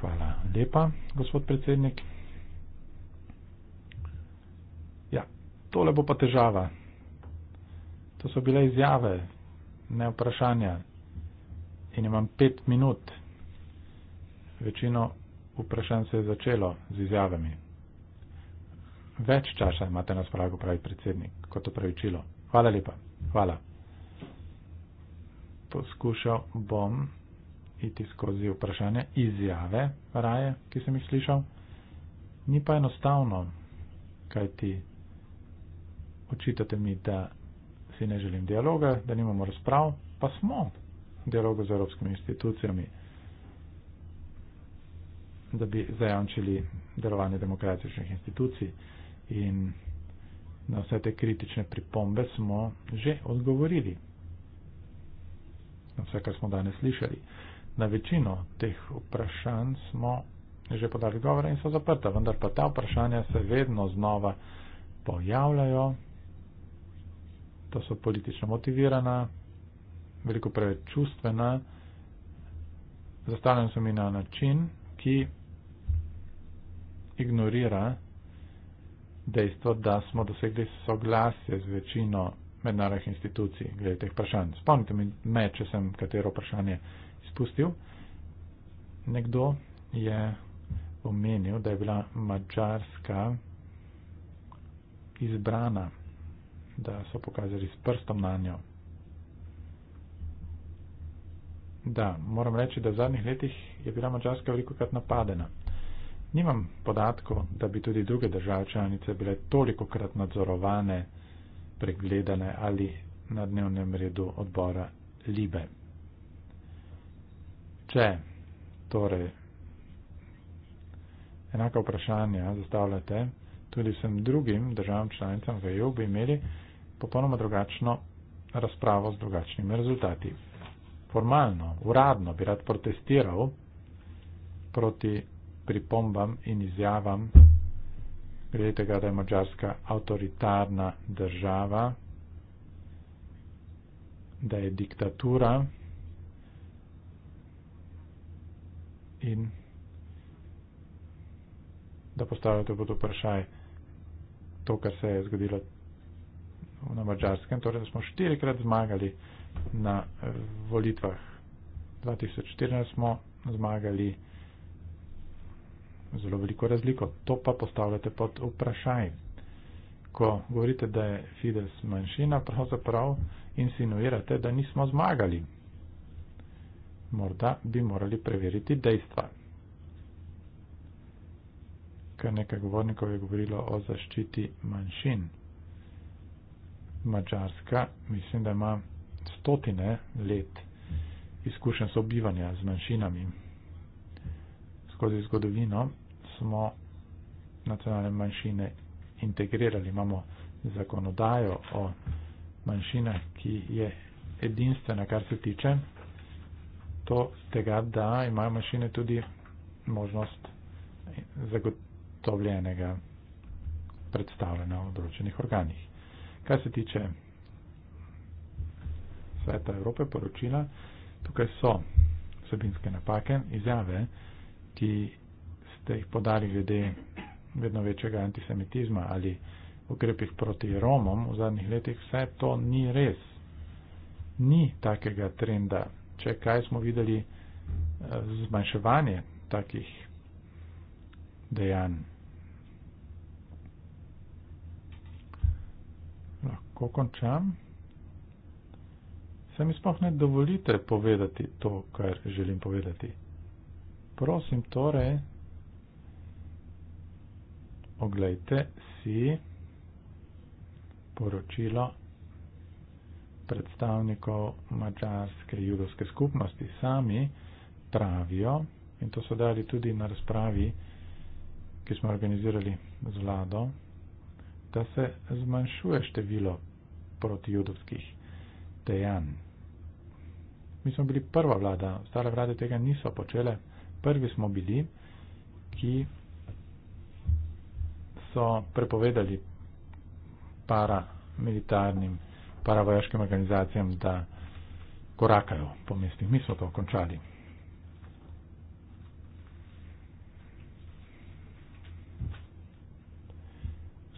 Hvala lepa, gospod predsednik. Ja, tole bo pa težava. To so bile izjave, ne vprašanja. In imam pet minut. Večino vprašanj se je začelo z izjavami. Več časa imate na spravo, pravi predsednik, kot opravičilo. Hvala lepa. Hvala. Poskušal bom iti skozi vprašanje izjave raje, ki sem jih slišal. Ni pa enostavno, kaj ti očitate mi, da si ne želim dialoga, da nimamo razprav, pa smo dialogo z evropskimi institucijami da bi zajamčili delovanje demokratičnih institucij in na vse te kritične pripombe smo že odgovorili. Na vse, kar smo danes slišali. Na večino teh vprašanj smo že podali govore in so zaprta, vendar pa ta vprašanja se vedno znova pojavljajo. To so politično motivirana, veliko preveč čustvena. Zastavljam se mi na način, ki ignorira dejstvo, da smo dosegli soglasje z večino mednarodnih institucij glede teh vprašanj. Spomnite mi, me, če sem katero vprašanje izpustil. Nekdo je omenil, da je bila Mačarska izbrana, da so pokazali s prstom na njo. Da, moram reči, da v zadnjih letih je bila Mačarska veliko krat napadena. Nimam podatkov, da bi tudi druge države članice bile toliko krat nadzorovane, pregledane ali na dnevnem redu odbora Libe. Če torej enaka vprašanja zastavljate, tudi vsem drugim državam članicam v EU bi imeli popolnoma drugačno razpravo z drugačnimi rezultati. Formalno, uradno bi rad protestiral proti pripombam in izjavam, glede tega, da je mačarska avtoritarna država, da je diktatura in da postavljate pod vprašaj to, kar se je zgodilo na mačarskem, torej da smo štirikrat zmagali na volitvah. 2014 smo zmagali zelo veliko razliko. To pa postavljate pod vprašaj. Ko govorite, da je Fides manjšina, pravzaprav insinuirate, da nismo zmagali. Morda bi morali preveriti dejstva. Kar nekaj govornikov je govorilo o zaščiti manjšin. Mačarska, mislim, da ima stotine let izkušenj sobivanja z manjšinami. Skozi zgodovino smo nacionalne manjšine integrirali. Imamo zakonodajo o manjšinah, ki je edinstvena, kar se tiče to, tega, da imajo manjšine tudi možnost zagotovljenega predstavljena v določenih organih. Kar se tiče Sveta Evrope poročila, tukaj so sabinske napake, izjave, ki ste jih podali glede vedno večjega antisemitizma ali ukrepih proti Romom v zadnjih letih, vse to ni res. Ni takega trenda. Če kaj smo videli, eh, zmanjševanje takih dejanj. Lahko končam. Se mi sploh ne dovolite povedati to, kar želim povedati. Prosim torej, oglejte si poročilo predstavnikov mačarske judovske skupnosti. Sami pravijo, in to so dali tudi na razpravi, ki smo organizirali z vlado, da se zmanjšuje število protijudovskih dejanj. Mi smo bili prva vlada, stare vlade tega niso počele, prvi smo bili, ki so prepovedali paramilitarnim, paravojaškim organizacijam, da korakajo po mestih. Mi smo to končali.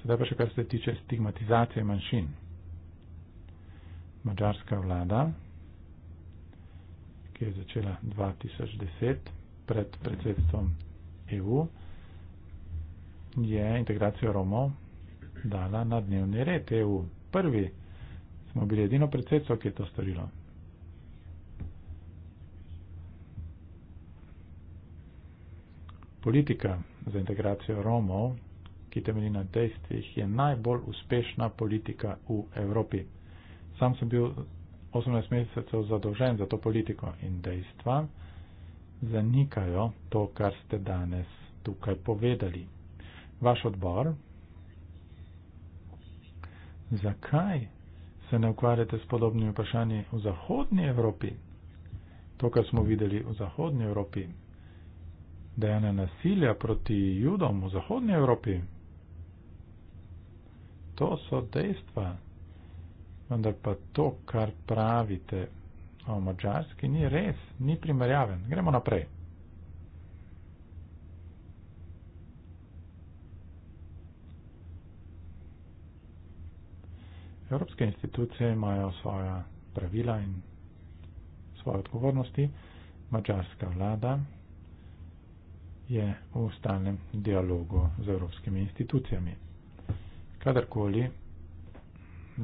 Sedaj pa še kar se tiče stigmatizacije manjšin. Mačarska vlada, ki je začela 2010 pred predsedstvom EU, je integracijo Romov dala na dnevni red EU. Prvi smo bili edino predsedstvo, ki je to storilo. Politika za integracijo Romov, ki temelji na dejstvih, je najbolj uspešna politika v Evropi. Sam sem bil 18 mesecev zadolžen za to politiko in dejstva zanikajo to, kar ste danes tukaj povedali vaš odbor, zakaj se ne ukvarjate s podobnimi vprašanji v Zahodnji Evropi? To, kar smo videli v Zahodnji Evropi, da je ena nasilja proti judom v Zahodnji Evropi, to so dejstva. Vendar pa to, kar pravite o mačarski, ni res, ni primerjaven. Gremo naprej. Evropske institucije imajo svoja pravila in svoje odgovornosti. Mačarska vlada je v stalnem dialogu z evropskimi institucijami. Kadarkoli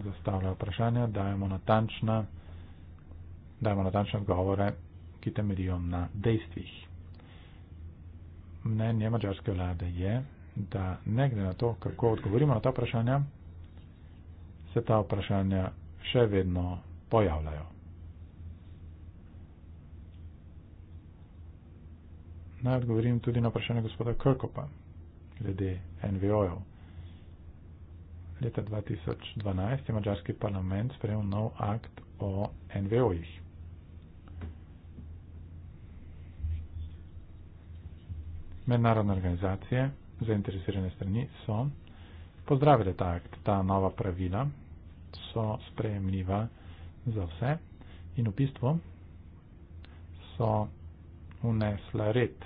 zastavlja vprašanja, dajemo natančna, dajemo natančne odgovore, ki temeljijo na dejstvih. Mnenje mačarske vlade je, da ne glede na to, kako odgovorimo na ta vprašanja, se ta vprašanja še vedno pojavljajo. Naj odgovorim tudi na vprašanje gospoda Krkopa glede NVO-jev. Leta 2012 je mađarski parlament sprejel nov akt o NVO-jih. Mednarodne organizacije, zainteresirane strani so pozdravili ta akt. Ta nova pravila so sprejemljiva za vse in v bistvu so unesla red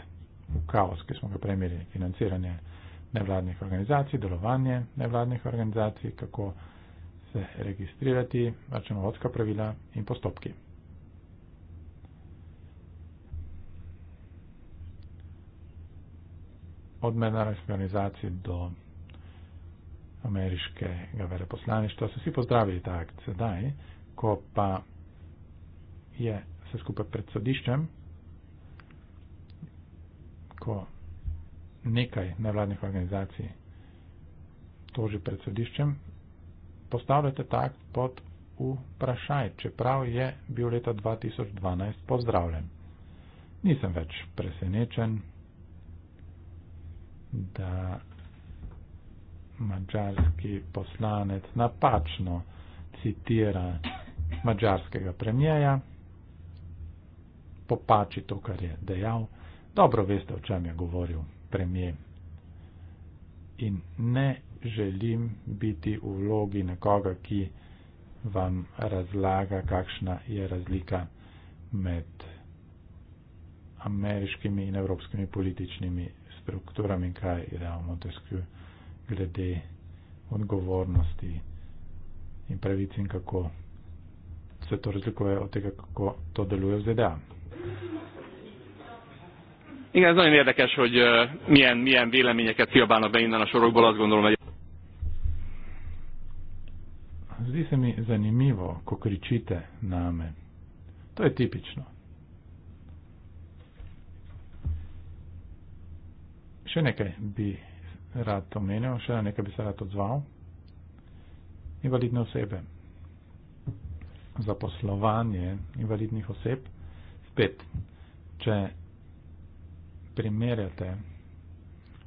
v kaos, ki smo ga premili, financiranje nevladnih organizacij, delovanje nevladnih organizacij, kako se registrirati, računovodska pravila in postopki. Od mednarodnih organizacij do ameriškega veleposlaništva. So vsi pozdravili ta akt sedaj, ko pa je vse skupaj pred sodiščem, ko nekaj nevladnih organizacij toži pred sodiščem, postavljate ta akt pod vprašaj, čeprav je bil leta 2012 pozdravljen. Nisem več presenečen, da mađarski poslanec napačno citira mađarskega premijeja, popači to, kar je dejal. Dobro veste, o čem je govoril premijer. In ne želim biti v vlogi nekoga, ki vam razlaga, kakšna je razlika med ameriškimi in evropskimi političnimi strukturami, kaj je dejal Montesquieu glede odgovornosti in pravic in kako se to razlikuje od tega, kako to deluje v ZDA. Igen, ez nagyon érdekes, hogy milyen, milyen véleményeket kiabálnak be innen a sorokból, azt gondolom, hogy... Zdi se mi zanimivo, ko kričite name. To je tipično. Še nekaj bi rad omenil, še nekaj bi se rad odzval. Invalidne osebe. Zaposlovanje invalidnih oseb. Spet, če primerjate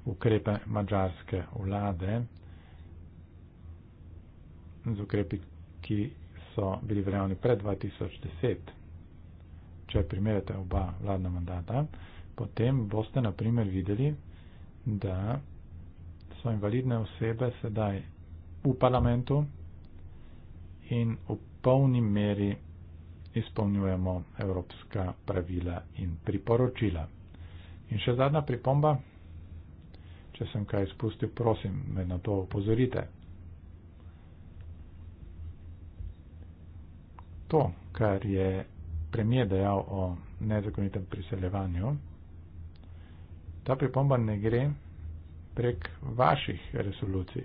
ukrepe mađarske vlade z ukrepi, ki so bili veljavni pred 2010, če primerjate oba vladna mandata, potem boste na primer videli, da so invalidne osebe sedaj v parlamentu in v polni meri izpolnjujemo evropska pravila in priporočila. In še zadnja pripomba, če sem kaj izpustil, prosim, me na to opozorite. To, kar je premije dejal o nezakonitem priseljevanju, ta pripomba ne gre prek vaših resolucij.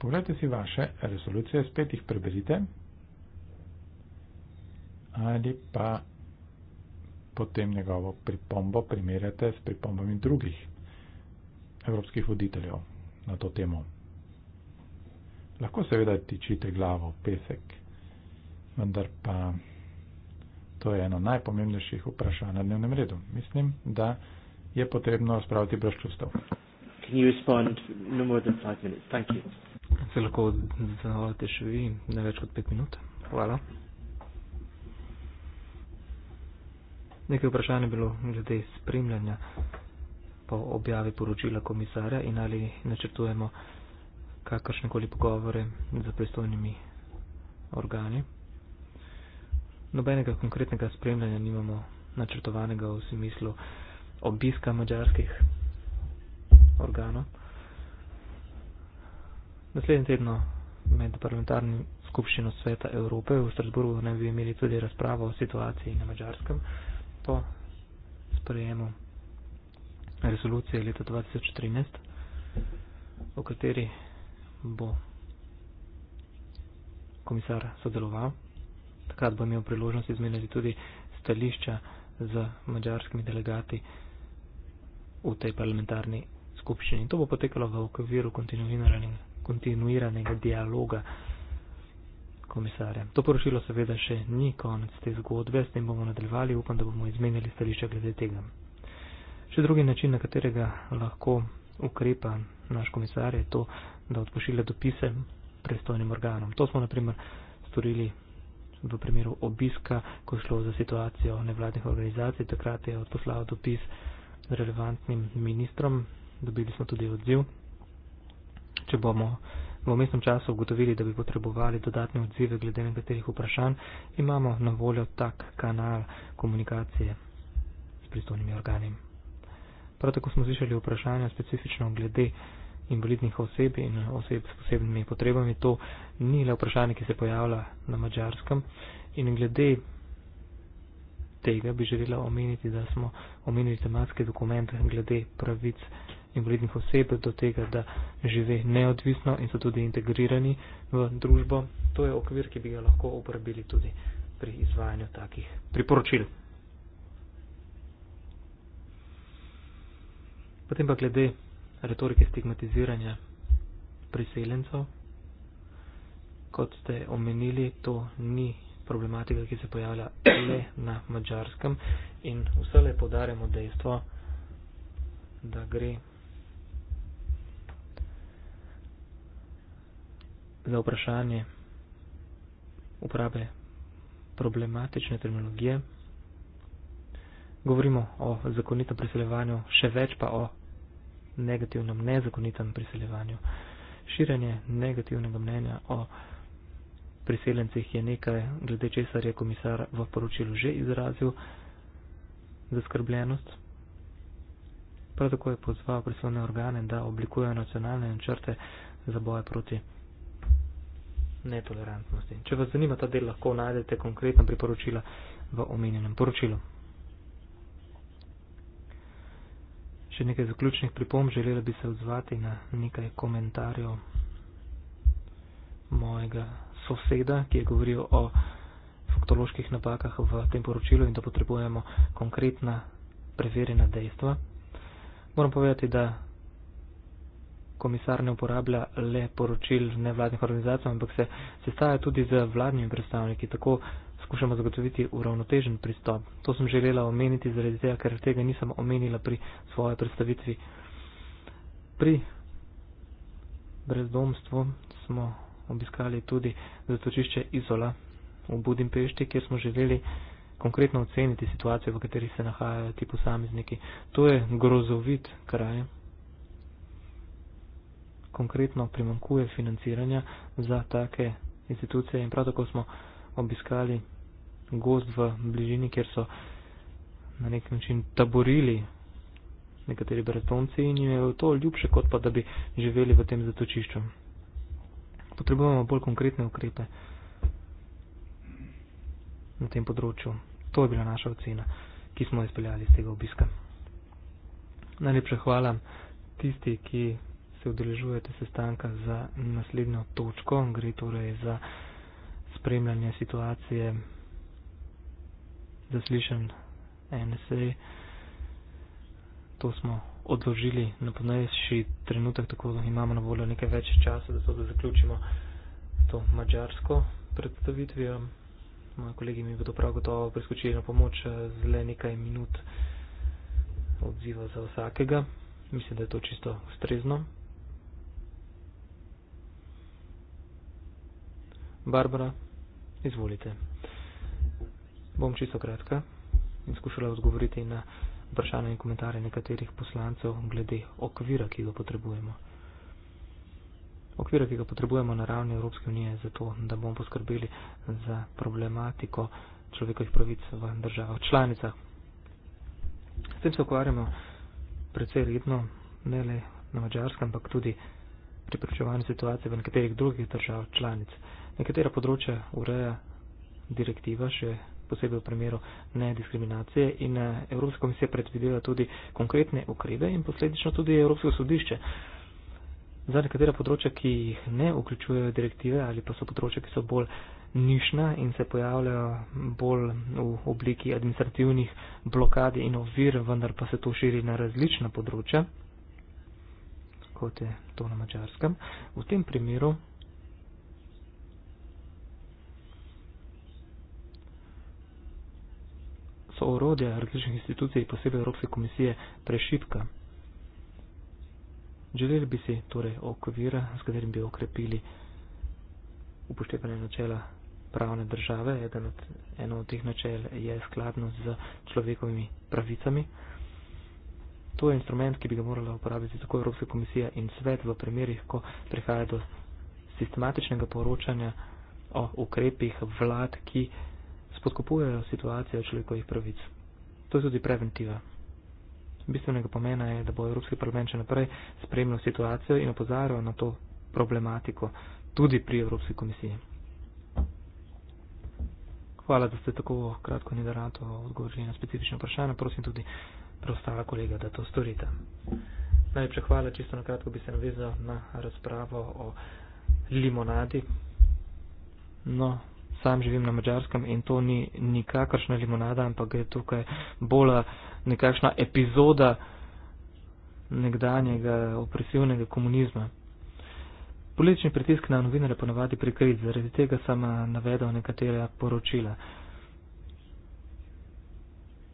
Poglejte si vaše resolucije, spet jih preberite ali pa potem njegovo pripombo primerjate s pripombami drugih evropskih voditeljev na to temo. Lahko seveda tičite glavo v pesek, vendar pa to je eno najpomembnejših vprašanj na dnevnem redu. Mislim, da je potrebno razpravljati brez čustev. No Se lahko odzovete še vi, ne več kot pet minut. Hvala. Nekaj vprašanj je bilo glede spremljanja po objavi poročila komisarja in ali načrtujemo kakršnekoli pogovore z pristojnimi organi. Nobenega konkretnega spremljanja nimamo načrtovanega v smislu, obiska mađarskih organov. Naslednji tedno med parlamentarnim skupščino sveta Evrope v Strasburgu ne bi imeli tudi razpravo o situaciji na mađarskem po sprejemu resolucije leta 2013, v kateri bo komisar sodeloval. Takrat bo imel priložnost izmeniti tudi stališča z mađarskimi delegati v tej parlamentarni skupščini. To bo potekalo v okviru kontinuiranega, kontinuiranega dialoga komisarja. To poročilo seveda še ni konec te zgodbe, s tem bomo nadaljevali, upam, da bomo izmenjali stališče glede tega. Še drugi način, na katerega lahko ukrepa naš komisar, je to, da odpošilja dopise pristojnim organom. To smo, na primer, storili v primeru obiska, ko je šlo za situacijo nevladnih organizacij. Takrat je odposlal dopis relevantnim ministrom, dobili smo tudi odziv. Če bomo v mestnem času ugotovili, da bi potrebovali dodatne odzive glede nekaterih vprašanj, imamo na voljo tak kanal komunikacije s pristojnimi organi. Prav tako smo slišali vprašanja specifično glede invalidnih oseb in oseb s posebnimi potrebami. To ni le vprašanje, ki se pojavlja na mačarskem. In glede tega bi želela omeniti, da smo omenili tematske dokumente glede pravic invalidnih oseb do tega, da žive neodvisno in so tudi integrirani v družbo. To je okvir, ki bi ga lahko uporabili tudi pri izvajanju takih priporočil. Potem pa glede retorike stigmatiziranja priseljencev. Kot ste omenili, to ni problematika, ki se pojavlja le na mačarskem in vse le podarjamo dejstvo, da gre za vprašanje uporabe problematične terminologije. Govorimo o zakonitem priseljevanju, še več pa o negativnem, nezakonitem priseljevanju. Širjenje negativnega mnenja o priseljencih je nekaj, glede česar je komisar v poročilu že izrazil zaskrbljenost. Prav tako je pozval pristojne organe, da oblikujejo nacionalne načrte za boje proti netolerantnosti. Če vas zanima ta del, lahko najdete konkretna priporočila v omenjenem poročilu. Še nekaj zaključnih pripomb, želela bi se odzvati na nekaj komentarjev mojega soseda, ki je govoril o faktoloških napakah v tem poročilu in da potrebujemo konkretna preverjena dejstva. Moram povedati, da komisar ne uporablja le poročil nevladnih organizacij, ampak se sestaja tudi z vladnimi predstavniki, tako skušamo zagotoviti uravnotežen pristop. To sem želela omeniti zaradi tega, ker tega nisem omenila pri svoji predstavitvi. Pri brezdomstvu smo obiskali tudi zatočišče Izola v Budimpešti, kjer smo želeli konkretno oceniti situacijo, v kateri se nahajajo ti posamezniki. To je grozovit kraj. Konkretno primankuje financiranja za take institucije in prav tako smo obiskali gost v bližini, kjer so na nek način taborili nekateri bretonci in jim je to ljubše, kot pa da bi živeli v tem zatočišču potrebujemo bolj konkretne ukrepe na tem področju. To je bila naša ocena, ki smo jo izpeljali iz tega obiska. Najlepša hvala tisti, ki se udeležujete sestanka za naslednjo točko. Gre torej za spremljanje situacije zaslišen NSA. To smo odložili na ponajši trenutek, tako da imamo na voljo nekaj več časa, da, so, da zaključimo to mačarsko predstavitvijo. Moji kolegi mi bodo prav gotovo priskočili na pomoč eh, z le nekaj minut odziva za vsakega. Mislim, da je to čisto ustrezno. Barbara, izvolite. Bom čisto kratka in skušala odgovoriti na vprašanja in komentarje nekaterih poslancev glede okvira, ki ga potrebujemo. Okvira, ki ga potrebujemo na ravni Evropske unije, zato, da bomo poskrbeli za problematiko človekovih pravic v državah članicah. S tem se ukvarjamo predvsej redno, ne le na mačarskem, ampak tudi pri pričevanju situacije v nekaterih drugih držav članic. Nekatera področja ureja direktiva še posebej v primeru nediskriminacije in eh, Evropska komisija predvideva tudi konkretne ukrepe in posledično tudi Evropsko sodišče. Za nekatera področja, ki jih ne vključujejo direktive ali pa so področja, ki so bolj nišna in se pojavljajo bolj v obliki administrativnih blokad in ovir, vendar pa se to širi na različna področja, kot je to na mačarskem, v tem primeru so orodja različnih institucij, posebej Evropske komisije, prešipka. Želeli bi si torej okvir, s katerim bi okrepili upoštevanje načela pravne države. Eden od, eno od teh načel je skladno z človekovimi pravicami. To je instrument, ki bi ga morala uporabiti tako Evropska komisija in svet v primerih, ko prihaja do sistematičnega poročanja o ukrepih vlad, ki spodkopujejo situacijo človekovih pravic. To je tudi preventiva. Bistvenega pomena je, da bo Evropski parlament še naprej spremljal situacijo in opozarjal na to problematiko tudi pri Evropski komisiji. Hvala, da ste tako kratko in nedarato odgovorili na specifično vprašanje. Prosim tudi preostala kolega, da to storite. Najlepša hvala, čisto na kratko bi se navezal na razpravo o limonadi. No, sam živim na mačarskem in to ni nikakršna limonada, ampak je tukaj bolj nekakšna epizoda nekdanjega opresivnega komunizma. Politični pritisk na novinare ponavadi prikrit, zaradi tega sem eh, navedel nekatera poročila.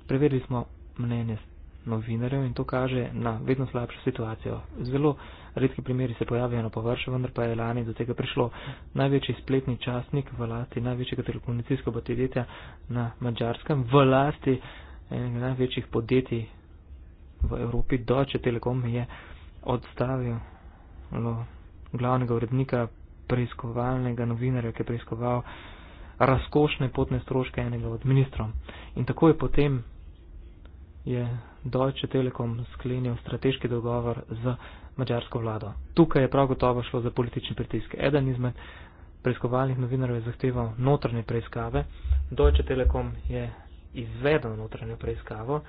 Preverili smo mnenje novinarjev in to kaže na vedno slabšo situacijo. Zelo redki primeri se pojavijo na površju, vendar pa je lani do tega prišlo največji spletni časnik v lasti največjega telekomunicijskega podjetja na Mačarskem, v lasti enega največjih podjetij v Evropi, Deutsche Telekom je odstavil glavnega urednika preiskovalnega novinarja, ki je preiskoval razkošne potne stroške enega od ministrov. In tako je potem je Deutsche Telekom sklenil strateški dogovor z mačarsko vlado. Tukaj je prav gotovo šlo za politični pritisk. Eden izmed preiskovalnih novinarjev je zahteval notranje preiskave, Deutsche Telekom je izvedel notranjo preiskavo,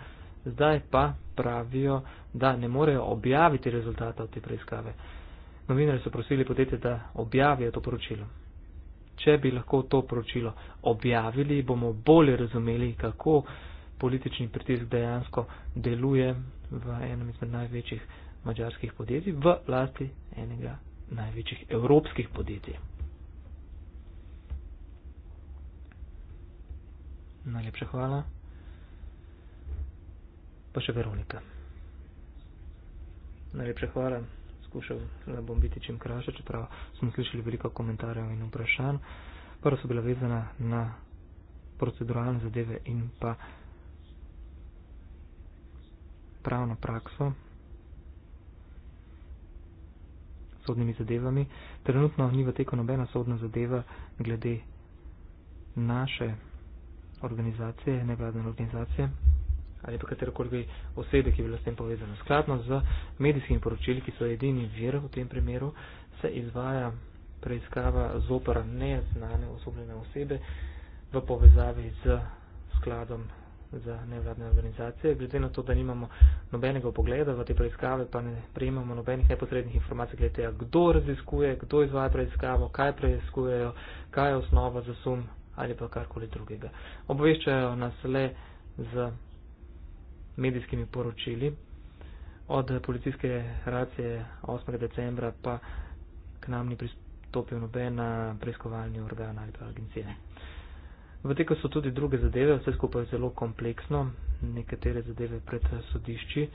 zdaj pa pravijo, da ne morejo objaviti rezultata te preiskave. Novinarji so prosili podjetje, da objavijo to poročilo. Če bi lahko to poročilo objavili, bomo bolje razumeli, kako politični pritisk dejansko deluje v enem izmed največjih mađarskih podjetij, v lasti enega največjih evropskih podjetij. Najlepša hvala. Pa še Veronika. Najlepša hvala. Skušal bom biti čim krajša, čeprav smo slišali veliko komentarjev in vprašanj. Prva so bila vezana na proceduralne zadeve in pa pravno prakso, sodnimi zadevami. Trenutno ni v teku nobena sodna zadeva glede naše organizacije, nevladne organizacije ali pa katerokoli osebe, ki je bila s tem povezana. Skladno z medijskimi poročili, ki so edini vir v tem primeru, se izvaja preiskava zopra neznane osobljene osebe v povezavi z skladom za nevladne organizacije. Glede na to, da nimamo nobenega pogleda v te preiskave, pa ne prejemamo nobenih neposrednih informacij glede tega, kdo raziskuje, kdo izvaja preiskavo, kaj preiskujejo, kaj je osnova za sum ali pa karkoli drugega. Obveščajo nas le z medijskimi poročili. Od policijske racije 8. decembra pa k nam ni pristopil nobena preiskovalni organ ali pa agencija. V teku so tudi druge zadeve, vse skupaj zelo kompleksno, nekatere zadeve pred sodišči.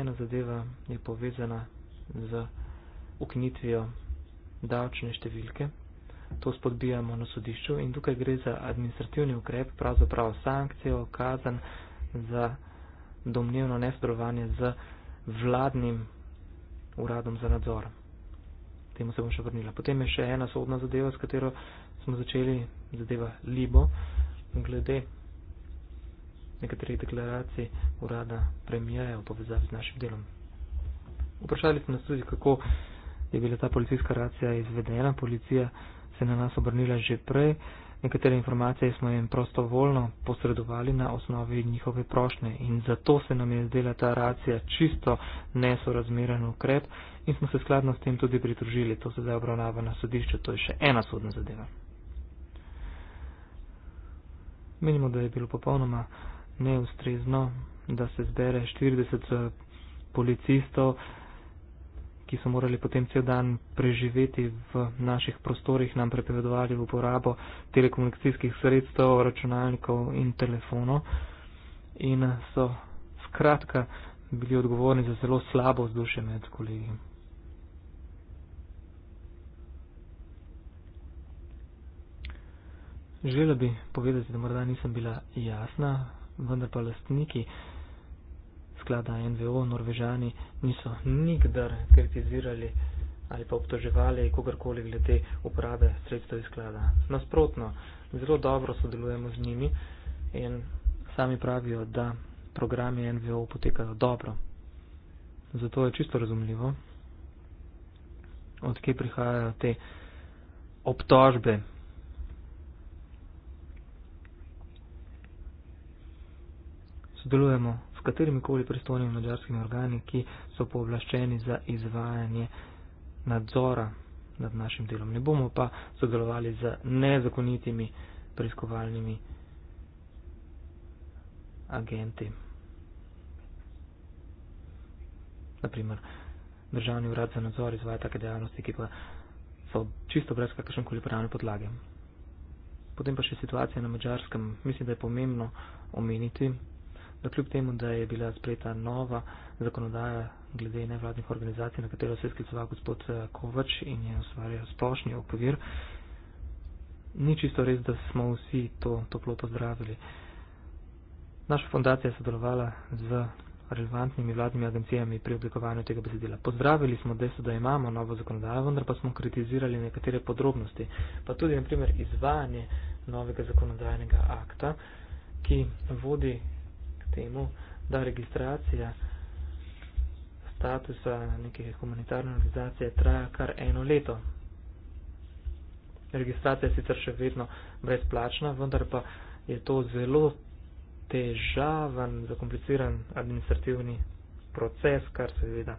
Ena zadeva je povezana z ukinitvijo davčne številke. To spodbijamo na sodišču in tukaj gre za administrativni ukrep, pravzaprav sankcijo, kazan za domnevno nesprovanje z vladnim uradom za nadzorom temu se bom še vrnila. Potem je še ena sodna zadeva, s katero smo začeli, zadeva Libo, glede nekaterih deklaracij urada premijeja v povezavi z našim delom. Vprašali ste nas tudi, kako je bila ta policijska racija izvedena. Policija se je na nas obrnila že prej. Uh, Nekatere informacije smo jim prostovoljno posredovali na osnovi njihove prošnje in zato se nam je zdela ta racija čisto nesorazmeren ukrep in smo se skladno s tem tudi pridružili. To se zdaj obravnava na sodišču, to je še ena sodna zadeva. Menimo, da je bilo popolnoma neustrezno, da se zbere 40 eh, policistov, ki so morali potem cel dan preživeti v naših prostorih, nam prepovedovali v uporabo telekomunikacijskih sredstev, računalnikov in telefonov in so skratka bili odgovorni za zelo slabo vzdušje med kolegi. Želela bi povedati, da morda nisem bila jasna, vendar pa lastniki sklada NVO, norvežani niso nikdar kritizirali ali pa obtoževali kogarkoli glede uporabe sredstev iz sklada. Nasprotno, zelo dobro sodelujemo z njimi in sami pravijo, da programi NVO potekajo dobro. Zato je čisto razumljivo, odkje prihajajo te obtožbe. Sodelujemo katerimi koli pristojnimi mađarskimi organi, ki so pooblaščeni za izvajanje nadzora nad našim delom. Ne bomo pa sodelovali z nezakonitimi preiskovalnimi agenti. Naprimer, državni urad za nadzor izvaja take dejavnosti, ki pa so čisto brez kakršne koli pravne podlage. Potem pa še situacija na mađarskem. Mislim, da je pomembno omeniti, da kljub temu, da je bila sprejeta nova zakonodaja glede nevladnih organizacij, na katero se je skliceval gospod eh, Kovač in je ustvarjal splošni okvir, ni čisto res, da smo vsi to toplo pozdravili. Naša fondacija je sodelovala z relevantnimi vladnimi agencijami pri oblikovanju tega besedila. Pozdravili smo dejstvo, da imamo novo zakonodajo, vendar pa smo kritizirali nekatere podrobnosti, pa tudi na primer izvajanje novega zakonodajnega akta, ki vodi temu, da registracija statusa neke humanitarne organizacije traja kar eno leto. Registracija je sicer še vedno brezplačna, vendar pa je to zelo težaven, zakompliciran administrativni proces, kar seveda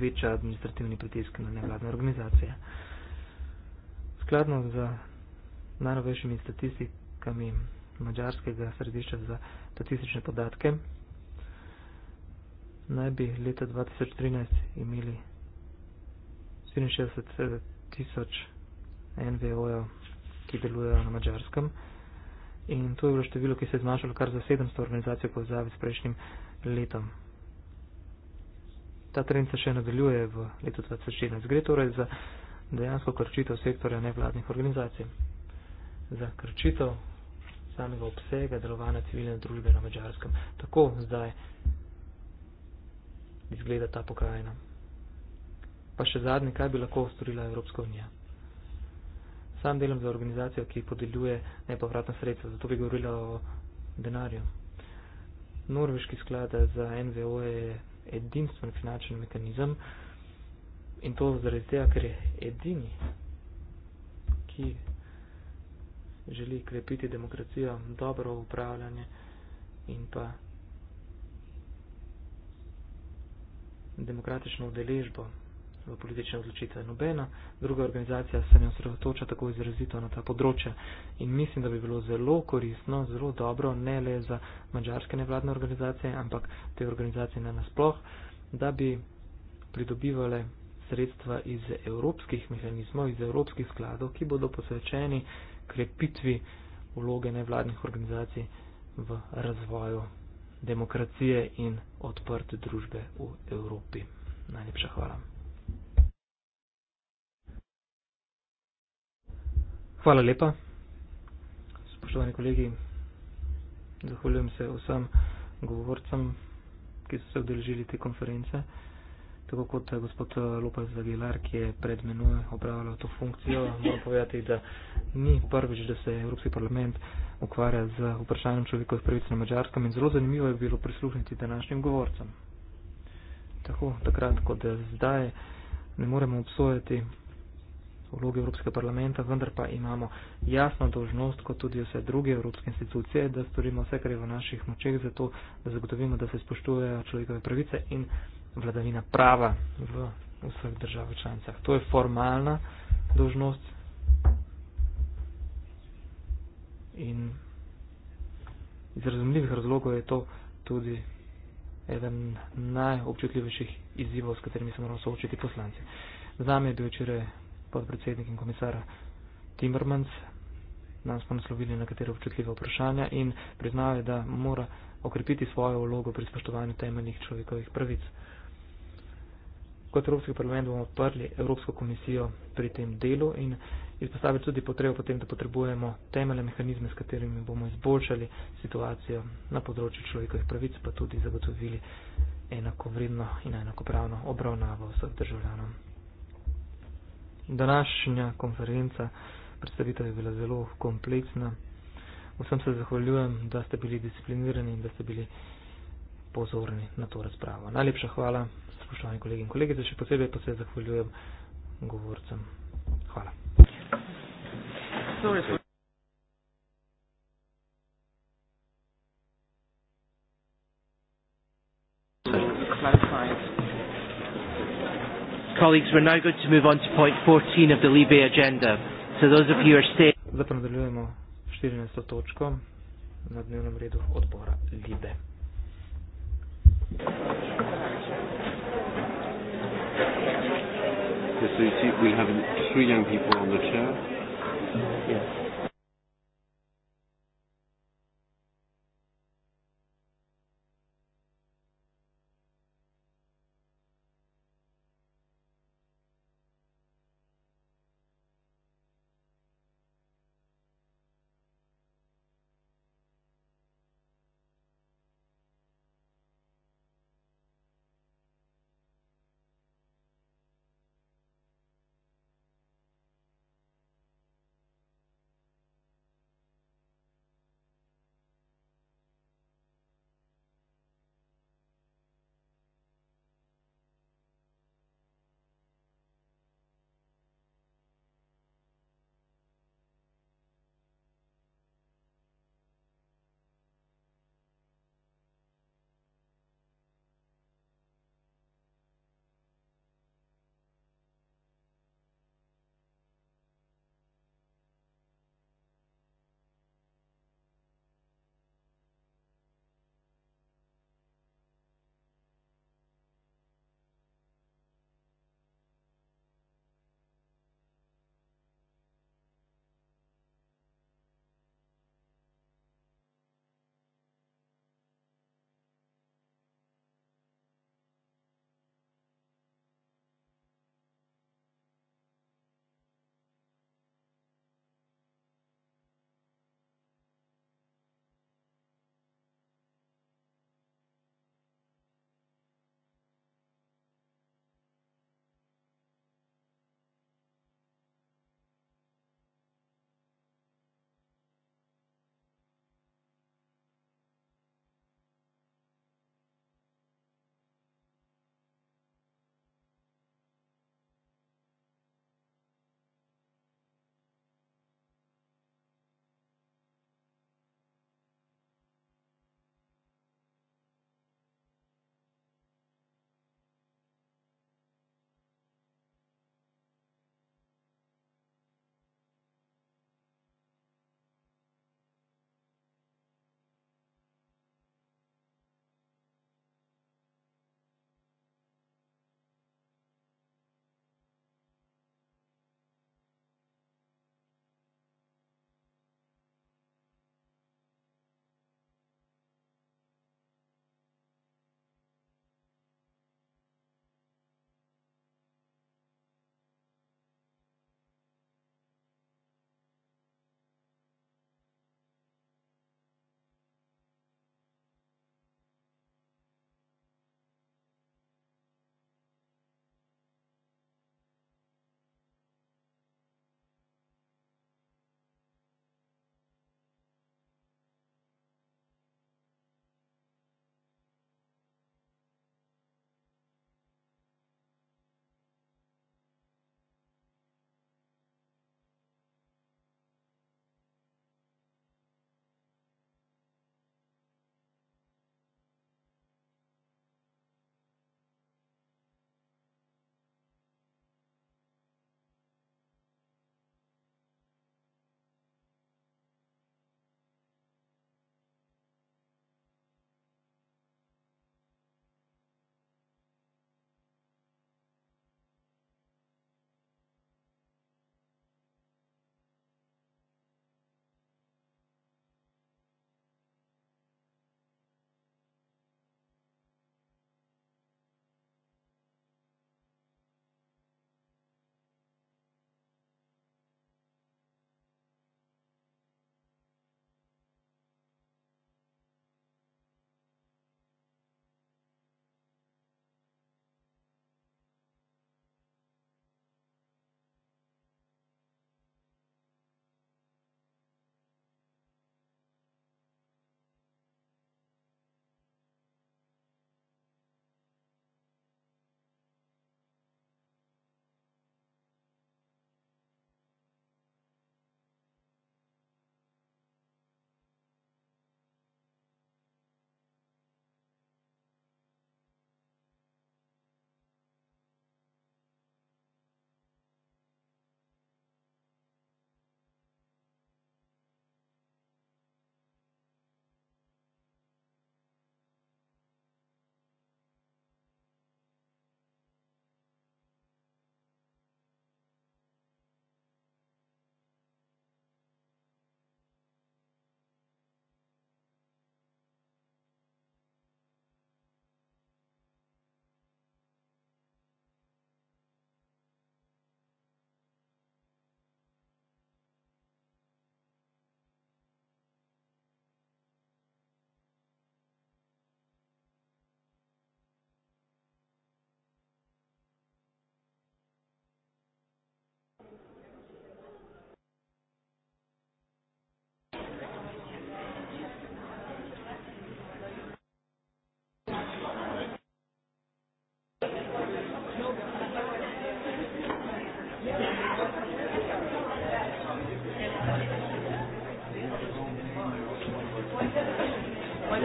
veča administrativni pritisk na nevladne organizacije. Skladno z najnovejšimi statistikami Mačarskega središča za statistične podatke, naj bi leta 2013 imeli 64 eh, tisoč NVO-jev, ki delujejo na mačarskem. In to je bilo število, ki se je znašalo kar za 700 organizacij v povezavi s prejšnjim letom. Ta trend se še nadaljuje v letu 2016. Gre torej za dejansko krčitev sektorja nevladnih organizacij. Za krčitev samega obsega delovanja civilne družbe na mačarskem. Tako zdaj izgleda ta pokrajina. Pa še zadnje, kaj bi lahko storila Evropska unija. Sam delam za organizacijo, ki podeljuje nepovratna sredstva, zato bi govorila o denarju. Norveški sklad za NVO je edinstven finančen mekanizem in to zaradi tega, ker je edini, ki želi krepiti demokracijo, dobro upravljanje in pa demokratično udeležbo v politične odločitve. Nobena druga organizacija se ne osredotoča tako izrazito na ta področja in mislim, da bi bilo zelo koristno, zelo dobro, ne le za mađarske nevladne organizacije, ampak te organizacije na nasploh, da bi pridobivale sredstva iz evropskih mehanizmov, iz evropskih skladov, ki bodo posvečeni eh, krepitvi vloge nevladnih organizacij v razvoju demokracije in odprte družbe v Evropi. Najlepša hvala. Hvala lepa, spoštovani kolegi. Zahvaljujem se vsem govorcem, ki so se udeležili te konference. Tako kot eh, gospod eh, Lopez Zagilar, ki je pred menoj opravljal to funkcijo, moram povedati, da ni prvič, da se Evropski parlament ukvarja z vprašanjem človekovih pravic na mačarskem in zelo zanimivo je bilo prisluhniti današnjim govorcem. Tako, takrat, kot eh, zdaj, ne moremo obsojati vloge Evropskega parlamenta, vendar pa imamo jasno dožnost, kot tudi vse druge evropske institucije, da storimo vse, kar je v naših močeh, zato da zagotovimo, da se spoštujejo človekove pravice in pravice vladavina prava v vseh državah članicah. To je formalna dožnost in iz razumljivih razlogov je to tudi eden najobčutljivejših izzivov, s katerimi se moramo soočiti poslanci. Zame je bil včeraj podpredsednik in komisar Timmermans, nam smo naslovili na katere občutljive vprašanja in priznali, da mora okrepiti svojo vlogo pri spoštovanju temeljnih človekovih pravic kot Evropski parlament bomo odprli Evropsko komisijo pri tem delu in izpostavili tudi potrebo potem, da potrebujemo temeljne mehanizme, s katerimi bomo izboljšali situacijo na področju človekovih pravic, pa tudi zagotovili enakovredno in enakopravno obravnavo vseh državljanov. Današnja konferenca predstavitev je bila zelo kompleksna. Vsem se zahvaljujem, da ste bili disciplinirani in da ste bili pozorni na to razpravo. Najlepša hvala spoštovani kolegi in kolegice, še posebej pa se zahvaljujem govorcem. Hvala. Colleagues, we're now going to move on to point 14 of the Libe agenda. So those of you who are staying... Zdaj nadaljujemo 14. točko na dnevnem redu odbora Libe. Thank you. So you see, we have three young people on the chair. Yes.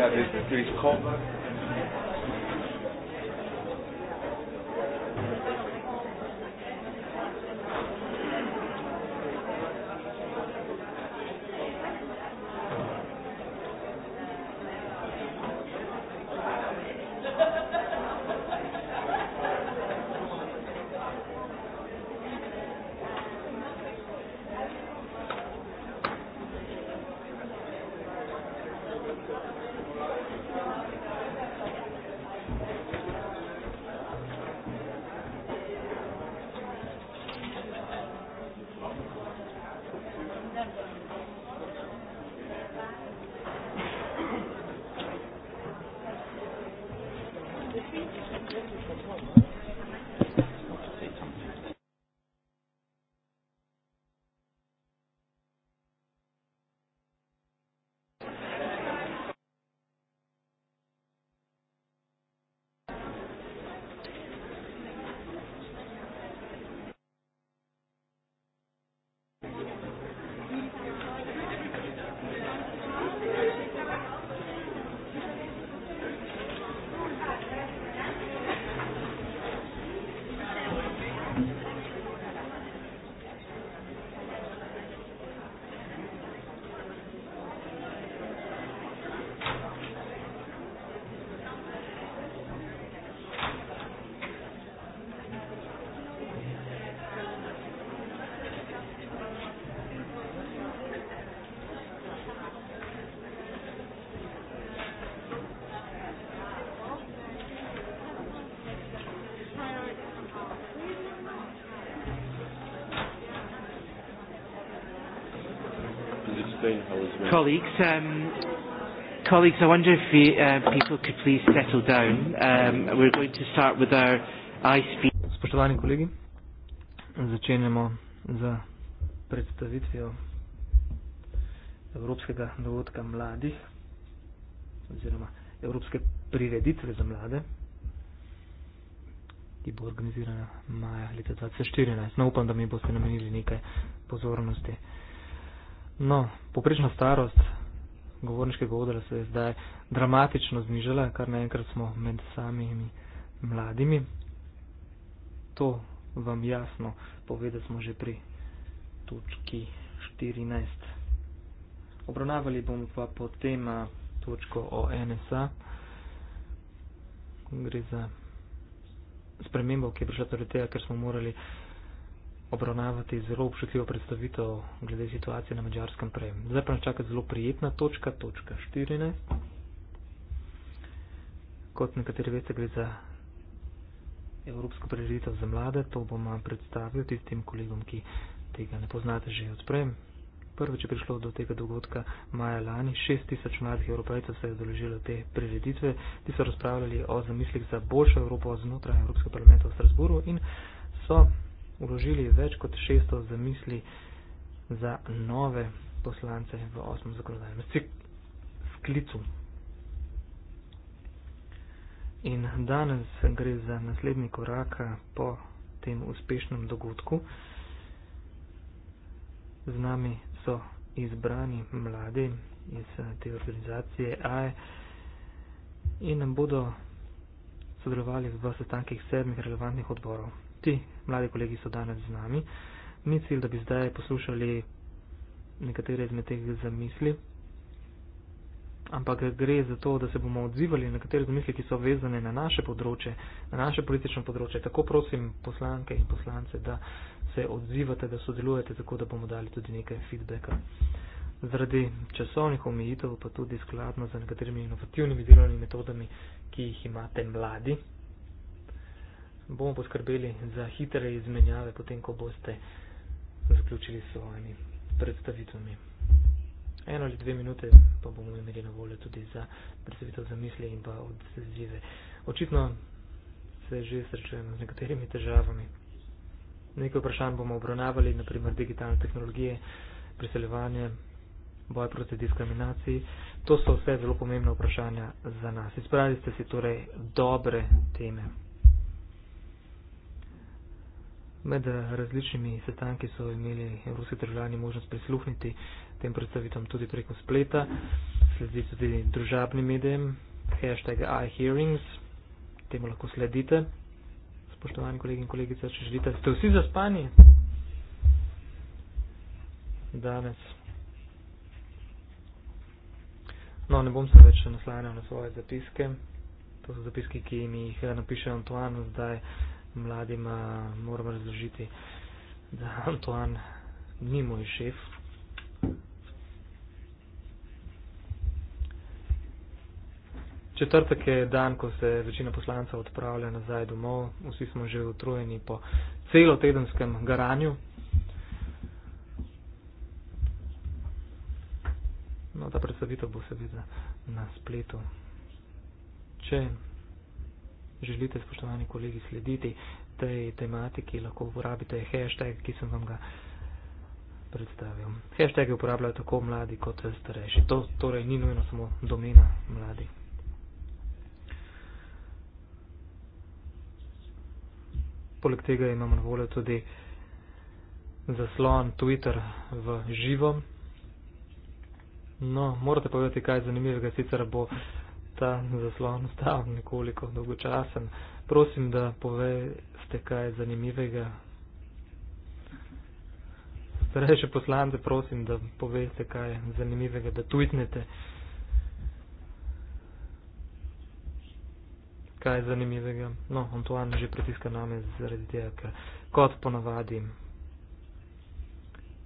about this, this cop colleagues, um, colleagues, I wonder if you, uh, people could please settle down. Um, we're going to start with our ice. Spoštovani kolegi, začenjamo za predstavitvijo Evropskega dogodka mladih oziroma Evropske prireditve za mlade, ki bo organizirana maja leta 2014. No, upam, da mi boste namenili nekaj pozornosti. No, poprečna starost govorniškega odra se je zdaj dramatično znižala, kar naenkrat smo med samimi mladimi. To vam jasno povedati smo že pri točki 14. Obravnavali bomo pa potem točko o NSA. Gre za spremembo, ki je prišla torej tega, ker smo morali uh, obravnavati zelo občutljivo predstavitev glede situacije na mađarskem prej. Zdaj pa nas čaka zelo prijetna točka, točka 14. Kot nekateri veste, gre za evropsko prireditev za mlade, to bom predstavil tistim kolegom, ki tega ne poznate že od prej. Prvič je prišlo do tega dogodka maja lani, 6000 mladih evropejcev se je doložilo te prireditve, ti so razpravljali o zamislih za boljšo Evropo znotraj Evropskega parlamenta v Strasburu in so vložili več kot 600 zamisli za nove poslance v 8. zakonodajnem sklicu. In danes gre za naslednji korak po tem uspešnem dogodku. Z nami so izbrani mladi iz te organizacije AE in nam bodo sodelovali v sestankih sedmih relevantnih odborov ti mladi kolegi so danes z nami. Ni cilj, da bi zdaj poslušali nekatere izmed teh zamisli, ampak gre za to, da se bomo odzivali na nekatere zamisli, ki so vezane na naše področje, na naše politično področje. Tako prosim poslanke in poslance, da se odzivate, da sodelujete, tako da bomo dali tudi nekaj feedbacka. Zaradi časovnih omejitev, pa tudi skladno z nekaterimi inovativnimi delovnimi metodami, ki jih imate mladi, bomo poskrbeli za hitre izmenjave, potem ko boste zaključili s svojimi predstavitvami. Eno ali dve minute pa bomo imeli na voljo tudi za predstavitev za misli in pa odzive. Očitno se že srečujemo z nekaterimi težavami. Nekaj vprašanj bomo obravnavali, naprimer digitalne tehnologije, priseljevanje, boj proti diskriminaciji. To so vse zelo pomembna vprašanja za nas. Izbrali ste si torej dobre teme. Med različnimi sestanki so imeli evropski državljani možnost prisluhniti tem predstavitvam tudi preko spleta, sledi tudi družabnim medijem, hashtag iHearings, temu lahko sledite. Spoštovani kolegi in kolegice, če želite, ste vsi zaspani? Danes. No, ne bom se več naslanjal na svoje zapiske. To so zapiski, ki mi jih napiše Antoine zdaj mladim moram razložiti, da Antoine ni moj šef. Četrtek je dan, ko se večina poslancev odpravlja nazaj domov. Vsi smo že utrujeni po celotedenskem garanju. No, ta predstavitev bo seveda na spletu. Če želite, spoštovani kolegi, slediti tej tematiki, lahko uporabite hashtag, ki sem vam ga predstavil. Hashtag uporabljajo tako mladi kot starejši. To torej ni nujno samo domena mladi. Poleg tega imamo na voljo tudi zaslon Twitter v živo. No, morate povedati, kaj zanimivega sicer bo ta zaslon stal nekoliko dolgočasen. Prosim, da poveste kaj zanimivega. Starejše poslance prosim, da poveste kaj zanimivega, da tujtnete. Kaj je zanimivega? No, Antoine že pritiska na me zaradi tega, ker kot ponavadi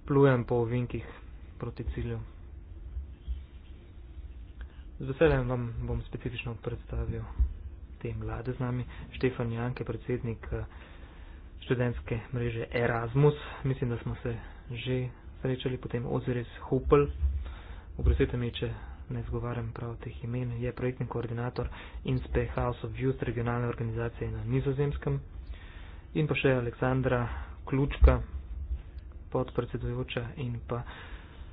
plujem po ovinkih proti cilju. Z veseljem vam bom specifično predstavil te mlade z nami. Štefan Janke, predsednik eh, študentske mreže Erasmus. Mislim, da smo se že srečali potem Oziris Hupel. Oprostite mi, če ne zgovarjam prav teh imen. Je projektni koordinator in SP House of Youth regionalne organizacije na nizozemskem. In pa še Aleksandra Klučka, podpredsedujoča in pa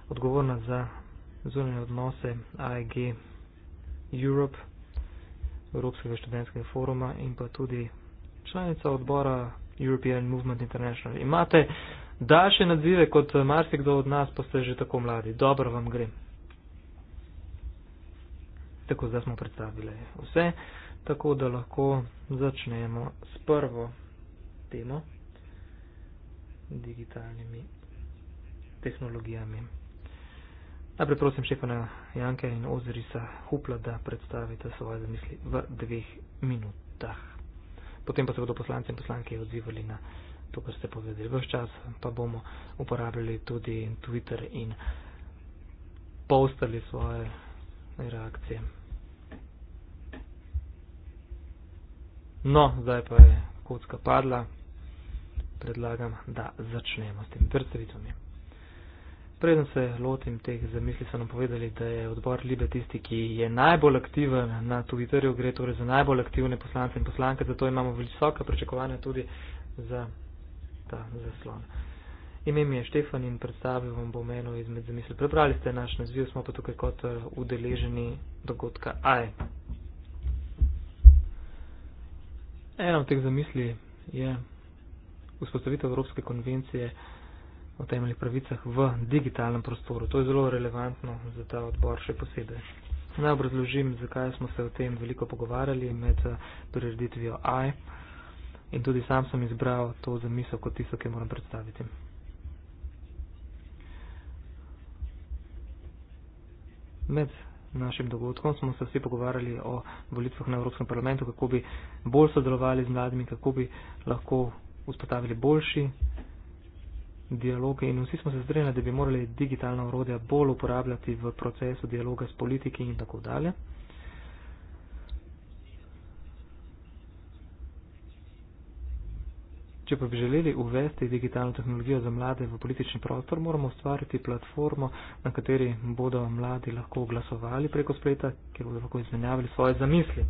odgovorna za zunanje odnose AEG Europe, Evropskega študentskega foruma in pa tudi članica odbora European Movement International. Imate daljše nadzive kot marsikdo od nas, pa ste že tako mladi. Dobro vam gre. Tako zdaj smo predstavili vse, tako da lahko začnemo s prvo temo digitalnimi tehnologijami. Najprej prosim šefana Janka in Ozirisa Hupla, da predstavite svoje zamisli v dveh minutah. Potem pa se bodo poslanci in poslanke odzivali na to, kar ste povedali. Vse čas pa bomo uporabljali tudi Twitter in postali svoje reakcije. No, zdaj pa je kocka padla. Predlagam, da začnemo s tem predstavitvami. Preden se lotim teh zamisli, so nam povedali, da je odbor Libe tisti, ki je najbolj aktiven na Twitterju, gre torej za najbolj aktivne poslance in poslanke, zato imamo visoka pričakovanja tudi za ta zaslon. Ime mi je Štefan in predstavil vam bom eno izmed zamisli. Prebrali ste naš naziv, smo pa tukaj kot eh, udeleženi dogodka AI. Ena od teh zamisli je vzpostavitev Evropske konvencije o temeljih pravicah v digitalnem prostoru. To je zelo relevantno za ta odbor še posebej. Naj obrazložim, zakaj smo se o tem veliko pogovarjali med eh, prireditvijo AI in tudi sam sem izbral to zamisel kot tisto, ki moram predstaviti. Med našim dogodkom smo se vsi pogovarjali o volitvah na Evropskem parlamentu, kako bi bolj sodelovali z mladimi, kako bi lahko vzpostavili boljši dialoge in vsi smo se zdrenili, da bi morali digitalna urodja bolj uporabljati v procesu dialoga s politiki in tako dalje. Če pa bi želeli uvesti digitalno tehnologijo za mlade v politični prostor, moramo ustvariti platformo, na kateri bodo mladi lahko glasovali preko spleta, kjer bodo lahko izmenjavali svoje zamisli.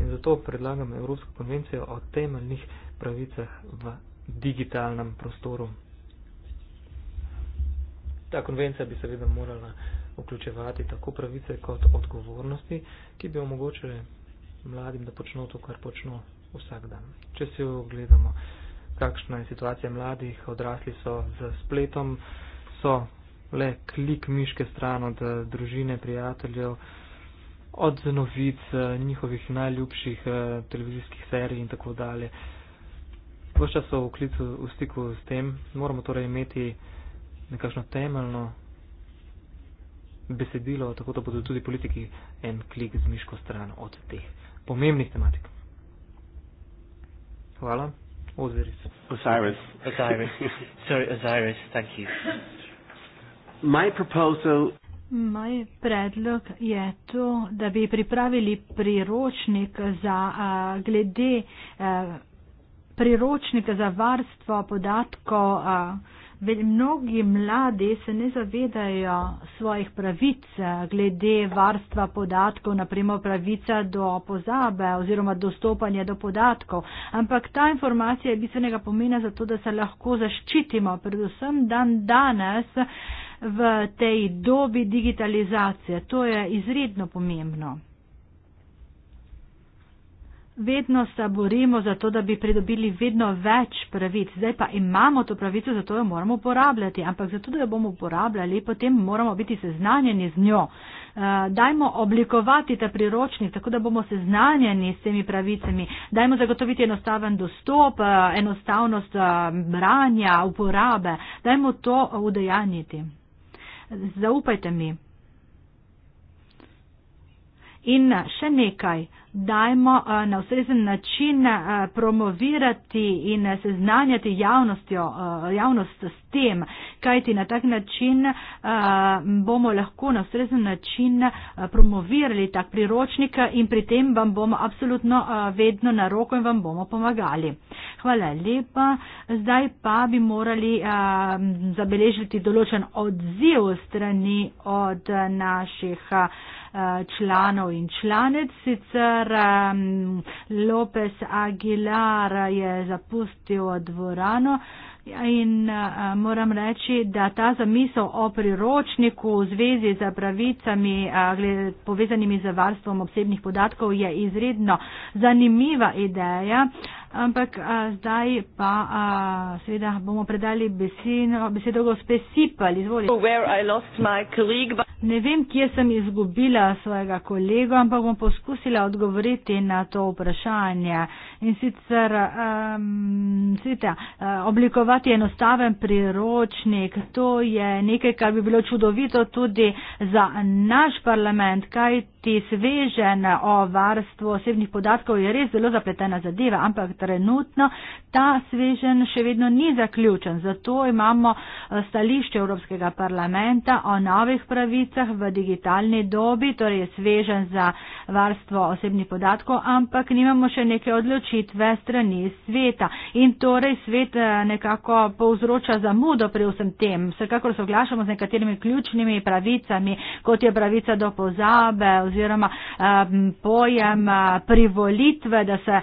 In zato predlagam Evropsko konvencijo o temeljnih pravicah v digitalnem prostoru ta konvencija bi seveda morala vključevati tako pravice kot odgovornosti, ki bi omogočile mladim, da počnejo to, kar počnejo vsak dan. Če si ogledamo, kakšna je situacija mladih, odrasli so z spletom, so le klik miške stran od eh, družine, prijateljev, od novic, eh, njihovih najljubših eh, televizijskih serij in tako dalje. Vse čas so v klicu v stiku s tem, moramo torej imeti nekakšno temeljno besedilo, tako da bodo tudi politiki en klik z miško stran od teh pomembnih tematik. Hvala. Osiris. Osiris. Osiris. Sorry, Osiris. Thank you. My proposal. Moj predlog je to, da bi pripravili priročnik za uh, glede uh, priročnika za varstvo podatkov uh, mnogi mladi se ne zavedajo svojih pravic eh, glede varstva podatkov, naprimer pravica do pozabe oziroma dostopanja do podatkov. Ampak ta informacija je bistvenega pomena za to, da se lahko zaščitimo. Predvsem dan danes v tej dobi digitalizacije. To je izredno pomembno vedno se borimo za to, da bi pridobili vedno več pravic. Zdaj pa imamo to pravico, zato jo moramo uporabljati. Ampak zato, da jo bomo uporabljali, potem moramo biti seznanjeni z njo. Eh, dajmo oblikovati ta priročnik, tako da bomo seznanjeni s temi pravicami. Dajmo zagotoviti enostaven dostop, eh, enostavnost eh, branja, uporabe. Dajmo to udejanjiti. Zaupajte mi. In še nekaj dajmo eh, na ustrezen način eh, promovirati in seznanjati eh, javnost s tem, kajti na tak način bomo lahko na ustrezen način promovirali tak priročnik in pri tem vam bomo absolutno vedno na roko in vam bomo pomagali. Hvala lepa. Zdaj pa bi morali zabeležiti določen odziv strani od naših članov in članec. Sicer um, Lopes Aguilar je zapustil dvorano. Uh, In uh, moram reči, da ta zamisel o priročniku v zvezi z pravicami uh, gled, povezanimi z varstvom obsebnih podatkov je izredno zanimiva ideja, ampak uh, zdaj pa uh, seveda bomo predali besedo, besedo gospe Sipal, izvolite. Ne vem, kje sem izgubila svojega kolega, ampak bom poskusila odgovoriti na to vprašanje in sicer um, sicer uh, eh, oblikovati enostaven priročnik. To je nekaj, kar bi bilo čudovito tudi za naš parlament, kaj te svežen o varstvu osebnih podatkov je res zelo zapletena zadeva, ampak trenutno ta svežen še vedno ni zaključen. Zato imamo eh, stališče Evropskega parlamenta o novih pravicah v digitalni dobi, torej je svežen za varstvo osebnih podatkov, ampak nimamo še neke odločitve strani sveta. In torej svet eh, nekako povzroča zamudo pri vsem tem. Vsekakor soglašamo z nekaterimi ključnimi pravicami, kot je pravica do pozabe, oziroma pojem privolitve, da se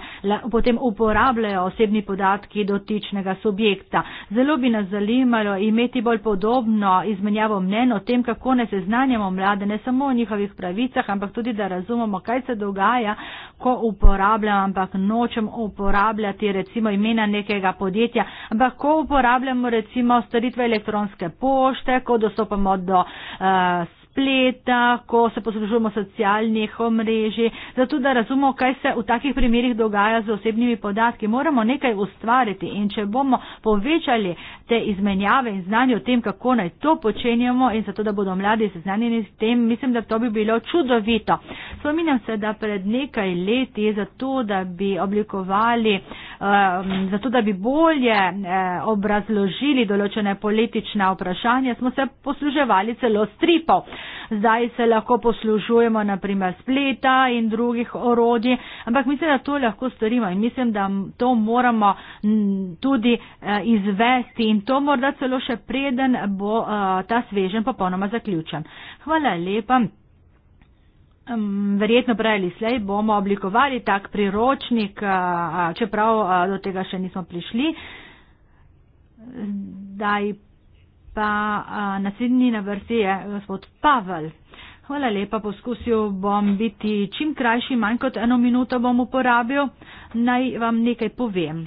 potem uporabljajo osebni podatki dotičnega subjekta. Zelo bi nas zanimalo imeti bolj podobno izmenjavo mnen o tem, kako ne seznanjamo mlade, ne samo o njihovih pravicah, ampak tudi da razumemo, kaj se dogaja, ko uporabljam, ampak nočem uporabljati recimo imena nekega podjetja, ampak ko uporabljamo recimo storitve elektronske pošte, ko dostopamo do uh, spleta, ko se poslužujemo socialnih omrežij, zato da razumemo, kaj se v takih primerjih dogaja z osebnimi podatki. Moramo nekaj ustvariti in če bomo povečali te izmenjave in znanje o tem, kako naj to počenjamo in zato, da bodo mladi seznanjeni s tem, mislim, da to bi bilo čudovito. Spominjam se, da pred nekaj leti zato, da bi oblikovali, um, zato, da bi bolje eh, obrazložili določene politična vprašanja, smo se posluževali celo stripov zdaj se lahko poslužujemo naprimer spleta in drugih orodij, ampak mislim, da to lahko storimo in mislim, da to moramo tudi eh, izvesti in to morda celo še preden bo eh, ta svežen popolnoma zaključen. Hvala lepa. Verjetno prej ali slej bomo oblikovali tak priročnik, eh, čeprav do tega še nismo prišli. Zdaj pa a, naslednji na vrsti je gospod Pavel. Hvala lepa, poskusil bom biti čim krajši, manj kot eno minuto bom uporabil. Naj vam nekaj povem.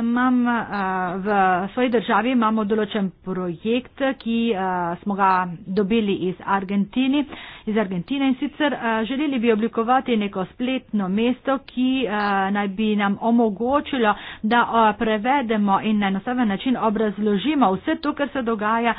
Imam eh, v svoji državi imamo določen projekt, ki eh, smo ga dobili iz, iz Argentine in sicer eh, želeli bi oblikovati neko spletno mesto, ki naj bi nam omogočilo, da prevedemo in na enostaven način obrazložimo vse to, kar se dogaja,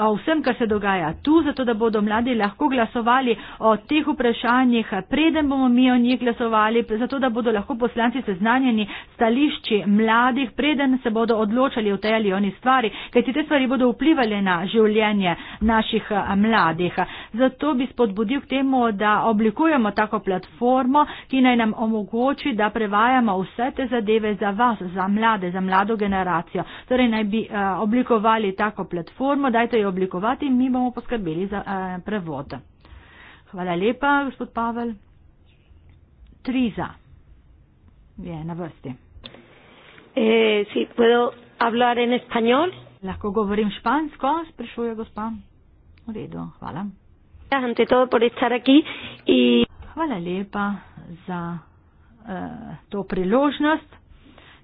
o vsem, kar se dogaja tu, zato da bodo mladi lahko glasovali o teh vprašanjih, preden bomo mi o njih glasovali, zato da bodo lahko poslanci seznanjeni stališči mladih mladih, preden se bodo odločali v tej ali oni stvari, kajti te stvari bodo vplivali na življenje naših eh, mladih. Zato bi spodbudil k temu, da oblikujemo tako platformo, ki naj nam omogoči, da prevajamo vse te zadeve za vas, za mlade, za mlado generacijo. Torej naj bi eh, oblikovali tako platformo, dajte jo oblikovati in mi bomo poskrbeli za eh, prevod. Hvala lepa, gospod Pavel. Triza je na vrsti. Eh, sí, puedo hablar en español. Lahko govorim špansko, sprašuje gospa. V redu, hvala. Ante todo por estar aquí y... Hvala lepa za eh, to priložnost,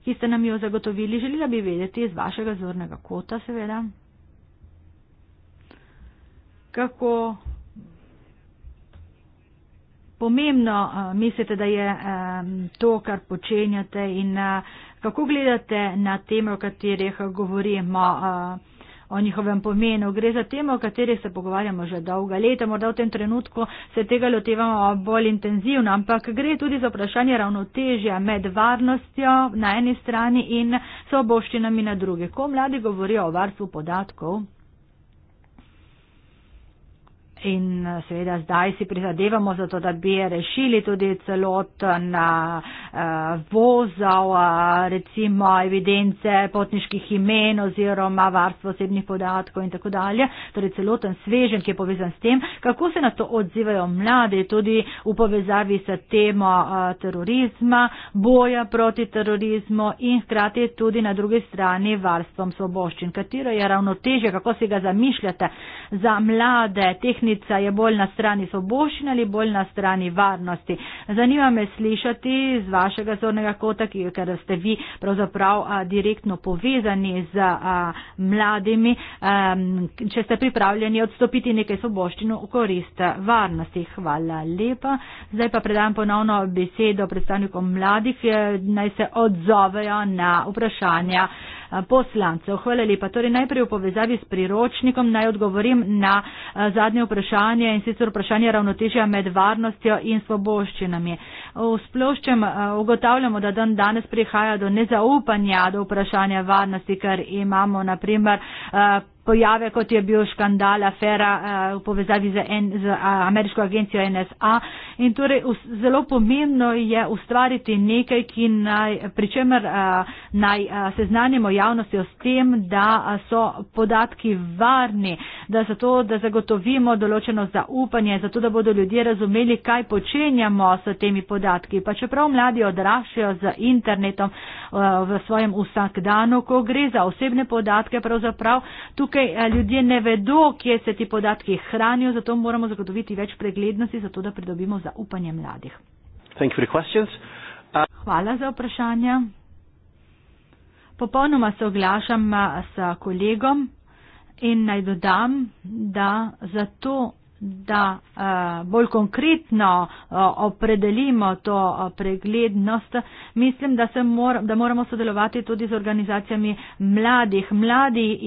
ki ste nam jo zagotovili. Želela bi vedeti iz vašega zornega kota, seveda, kako pomembno eh, mislite, da je eh, to, kar počenjate in eh, Kako gledate na temo, o katerih govorimo, o njihovem pomenu? Gre za temo, o kateri se pogovarjamo že dolga leta, morda v tem trenutku se tega lotevamo bolj intenzivno, ampak gre tudi za vprašanje ravnotežja med varnostjo na eni strani in soboščinami na drugi. Ko mladi govorijo o varstvu podatkov, In eh, seveda zdaj si prizadevamo za to, da bi rešili tudi celoten eh, vozov, eh, recimo evidence potniških imen oziroma varstvo osebnih podatkov in tako dalje. Torej celoten svežen, ki je povezan s tem, kako se na to odzivajo mlade tudi v povezavi s temo terorizma, boja proti terorizmu in hkrati tudi na drugi strani varstvom svoboščin. Katero je ravnotežje, kako si ga zamišljate za mlade tehnične? Ljubljanica je bolj na strani svoboščin ali bolj na strani varnosti. Zanima me slišati z vašega zornega kota, ker ste vi pravzaprav a, direktno povezani z a, mladimi, a, če ste pripravljeni odstopiti nekaj svoboščin v korist varnosti. Hvala lepa. Zdaj pa predam ponovno besedo predstavnikom mladih, naj se odzovejo na vprašanja poslancev. Hvala lepa. Torej najprej v povezavi s priročnikom naj odgovorim na zadnje vprašanje vprašanje in sicer vprašanje ravnotežja med varnostjo in svoboščinami. V splošnem eh, ugotavljamo, da dan danes prihaja do nezaupanja, do vprašanja varnosti, ker imamo naprimer eh, pojave, kot je bil škandal, afera eh, v povezavi z, en, z eh, ameriško agencijo NSA. In torej zelo pomembno je ustvariti nekaj, pri čemer eh, naj seznanimo javnostjo s tem, da so podatki varni, da zato, da zagotovimo določeno zaupanje, zato, da bodo ljudje razumeli, kaj počenjamo s temi podatki. Pa čeprav mladi odraščajo z internetom v svojem vsakdanu, ko gre za osebne podatke, pravzaprav tukaj Okay, eh, ljudje ne vedo, kje se ti podatki hranijo, zato moramo zagotoviti več preglednosti, zato da pridobimo zaupanje mladih. Uh, Hvala za vprašanja. Popolnoma se oglašam eh, s kolegom in naj dodam, da zato da eh, bolj konkretno eh, opredelimo to eh, preglednost. Mislim, da, mor, da moramo sodelovati tudi z organizacijami mladih. Mladi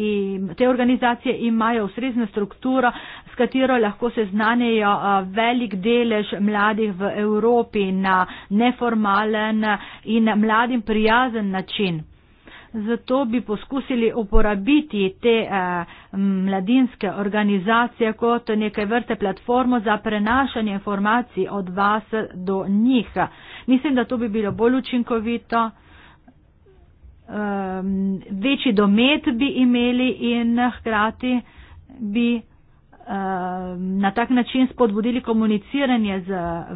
te organizacije imajo ustrezno strukturo, s katero lahko se znanejo velik delež mladih v Evropi na neformalen in mladim prijazen način zato bi poskusili uporabiti te eh, mladinske organizacije kot nekaj vrste platformo za prenašanje informacij od vas do njih. Mislim, da to bi bilo bolj učinkovito, ehm, večji domet bi imeli in hkrati bi Ehm, na tak način spodbudili komuniciranje z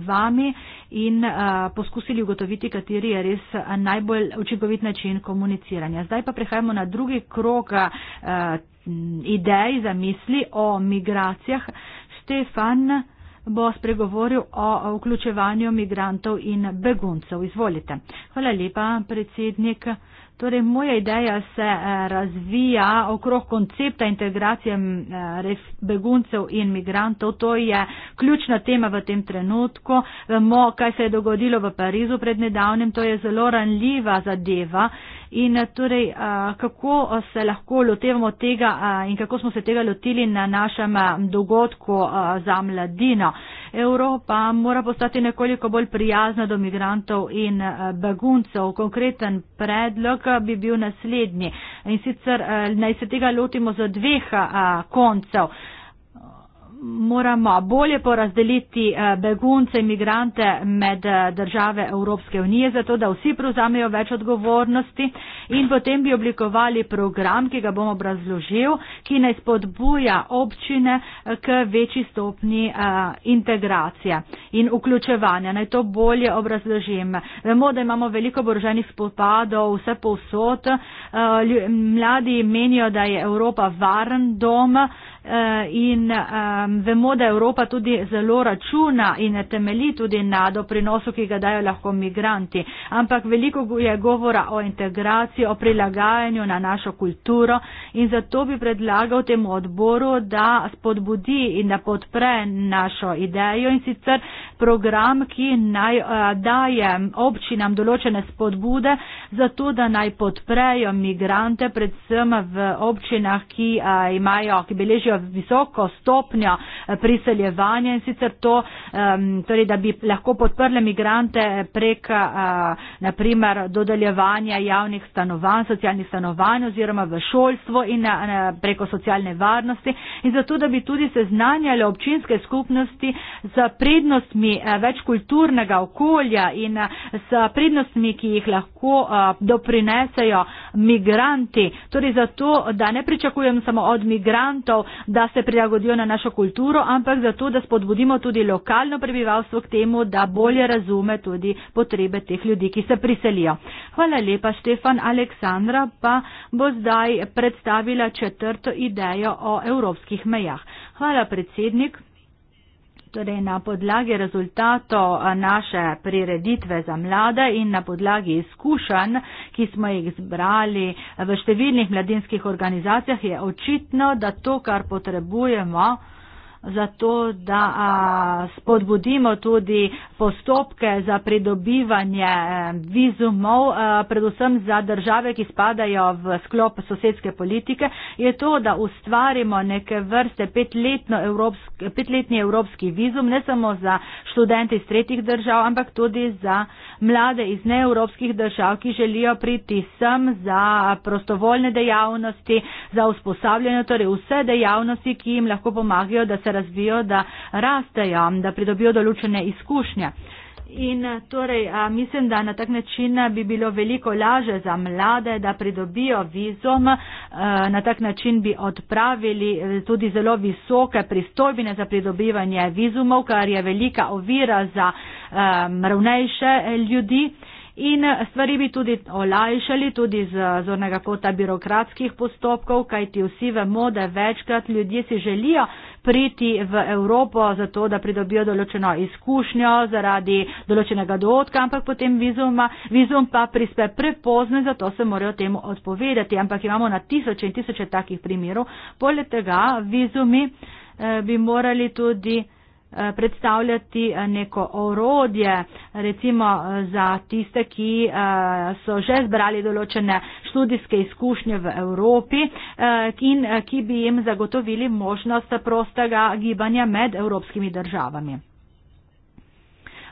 vami in eh, poskusili ugotoviti, kateri je res eh, najbolj učinkovit način komuniciranja. Zdaj pa prehajamo na drugi krog eh, idej za misli o migracijah. Stefan bo spregovoril o vključevanju migrantov in beguncev. Izvolite. Hvala lepa, predsednik. Torej, moja ideja se eh, razvija okrog koncepta integracije eh, beguncev in migrantov. To je ključna tema v tem trenutku. Vemo, kaj se je dogodilo v Parizu pred nedavnim. To je zelo ranljiva zadeva. In eh, torej, kako se lahko lotevamo tega in kako smo se tega lotili na našem dogodku za mladino. Evropa mora postati nekoliko bolj prijazna do migrantov in eh, beguncev. Konkreten predlog eh, bi bil naslednji in sicer eh, naj se tega lotimo za dveh koncev moramo bolje porazdeliti eh, begunce in migrante med eh, države Evropske unije, zato da vsi prevzamejo več odgovornosti in potem bi oblikovali program, ki ga bomo obrazložil, ki naj spodbuja občine eh, k večji stopni integracije in vključevanja. Naj to bolje obrazložim. Vemo, da imamo veliko boroženih spopadov, vse povsod. Mladi menijo, da je Evropa varen dom. Eh, in ehm, vemo, da Evropa tudi zelo računa in temeli tudi na doprinosu, ki ga dajo lahko migranti. Ampak veliko je govora o integraciji, o prilagajanju na našo kulturo in zato bi predlagal temu odboru, da spodbudi in da podpre našo idejo in sicer program, ki naj eh, daje občinam določene spodbude za to, da naj podprejo migrante predvsem v občinah, ki, eh, imajo, ki beležijo visoko stopnjo eh, priseljevanja in sicer to, torej, da bi lahko podprle migrante eh, prek eh, naprimer dodeljevanja javnih stanovanj, socialnih stanovanj oziroma v šolstvo in preko socialne varnosti in zato, da bi tudi seznanjali občinske skupnosti z prednostmi večkulturnega okolja in s prednostmi, ki jih lahko doprinesejo migranti. Torej zato, da ne pričakujem samo od migrantov, da se prilagodijo na našo kulturo, ampak zato, da spodbudimo tudi lokalno prebivalstvo k temu, da bolje razume tudi potrebe teh ljudi, ki se priselijo. Hvala lepa, Štefan. Aleksandra pa bo zdaj predstavila četrto idejo o evropskih mejah. Hvala, predsednik. Torej, na podlagi rezultatov eh, naše prireditve za mlade in na podlagi izkušenj, ki smo jih zbrali v številnih mladinskih organizacijah, je očitno, da to, kar potrebujemo, zato da spodbudimo tudi postopke za pridobivanje e, vizumov, e, predvsem za države, ki spadajo v sklop sosedske politike, je to, da ustvarimo neke vrste evropski, petletni evropski vizum, ne samo za študente iz tretjih držav, ampak tudi za mlade iz neevropskih držav, ki želijo priti sem za prostovoljne dejavnosti, za usposabljanje, torej vse dejavnosti, ki jim lahko pomagajo, da se se razvijo, da rastejo, da pridobijo določene izkušnje. In torej, a, mislim, da na tak način bi bilo veliko laže za mlade, da pridobijo vizum, a, na tak način bi odpravili e, tudi zelo visoke pristojbine za pridobivanje vizumov, kar je velika ovira za a, ravnejše e, ljudi. A, in stvari bi tudi olajšali tudi z zornega kota birokratskih postopkov, kajti vsi vemo, da večkrat ljudje si želijo priti v Evropo zato, da pridobijo določeno izkušnjo zaradi določenega dohodka, ampak potem vizuma, vizum pa prispe prepozne, zato se morajo temu odpovedati. Ampak imamo na tisoče in tisoče takih primerov. Poleg tega vizumi eh, bi morali tudi. Eh, predstavljati eh, neko orodje, recimo eh, za tiste, ki so že zbrali določene študijske izkušnje v Evropi in ki bi jim zagotovili možnost prostega gibanja med evropskimi državami.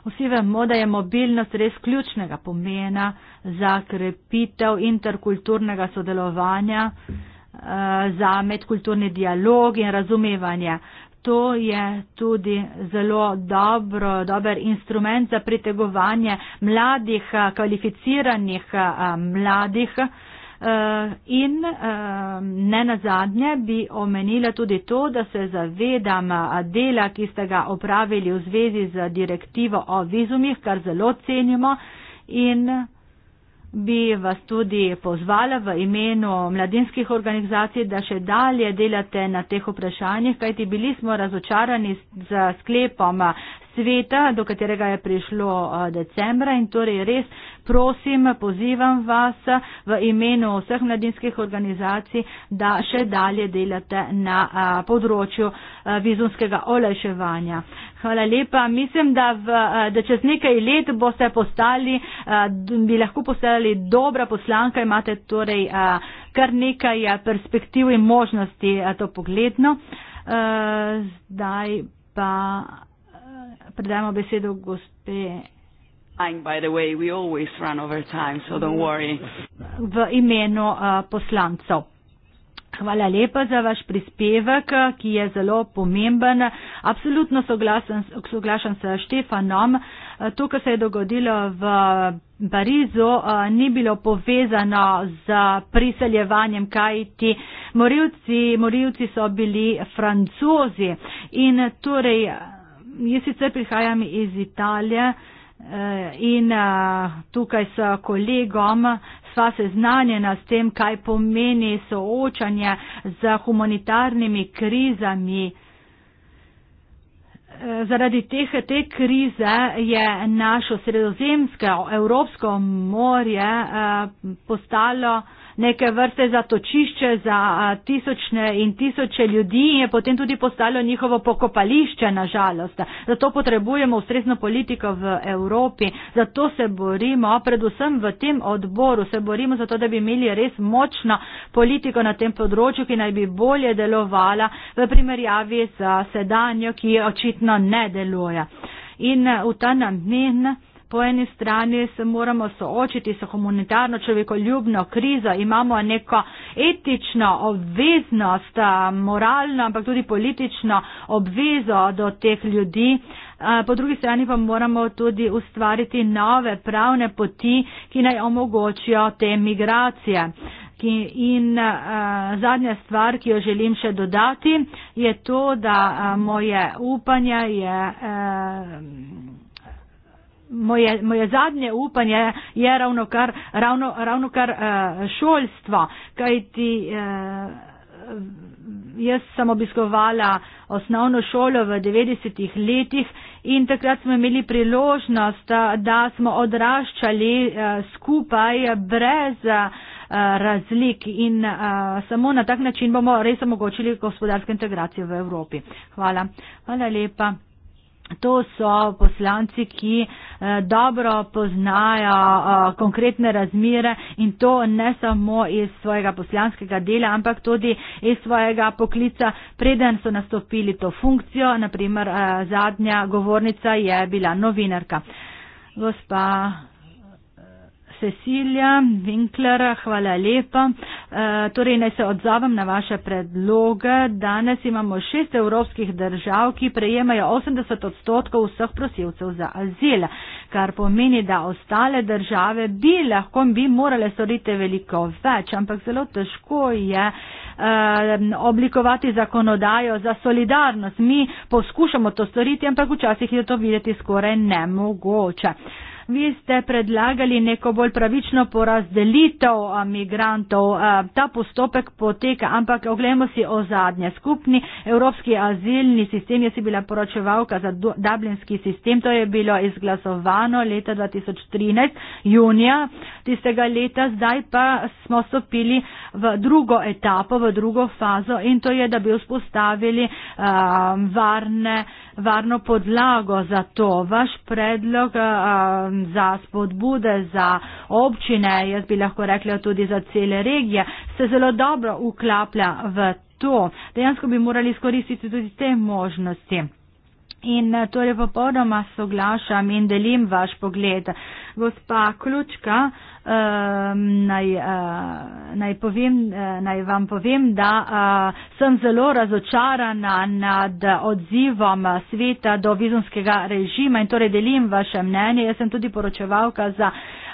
Vsi vemo, da je mobilnost res ključnega pomena za krepitev interkulturnega sodelovanja, za medkulturni dialog in razumevanje to je tudi zelo dobro, dober instrument za pritegovanje mladih, eh, kvalificiranih eh, mladih. Eh, in ne nazadnje bi omenila tudi to, da se zavedam dela, ki ste ga opravili v zvezi z direktivo o vizumih, kar zelo cenimo. In bi vas tudi pozvala v imenu mladinskih organizacij, da še dalje delate na teh vprašanjih, kajti bili smo razočarani z sklepom eh, sveta, do katerega je prišlo eh, decembra in torej res prosim, pozivam vas v imenu vseh mladinskih organizacij, da še dalje delate na področju vizumskega olajševanja. Hvala lepa. Mislim, da, v, da čez nekaj let boste postali, bi lahko postali dobra poslanka, imate torej kar nekaj perspektiv in možnosti to pogledno. Zdaj pa predajmo besedo gospe. By the way, we always run over time, so don't worry. V imenu uh, poslancov. Hvala lepa za vaš prispevek, uh, ki je zelo pomemben. Absolutno soglašam s Štefanom. Uh, to, kar se je dogodilo v uh, Parizu, ni bilo povezano z priseljevanjem, kaj ti morilci, morilci so bili francozi. In torej, jaz sicer prihajam iz Italije. Eh, in eh, tukaj s kolegom sva seznanjena s tem, kaj pomeni soočanje z humanitarnimi krizami. Eh, zaradi teh, te krize je naše sredozemsko evropsko morje postalo neke vrste zatočišče za tisočne in tisoče ljudi in je potem tudi postalo njihovo pokopališče, nažalost. Zato potrebujemo ustrezno politiko v Evropi, zato se borimo, predvsem v tem odboru, se borimo zato, da bi imeli res močno politiko na tem področju, ki naj bi bolje delovala v primerjavi z sedanjo, ki očitno ne deluje. In v ta namen. Po eni strani se moramo soočiti s humanitarno človekoljubno krizo, imamo neko etično obveznost, moralno, ampak tudi politično obvezo do teh ljudi. Po drugi strani pa moramo tudi ustvariti nove pravne poti, ki naj omogočijo te migracije. In uh, zadnja stvar, ki jo želim še dodati, je to, da uh, moje upanje je. Uh, moje, moje zadnje upanje je ravno kar, ravno, ravno kar uh, šolstvo, kajti uh, jaz sem obiskovala osnovno šolo v 90-ih letih in takrat smo imeli priložnost, eh, da smo odraščali uh, skupaj brez. Uh, razlik in uh, samo na tak način bomo res omogočili gospodarsko integracijo v Evropi. Hvala. Hvala lepa. To so poslanci, ki eh, dobro poznajo eh, konkretne razmire in to ne samo iz svojega poslanskega dela, ampak tudi iz svojega poklica, preden so nastopili to funkcijo. Naprimer, eh, zadnja govornica je bila novinarka. Gospa Cecilija Winklera, hvala lepa. E, torej, naj se odzovem na vaše predloge. Danes imamo šest evropskih držav, ki prejemajo 80 odstotkov vseh prosilcev za azil, kar pomeni, da ostale države bi lahko in bi morale storiti veliko več, ampak zelo težko je e, oblikovati zakonodajo za solidarnost. Mi poskušamo to storiti, ampak včasih je to videti skoraj nemogoče. Vi ste predlagali neko bolj pravično porazdelitev migrantov. Ta postopek poteka, ampak oglejmo si o zadnje. Skupni evropski azilni sistem, jaz si bila poročevalka za dublinski sistem, to je bilo izglasovano leta 2013, junija tistega leta. Zdaj pa smo stopili v drugo etapo, v drugo fazo in to je, da bi vzpostavili uh, varne varno podlago za to. Vaš predlog eh, um, za spodbude za občine, jaz bi lahko rekla tudi za cele regije, se zelo dobro uklaplja v to. Dejansko bi morali izkoristiti tudi te možnosti. In eh, torej popolnoma soglašam in delim vaš pogled. Gospa Klučka, uh, Ehm, naj, uh, naj, povem, uh, naj vam povem, da uh, sem zelo razočarana nad odzivom sveta do vizumskega režima in torej delim vaše mnenje. Jaz sem tudi poročevalka za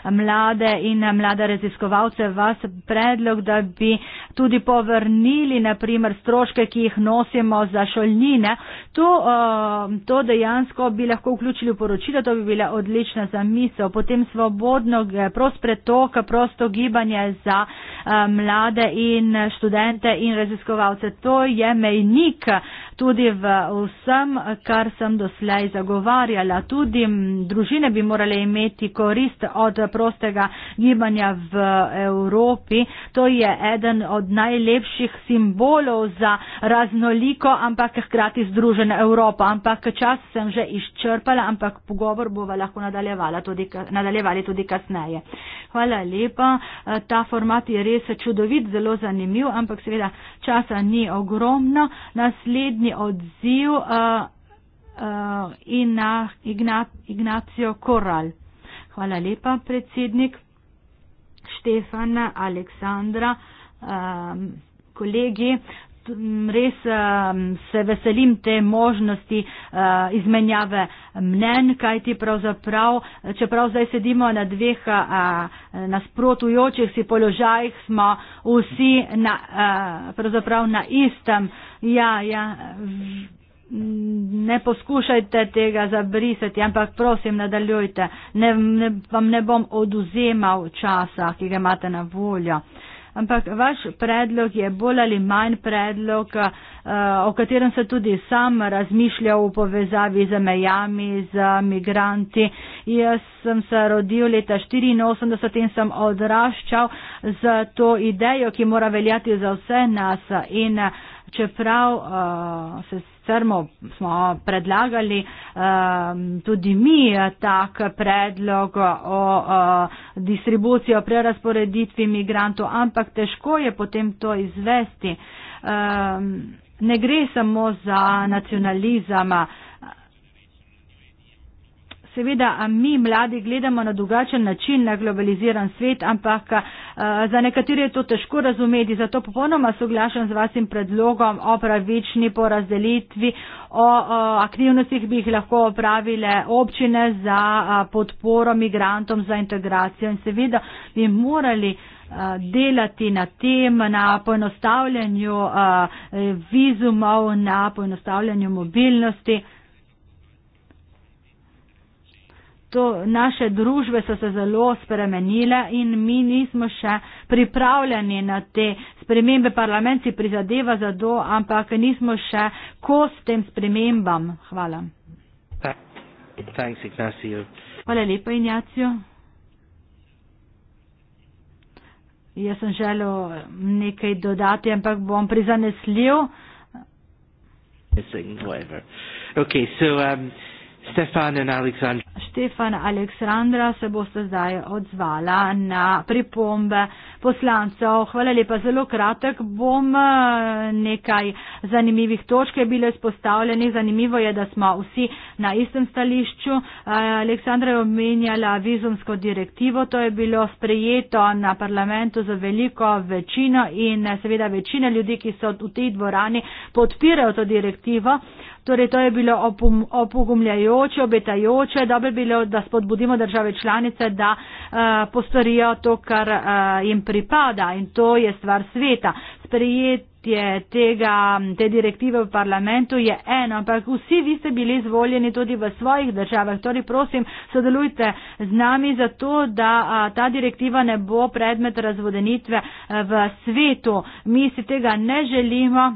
mlade in mlade raziskovalce vas predlog, da bi tudi povrnili naprimer stroške, ki jih nosimo za šolnine. To, eh, to dejansko bi lahko vključili v poročilo, to bi bila odlična zamisel. Potem svobodno, eh, prost pretok, prosto gibanje za eh, mlade in študente in raziskovalce. To je mejnik tudi v vsem, kar sem doslej zagovarjala. Tudi družine bi morale imeti korist od prostega gibanja v Evropi. To je eden od najlepših simbolov za raznoliko, ampak hkrati združena Evropa. Ampak čas sem že izčrpala, ampak pogovor bova lahko tudi, nadaljevali tudi kasneje. Hvala lepa. Ta format je res čudovit, zelo zanimiv, ampak seveda časa ni ogromno. Naslednji odziv uh, uh, in na Ignat, Ignacio Koral. Hvala lepa, predsednik Štefana, Aleksandra, um, kolegi res se veselim te možnosti eh, izmenjave mnen, kaj ti pravzaprav, čeprav zdaj sedimo na dveh eh, nasprotujočih si položajih, smo vsi na, eh, pravzaprav na istem. Ja, ja, ne poskušajte tega zabrisati, ampak prosim, nadaljujte. Ne, ne, vam ne bom oduzemal časa, ki ga imate na voljo ampak vaš predlog je bolj ali manj predlog, eh, o katerem se tudi sam razmišlja v povezavi z mejami, z migranti. Jaz sem se rodil leta 1984 in sem odraščal z to idejo, ki mora veljati za vse nas. In, uh, čeprav uh, se strmo smo predlagali uh, tudi mi eh, tak predlog o uh, distribucijo prerasporeditvi migrantov, ampak težko je potem to izvesti. Uh, ne gre samo za nacionalizama. Uh, seveda mi mladi gledamo na drugačen način na globaliziran svet, ampak za nekatere je to težko razumeti, zato popolnoma soglašam z vašim predlogom o pravični porazdelitvi, o aktivnostih bi jih lahko opravile občine za podporo migrantom za integracijo in seveda bi morali delati na tem, na poenostavljanju e, vizumov, na poenostavljanju mobilnosti. to, naše družbe so se zelo spremenile in mi nismo še pripravljeni na te spremembe. Parlament si prizadeva za to, ampak nismo še kos tem spremembam. Hvala. Thanks, Ignacio. Hvala lepa, Ignacio. Jaz sem želel nekaj dodati, ampak bom prizanesljiv. Okay, so, um, Stefan in Aleksandra. Štefan Aleksandra se boste zdaj odzvala na pripombe poslancev. Hvala lepa, zelo kratek bom eh, nekaj zanimivih točk je bilo izpostavljeni. Zanimivo je, da smo vsi na istem stališču. Eh, Aleksandra je omenjala vizumsko direktivo, to je bilo sprejeto na parlamentu za veliko večino in eh, seveda večina ljudi, ki so v tej dvorani, podpirajo to direktivo. Torej, to je bilo opogumljajoče, obetajoče, dobro je bilo, da spodbudimo države članice, da uh, postorijo to, kar uh, jim pripada in to je stvar sveta. Sprejetje tega, te direktive v parlamentu je eno, ampak vsi vi ste bili izvoljeni tudi v svojih državah. Torej, prosim, sodelujte z nami za to, da uh, ta direktiva ne bo predmet razvodenitve uh, v svetu. Mi si tega ne želimo.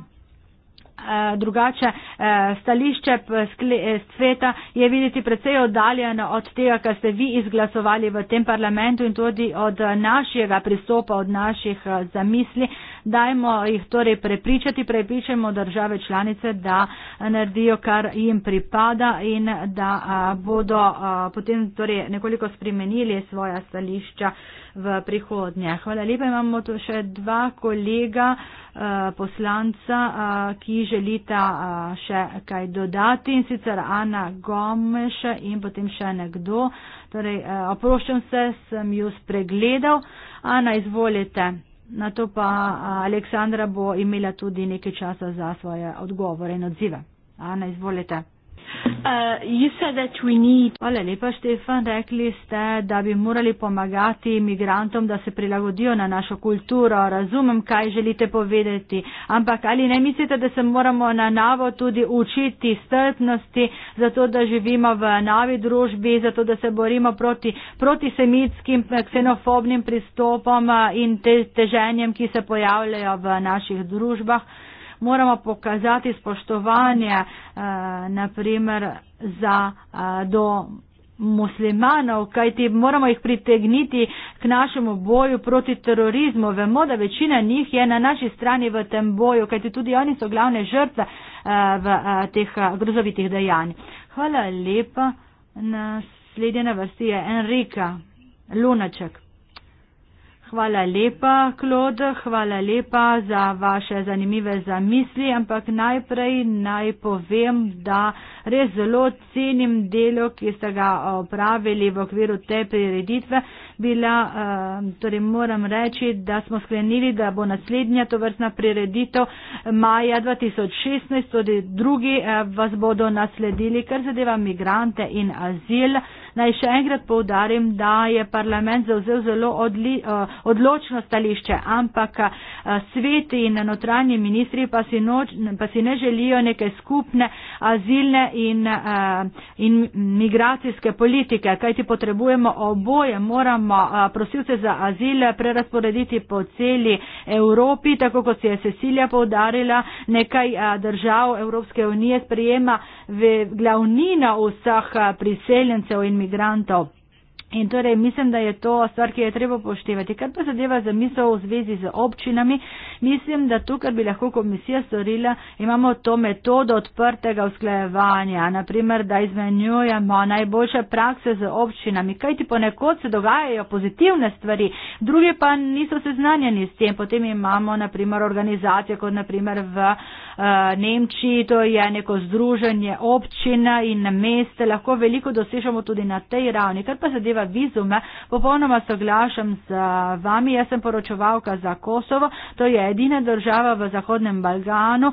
Eh, drugače eh, stališče eh, sveta je videti precej oddaljeno od tega, kar ste vi izglasovali v tem parlamentu in tudi od našega pristopa, od naših zamisli dajmo jih torej prepričati, prepričajmo države članice, da naredijo, kar jim pripada in da bodo potem torej nekoliko spremenili svoja stališča v prihodnje. Hvala lepa, imamo tu še dva kolega poslanca, ki želita še kaj dodati in sicer Ana Gomeš in potem še nekdo. Torej, oproščam se, sem ju spregledal. Ana, izvolite. Na to pa Aleksandra bo imela tudi nekaj časa za svoje odgovore in odzive. Ana, izvolite. Uh, you said that we need. Hvala lepa, Štefan. Rekli ste, da bi morali pomagati imigrantom, da se prilagodijo na našo kulturo. Razumem, kaj želite povedati. Ampak ali ne mislite, da se moramo na novo tudi učiti strpnosti, zato da živimo v novi družbi, zato da se borimo proti protisemitskim, ksenofobnim pristopom uh, in te, teženjem, ki se pojavljajo v naših družbah? moramo pokazati spoštovanje, eh, naprimer, za, eh, do muslimanov, kajti moramo jih pritegniti k našemu boju proti terorizmu. Vemo, da večina njih je na naši strani v tem boju, kajti tudi oni so glavne žrtve eh, v eh, teh eh, grozovitih dejanj. Hvala lepa. Naslednja na vrsti je Enrika Lunaček. Hvala lepa, Klod, hvala lepa za vaše zanimive zamisli, ampak najprej naj povem, da res zelo cenim delo, ki ste ga opravili v okviru te prireditve, bila, eh, torej moram reči, da smo sklenili, da bo naslednja to vrstna prireditev maja 2016, tudi torej drugi eh, vas bodo nasledili, kar zadeva migrante in azil. Naj še enkrat povdarim, da je parlament zauzel zelo odli, eh, odločno stališče, ampak sveti in notranji ministri pa si, noč, pa si ne želijo neke skupne azilne in, in migracijske politike, kajti potrebujemo oboje, moramo moramo prosilce za azil prerasporediti po celi Evropi, tako kot se je Cecilija povdarila, nekaj držav Evropske unije sprejema glavnina vseh priseljencev in migrantov. In torej mislim, da je to stvar, ki je treba poštevati. Kar pa zadeva zamisel v zvezi z občinami, mislim, da to, kar bi lahko komisija storila, imamo to metodo odprtega usklajevanja, naprimer, da izmenjujemo najboljše prakse z občinami, kajti ponekod se dogajajo pozitivne stvari, druge pa niso seznanjeni s tem. Potem imamo, naprimer, organizacije, kot naprimer v uh, Nemčiji, to je neko združenje občina in mesta, lahko veliko dosežemo tudi na tej ravni zadeva vizume, popolnoma soglašam z vami. Jaz sem poročevalka za Kosovo, to je edina država v Zahodnem Balganu,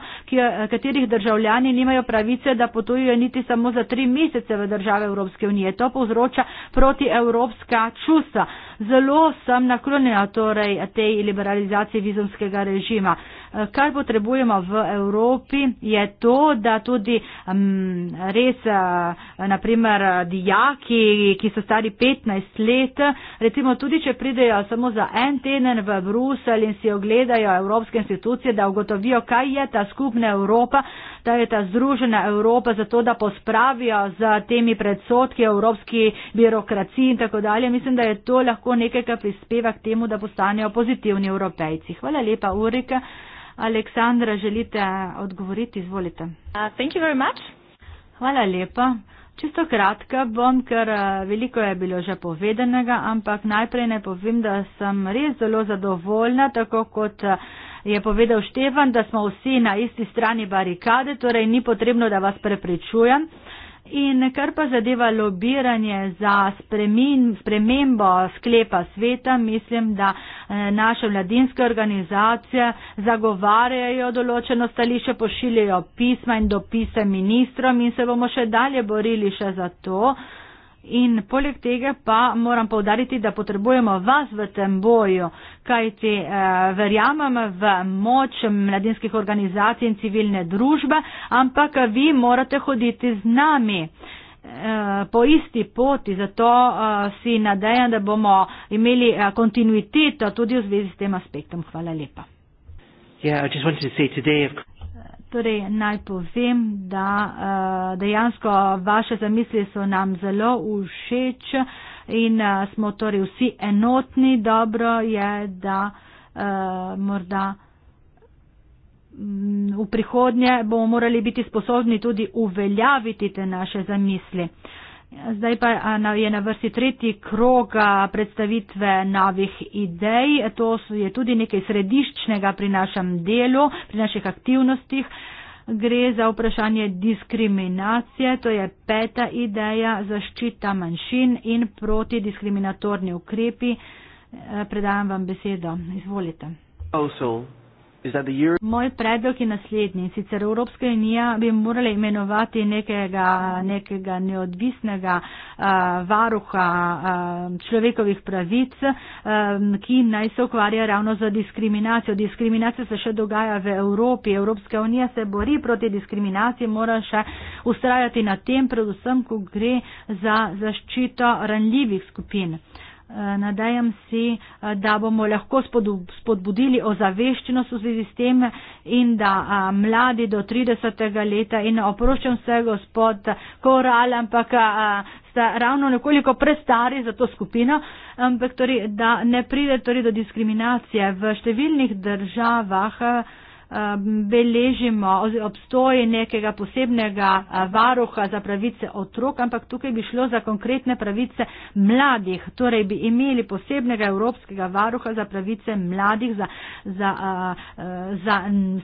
katerih državljani nimajo pravice, da potujejo niti samo za tri mesece v države Evropske unije. To povzroča protievropska čustva. Zelo sem naklonjena torej tej liberalizaciji vizumskega režima. Eh, kar potrebujemo v Evropi je to, da tudi um, res, eh, naprimer, dijaki, ki so stari 15 let, recimo tudi, če pridejo samo za en teden v Bruselj in si ogledajo evropske institucije, da ugotovijo, kaj je ta skupna Evropa, da je ta združena Evropa, zato da pospravijo z temi predsotki evropski birokraciji in tako dalje. Mislim, da je to lahko nekaj, kar prispeva k temu, da postanejo pozitivni evropejci. Hvala lepa, Urika. Aleksandra, želite odgovoriti? Izvolite. Uh, Hvala lepa. Čisto kratka bom, ker uh, veliko je bilo že povedanega, ampak najprej ne povem, da sem res zelo zadovoljna, tako kot uh, je povedal Štefan, da smo vsi na isti strani barikade, torej ni potrebno, da vas preprečujem. In kar pa zadeva lobiranje za spremin, spremembo sklepa sveta, mislim, da eh, naše mladinske organizacije zagovarjajo določeno stališče, pošiljajo pisma in dopise ministrom in se bomo še dalje borili še za to, In poleg tega pa moram povdariti, da potrebujemo vas v tem boju, kajti eh, verjamem v moč mladinskih organizacij in civilne družbe, ampak vi morate hoditi z nami eh, po isti poti, zato uh, si nadejam, da bomo imeli uh, kontinuiteto tudi v zvezi s tem aspektom. Hvala lepa. Yeah, to today, Torej, naj povem, da uh, dejansko vaše zamisli so nam zelo všeč in uh, smo torej vsi enotni. Dobro je, da uh, morda um, v prihodnje bomo morali biti sposobni tudi uveljaviti te naše zamisli. Uh, Zdaj pa je na vrsti tretji krog predstavitve novih idej. To je tudi nekaj središčnega pri našem delu, pri naših aktivnostih. Gre za vprašanje diskriminacije, to je peta ideja, zaščita manjšin in protidiskriminatorni ukrepi. E, predajam vam besedo. Izvolite. Also. Moj predlog je naslednji. Sicer Evropska unija bi morala imenovati nekega, nekega neodvisnega uh, varuha uh, človekovih pravic, um, ki naj se ukvarja ravno za diskriminacijo. Diskriminacija se še dogaja v Evropi. Evropska unija se bori proti diskriminaciji, mora še ustrajati na tem, predvsem, ko gre za zaščito ranljivih skupin. Uh, Eh, nadejam si, eh, da bomo lahko spodbudili ozaveščenost v zvezi s tem in da eh, mladi do 30. leta in oproščam se gospod Koral, ampak sta ravno nekoliko prestari za to skupino, ampak torej, da ne pride torej do diskriminacije v številnih državah. Um, beležimo obstoj nekega posebnega varuha za pravice otrok, ampak tukaj bi šlo za konkretne pravice mladih. Torej bi imeli posebnega evropskega varuha za pravice mladih, za, za, za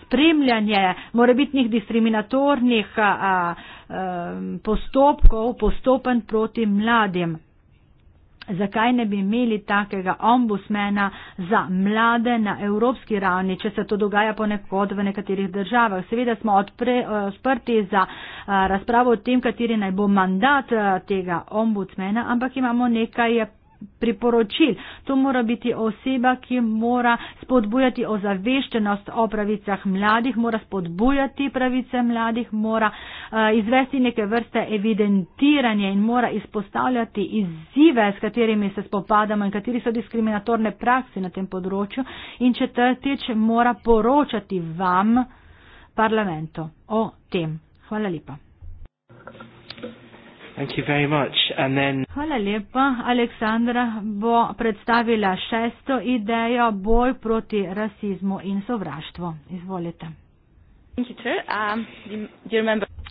spremljanje morebitnih diskriminatornih postopkov, postopen proti mladim zakaj ne bi imeli takega ombusmena za mlade na evropski ravni, če se to dogaja ponekod v nekaterih državah. Seveda smo odpre, eh, odprti za eh, razpravo o tem, kateri naj bo mandat eh, tega ombusmena, ampak imamo nekaj priporočil. To mora biti oseba, ki mora spodbujati ozaveščenost o pravicah mladih, mora spodbujati pravice mladih, mora uh, izvesti neke vrste evidentiranje in mora izpostavljati izzive, s katerimi se spopadamo in kateri so diskriminatorne prakse na tem področju. In četrtič, mora poročati vam, parlamentu, o tem. Hvala lepa. Thank you very much. And then... Hvala lepa. Aleksandra bo predstavila šesto idejo boj proti rasizmu in sovraštvu. Izvolite. Um,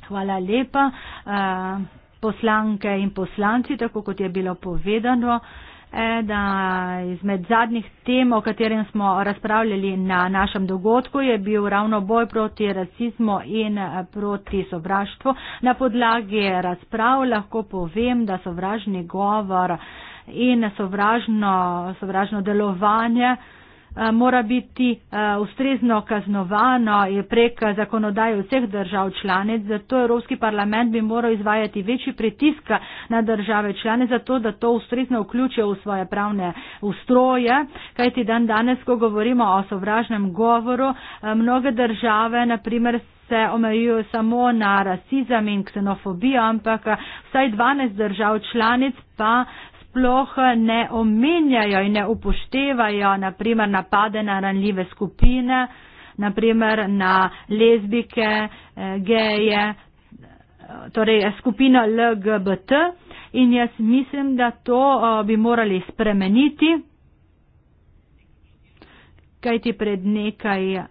Hvala lepa. Uh, poslanke in poslanci, tako kot je bilo povedano. Uh, Ena izmed zadnjih tem, o katerem smo razpravljali na našem dogodku, je bil ravno boj proti rasizmu in eh, proti sovraštvu. Na podlagi razprav lahko povem, da sovražni govor in sovražno, sovražno delovanje uh, Eh, mora biti eh, ustrezno kaznovano prek zakonodaje vseh držav članic, zato Evropski parlament bi moral izvajati večji pritisk na države člane, zato da to ustrezno vključijo v svoje pravne ustroje, kajti dan danes, ko govorimo o sovražnem govoru, eh, mnoge države, naprimer, se omejujo samo na rasizem in ksenofobijo, ampak vsaj 12 držav članic pa sploh ne omenjajo in ne upoštevajo, naprimer napade na ranljive skupine, naprimer na lezbike, eh, geje, torej skupino LGBT. In jaz mislim, da to eh, bi morali spremeniti, kajti pred nekaj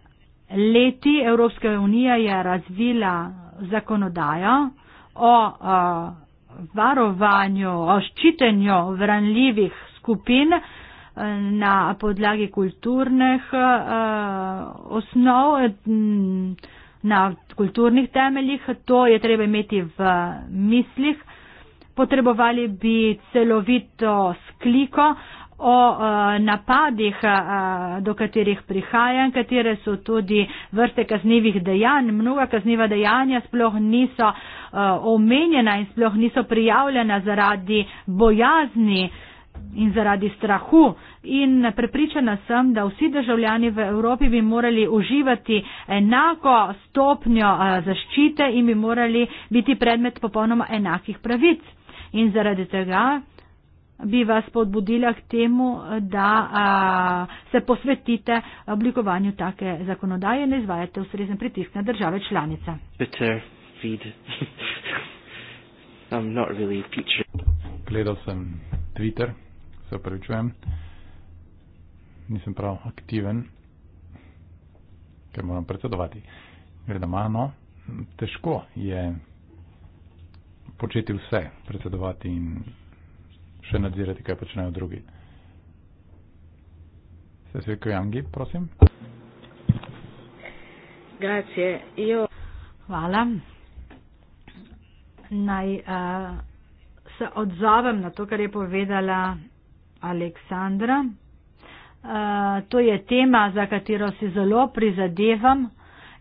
leti Evropska unija je razvila zakonodajo o eh, varovanju, o ščitenju vranljivih skupin eh, na podlagi kulturnih eh, osnov, mm, na kulturnih temeljih. To je treba imeti v mislih. Potrebovali bi celovito skliko, uh, o eh, napadih, eh, do katerih prihaja in katere so tudi vrste kaznjivih dejanj. Mnoga kazniva dejanja sploh niso eh, omenjena in sploh niso prijavljena zaradi bojazni in zaradi strahu. In prepričana sem, da vsi državljani v Evropi bi morali uživati enako stopnjo zaščite in bi morali biti predmet popolnoma enakih pravic. In zaradi tega bi vas podbudila k temu, da a, se posvetite oblikovanju take zakonodaje in izvajate ustrezen pritisk na države članice. *laughs* really Gledal sem Twitter, se opravičujem, nisem prav aktiven, ker moram predsedovati. Gledam, no, težko je početi vse, predsedovati in še nadzirati, kaj počnejo drugi. Se svi kajangi, prosim. Grazie. Io... Hvala. Naj uh, se odzovem na to, kar je povedala Aleksandra. Uh, to je tema, za katero si zelo prizadevam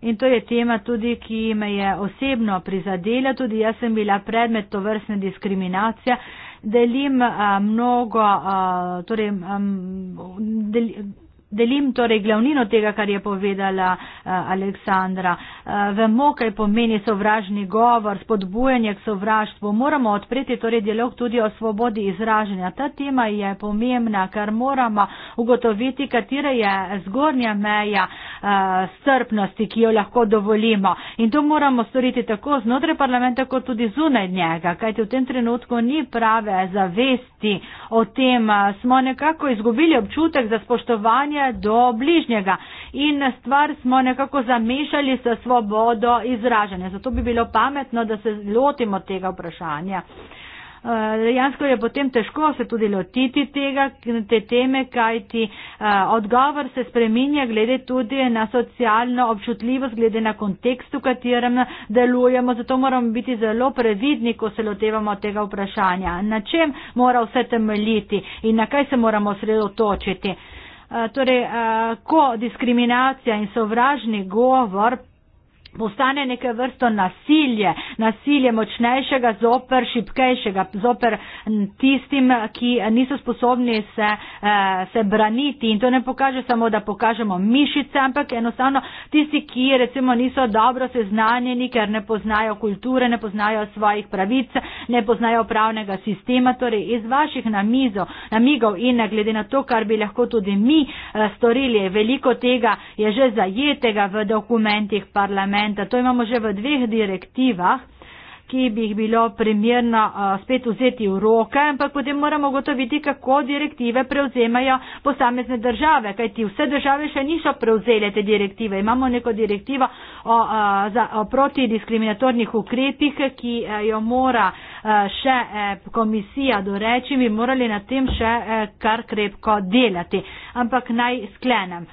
in to je tema tudi, ki me je osebno prizadela. Tudi jaz sem bila predmet tovrstne diskriminacije. Uh, delim uh, mnogo, uh, torej, um, del, delim torej glavnino tega, kar je povedala uh, Aleksandra. Uh, vemo, kaj pomeni sovražni govor, spodbujanje k sovraštvu. Moramo odpreti torej dialog tudi o svobodi izražanja. Ta tema je pomembna, ker moramo ugotoviti, katera je zgornja meja uh, strpnosti, ki jo lahko dovolimo. In to moramo storiti tako znotraj parlamenta, kot tudi zunaj njega, kajti v tem trenutku ni prave zavesti o tem. Uh, smo nekako izgubili občutek za spoštovanje življenje do bližnjega. In stvar smo nekako zamišljali s svobodo izražanja. Zato bi bilo pametno, da se lotimo tega vprašanja. Eh, dejansko je potem težko se tudi lotiti tega, te teme, kajti eh, odgovor se spreminja glede tudi na socialno občutljivost, glede na kontekst, v katerem delujemo. Zato moramo biti zelo previdni, ko se lotevamo tega vprašanja. Na čem mora vse temeljiti in na kaj se moramo osredotočiti? Eh, torej, eh, ko diskriminacija in sovražni govor postane neke vrsto nasilje, nasilje močnejšega zoper šipkejšega, zoper tistim, ki niso sposobni se, eh, se braniti. In to ne pokaže samo, da pokažemo mišice, ampak enostavno tisti, ki recimo niso dobro seznanjeni, ker ne poznajo kulture, ne poznajo svojih pravic, ne poznajo pravnega sistema, torej iz vaših namizo, namigov in glede na to, kar bi lahko tudi mi eh, storili, veliko tega je že zajetega v dokumentih parlamenta dokumenta. To imamo že v dveh direktivah, ki bi jih bilo primerno eh, spet vzeti v roke, ampak potem moramo gotoviti, kako direktive prevzemajo posamezne države, kajti vse države še niso prevzele te direktive. Imamo neko direktivo o, o, eh, o protidiskriminatornih ukrepih, ki eh, jo mora še komisija doreči, bi morali na tem še kar krepko delati. Ampak naj sklenem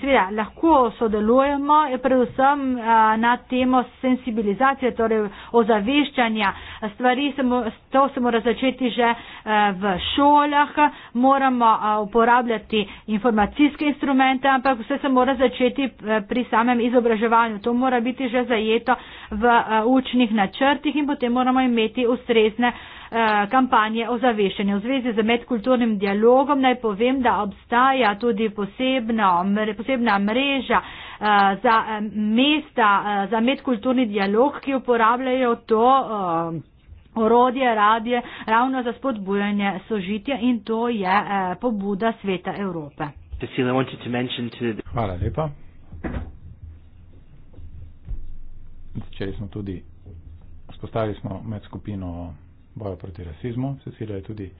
seveda lahko sodelujemo, predvsem na temo sensibilizacije, torej ozaveščanja stvari, to se mora začeti že v šolah, moramo uporabljati informacijske instrumente, ampak vse se mora začeti pri samem izobraževanju. To mora biti že zajeto v učnih načrtih in potem moramo imeti ustrezne Eh, kampanje o zaveščanju. V zvezi z medkulturnim dialogom naj povem, da obstaja tudi posebno, mre, posebna mreža uh, za eh, mesta uh, za medkulturni dialog, ki uporabljajo to. Uh, orodje radije ravno za spodbujanje sožitja in to je eh, pobuda sveta Evrope. Hvala lepa. Začeli smo tudi, spostavili smo med skupino boja proti rasizmu. Cecilija je tudi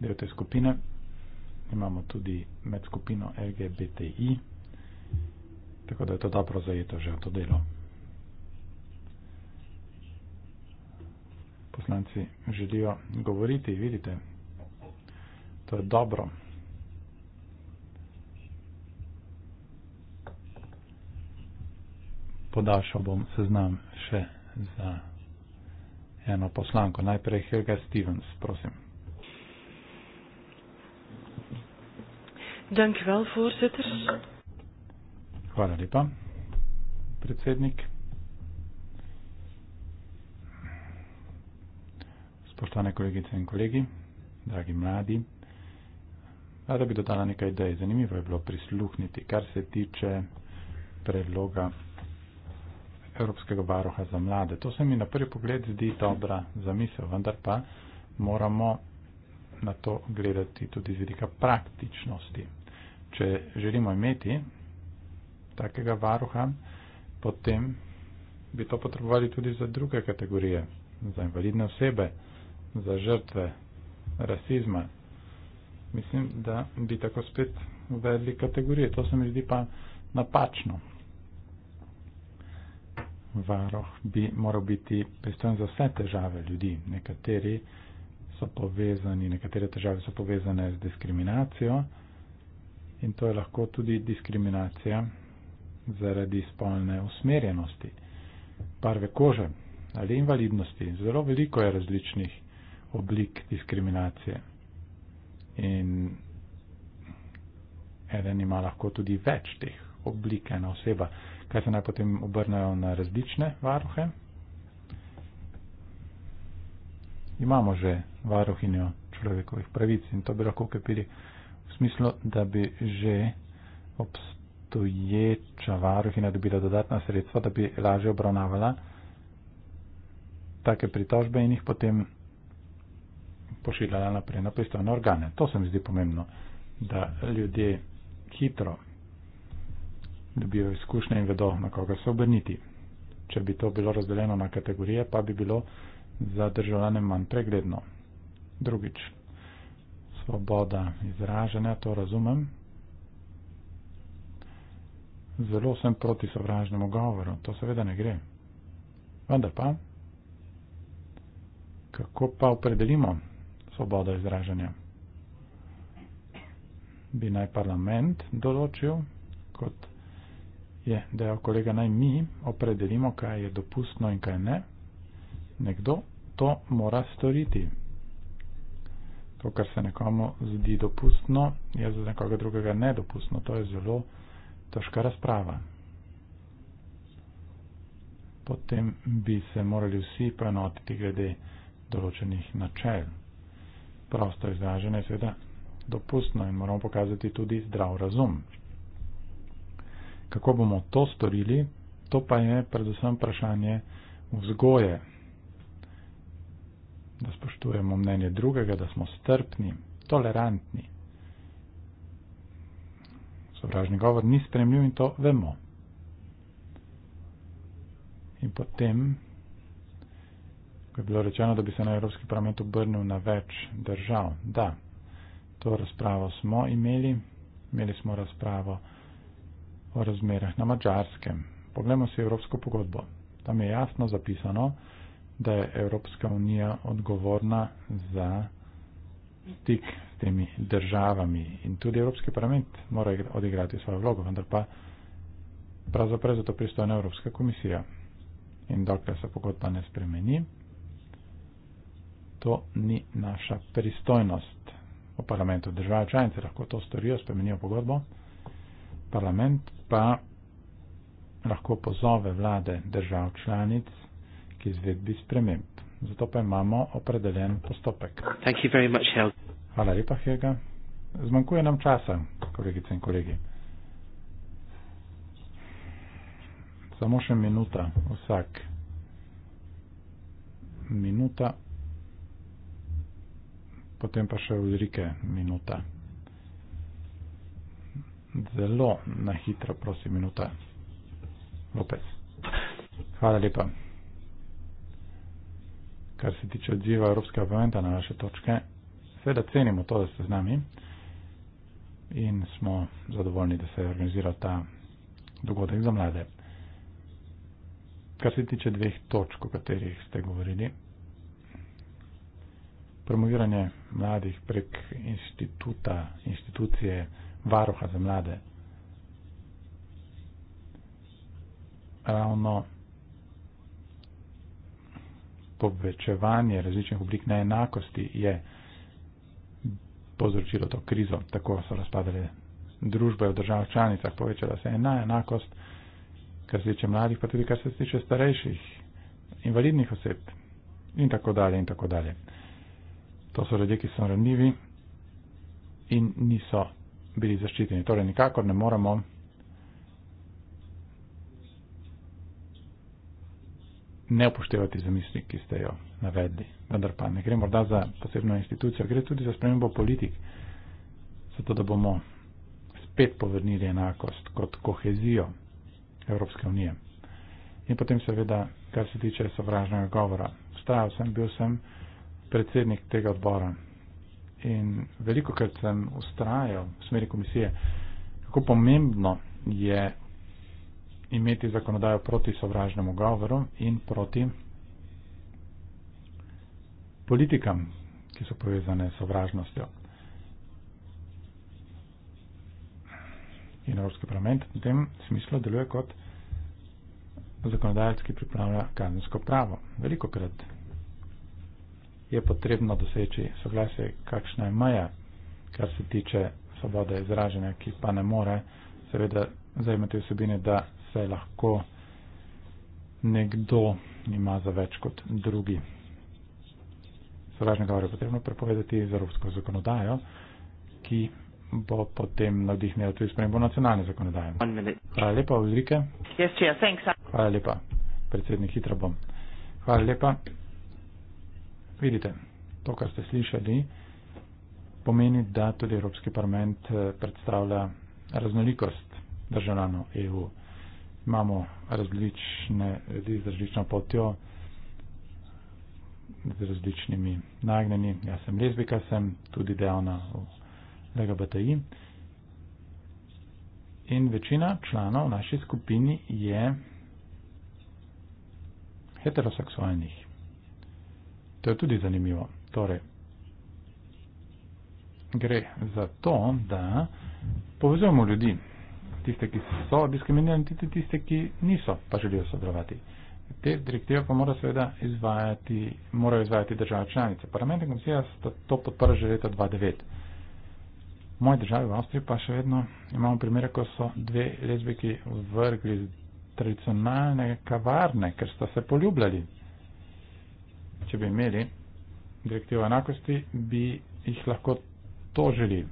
del te skupine. Imamo tudi med skupino LGBTI, tako da je to dobro zajeto že v to delo. Poslanci želijo govoriti, vidite, to je dobro. Podaljšal bom seznam še za eno poslanko. Najprej Helga Stevens, prosim. Dank je wel, voorzitter. Hvala lepa, predsednik. Spoštovane kolegice in kolegi, dragi mladi, rada bi dodala nekaj idej. Zanimivo je bilo prisluhniti, kar se tiče predloga Evropskega varoha za mlade. To se mi na prvi pogled zdi dobra zamisel, vendar pa moramo na to gledati tudi z vidika praktičnosti. Če želimo imeti takega varoha, potem bi to potrebovali tudi za druge kategorije, za invalidne osebe, za žrtve rasizma. Mislim, da bi tako spet uvedli kategorije. To se mi zdi pa napačno varoh bi moral biti pristojen za vse težave ljudi. Nekateri so povezani, nekatere težave so povezane z diskriminacijo in to je lahko tudi diskriminacija zaradi spolne usmerjenosti, barve kože ali invalidnosti. Zelo veliko je različnih oblik diskriminacije in eden ima lahko tudi več teh oblik ena oseba kaj se naj potem obrnejo na različne varuhe. Imamo že varuhinjo človekovih pravic in to bi lahko ukrepili v smislu, da bi že obstoječa varuhinja dobila dodatna sredstva, da bi lažje obravnavala take pritožbe in jih potem pošiljala naprej na pristojne organe. To se mi zdi pomembno, da ljudje hitro dobijo izkušnje in vedo, na koga se obrniti. Če bi to bilo razdeljeno na kategorije, pa bi bilo za državljane manj pregledno. Drugič, svoboda izražanja, to razumem. Zelo sem proti sovražnemu govoru, to seveda ne gre. Vendar pa, kako pa opredelimo svobodo izražanja? Bi naj parlament določil kot je dejal kolega, naj mi opredelimo, kaj je dopustno in kaj ne. Nekdo to mora storiti. To, kar se nekomu zdi dopustno, je za nekoga drugega nedopustno. To je zelo težka razprava. Potem bi se morali vsi poenotiti glede določenih načel. Prosto izražene je seveda dopustno in moramo pokazati tudi zdrav razum. Kako bomo to storili, to pa je predvsem vprašanje vzgoje. Da spoštujemo mnenje drugega, da smo strpni, tolerantni. Sovražni govor ni spremljiv in to vemo. In potem, ko je bilo rečeno, da bi se na Evropski parlament obrnil na več držav, da, to razpravo smo imeli, imeli smo razpravo o razmerah na Mačarskem. Poglejmo si Evropsko pogodbo. Tam je jasno zapisano, da je Evropska unija odgovorna za stik s temi državami in tudi Evropski parlament mora odigrati svojo vlogo, vendar pa pravzaprav za to pristojna Evropska komisija. In dokler se pogodba ne spremeni, to ni naša pristojnost. V parlamentu države članice lahko to storijo, spremenijo pogodbo parlament pa lahko pozove vlade držav članic k izvedbi sprememb. Zato pa imamo opredeljen postopek. Much, Hvala lepa, Helga. Zmanjkuje nam časa, kolegice in kolegi. Samo še minuta, vsak. Minuta. Potem pa še Ulrike, minuta zelo na hitro, prosim, minuta. Lopez. Hvala lepa. Kar se tiče odziva Evropskega parlamenta na naše točke, seveda cenimo to, da ste z nami in smo zadovoljni, da se je organiziral ta dogodek za mlade. Kar se tiče dveh točk, o katerih ste govorili, promoviranje mladih prek instituta, institucije, varuha za mlade. Ravno povečevanje različnih oblik neenakosti je povzročilo to krizo, tako so razpadale družbe v državah članicah, povečala se je neenakost, kar se tiče mladih, pa tudi kar se tiče starejših, invalidnih oseb in tako dalje in tako dalje. To so ljudje, ki so ranljivi in niso bili zaščiteni. Torej, nikakor ne moramo ne upoštevati zamisli, ki ste jo navedli. Vendar pa ne gre morda za posebno institucijo, gre tudi za spremembo politik, zato da bomo spet povrnili enakost kot kohezijo Evropske unije. In potem seveda, kar se tiče sovražnega govora. Vstajal sem, bil sem predsednik tega odbora in veliko krat sem ustrajal v smeri komisije, kako pomembno je imeti zakonodajo proti sovražnemu govoru in proti politikam, ki so povezane s sovražnostjo. In Evropski parlament v tem smislu deluje kot zakonodajalec, ki pripravlja kazensko pravo. Veliko krat je potrebno doseči soglasje, kakšna je meja, kar se tiče svobode izražanja, ki pa ne more seveda zajemati vsebine, da se lahko nekdo ima za več kot drugi. Sovražni govor je potrebno prepovedati z evropsko zakonodajo, ki bo potem navdihnila tudi spremembo nacionalne zakonodaje. Hvala lepa, Ulrike. Hvala lepa, predsednik, hitro bom. Hvala lepa. Vidite, to, kar ste slišali, pomeni, da tudi Evropski parlament eh, predstavlja raznolikost državljanov EU. Imamo različne ljudi z različno potjo, z različnimi nagnjeni. Jaz sem lezbika, sem tudi dejavna v LGBTI. In večina članov v naši skupini je heteroseksualnih. To je tudi zanimivo. Torej, gre za to, da povezujemo ljudi, tiste, ki so diskriminirani, tiste, tiste ki niso, pa želijo sodelovati. Te direktive pa mora seveda izvajati, morajo izvajati države članice. Parlament in komisija sta to podprli že leta 2009. V moji državi, v Avstriji, pa še vedno imamo primere, ko so dve lezbiki vrgli iz tradicionalne kavarne, ker sta se poljubljali če bi imeli direktivo enakosti, bi jih lahko tožili.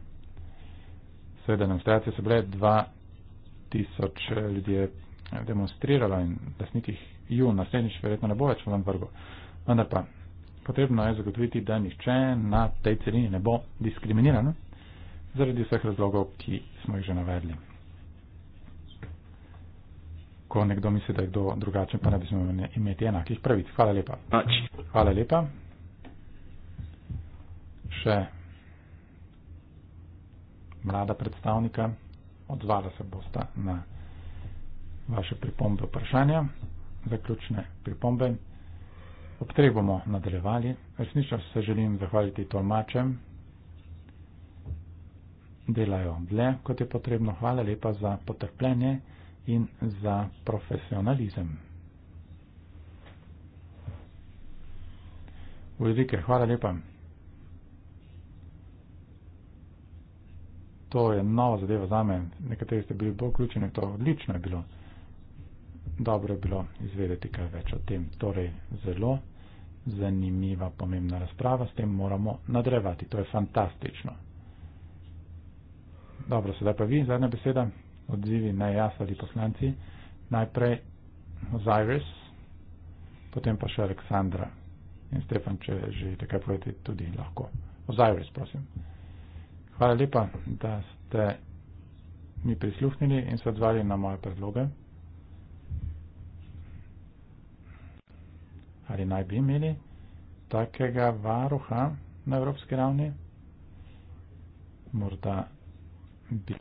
Seveda demonstracije so bile 2000 eh, ljudi demonstriralo in lasnikih ju naslednjič verjetno ne bo več v Lombargu. Vendar pa potrebno je zagotoviti, da nihče na tej celini ne bo diskriminiran zaradi vseh razlogov, ki smo jih že navedli ko nekdo misli, da je kdo drugačen, pa ne bi smel imeti enakih pravic. Hvala lepa. Pač. Hvala lepa. Še mlada predstavnika, odzvala se bosta na vaše pripombe, vprašanja, zaključne pripombe. Ob treh bomo nadaljevali. Resnično se želim zahvaliti tolmačem. Delajo dlje, kot je potrebno. Hvala lepa za potrpljenje in za profesionalizem. Vodike, hvala lepa. To je nova zadeva za me. Nekateri ste bili bolj vključeni, to odlično je bilo. Dobro je bilo izvedeti kaj več o tem. Torej, zelo zanimiva, pomembna razprava, s tem moramo nadrevati. To je fantastično. Dobro, sedaj pa vi, zadnja beseda odzivi na jaz e ali poslanci, najprej Osiris, potem pa še Aleksandra. In Stefan, če želite kaj povedati, tudi lahko. Osiris, prosim. Hvala lepa, da ste mi prisluhnili in se odzvali na moje predloge. Ali naj bi imeli takega varuha na evropski ravni? Morda bi.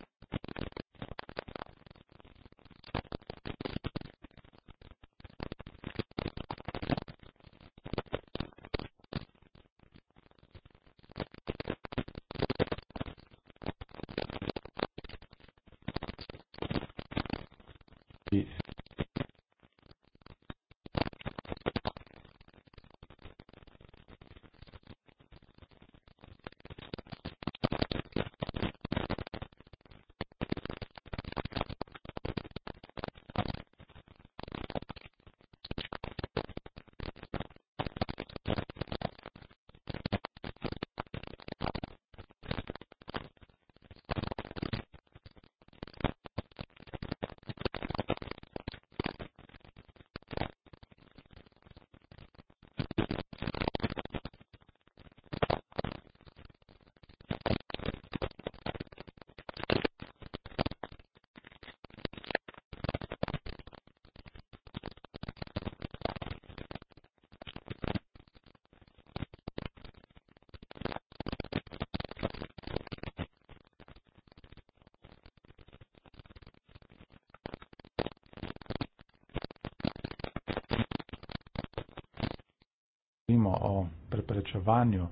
izobraževanju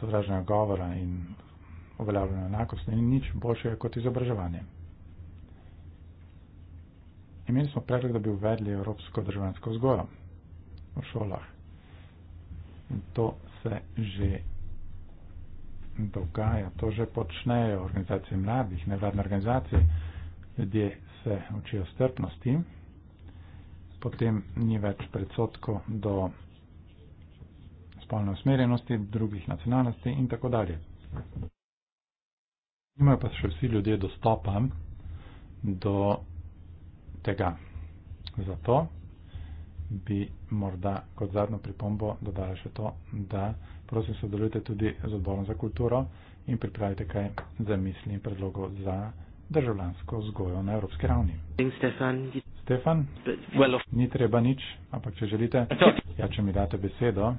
sovražnega govora in uveljavljanja enakosti ni nič boljšega kot izobraževanje. Imeli smo predlog, da bi uvedli evropsko državljansko vzgojo v šolah. In to se že dogaja, to že počnejo organizacije mladih, nevladne organizacije, ljudje se učijo strpnosti, potem ni več predsotko do spolne usmerjenosti, drugih nacionalnosti in tako dalje. Imajo pa še vsi ljudje dostopa do tega. Zato bi morda kot zadnjo pripombo dodala še to, da prosim sodelujte tudi z odborom za kulturo in pripravite kaj zamisli in predlogov za državljansko vzgojo na evropski ravni. Stefan, Stefan? Well, ni treba nič, ampak če želite, ja, če mi date besedo,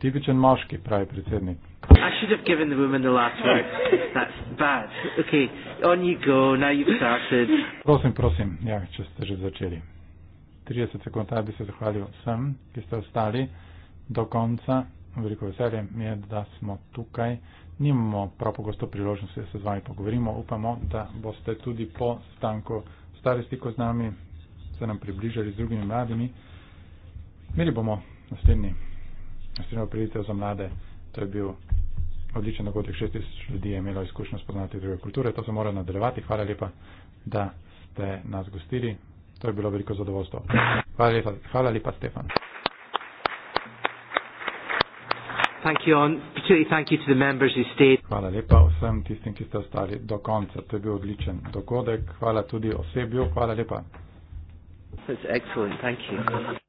Tipičen moški, pravi predsednik. I should have given the woman the last word. That's bad. Okay, on you go, now you've started. Prosim, prosim, ja, če ste že začeli. 30 sekund, da bi se zahvalil vsem, ki ste ostali do konca. Veliko veselje mi je, da smo tukaj. Nimamo prav pogosto priložnosti, da se z vami pogovorimo. Upamo, da boste tudi po stanku stari stiko z nami, se nam približali z drugimi mladimi. Imeli bomo naslednji nastavljeno prijatelj za mlade, to je bil odličen dogodek, 6000 ljudi je imelo izkušnjo spoznati druge kulture, to se mora nadaljevati, hvala lepa, da ste nas gostili, to je bilo veliko zadovoljstvo. Hvala lepa, hvala lepa Stefan. Thank you on, thank you to the members hvala lepa vsem tistim, ki ste ostali do konca. To je bil odličen dogodek. Hvala tudi osebju. Hvala lepa. That's excellent. Thank you.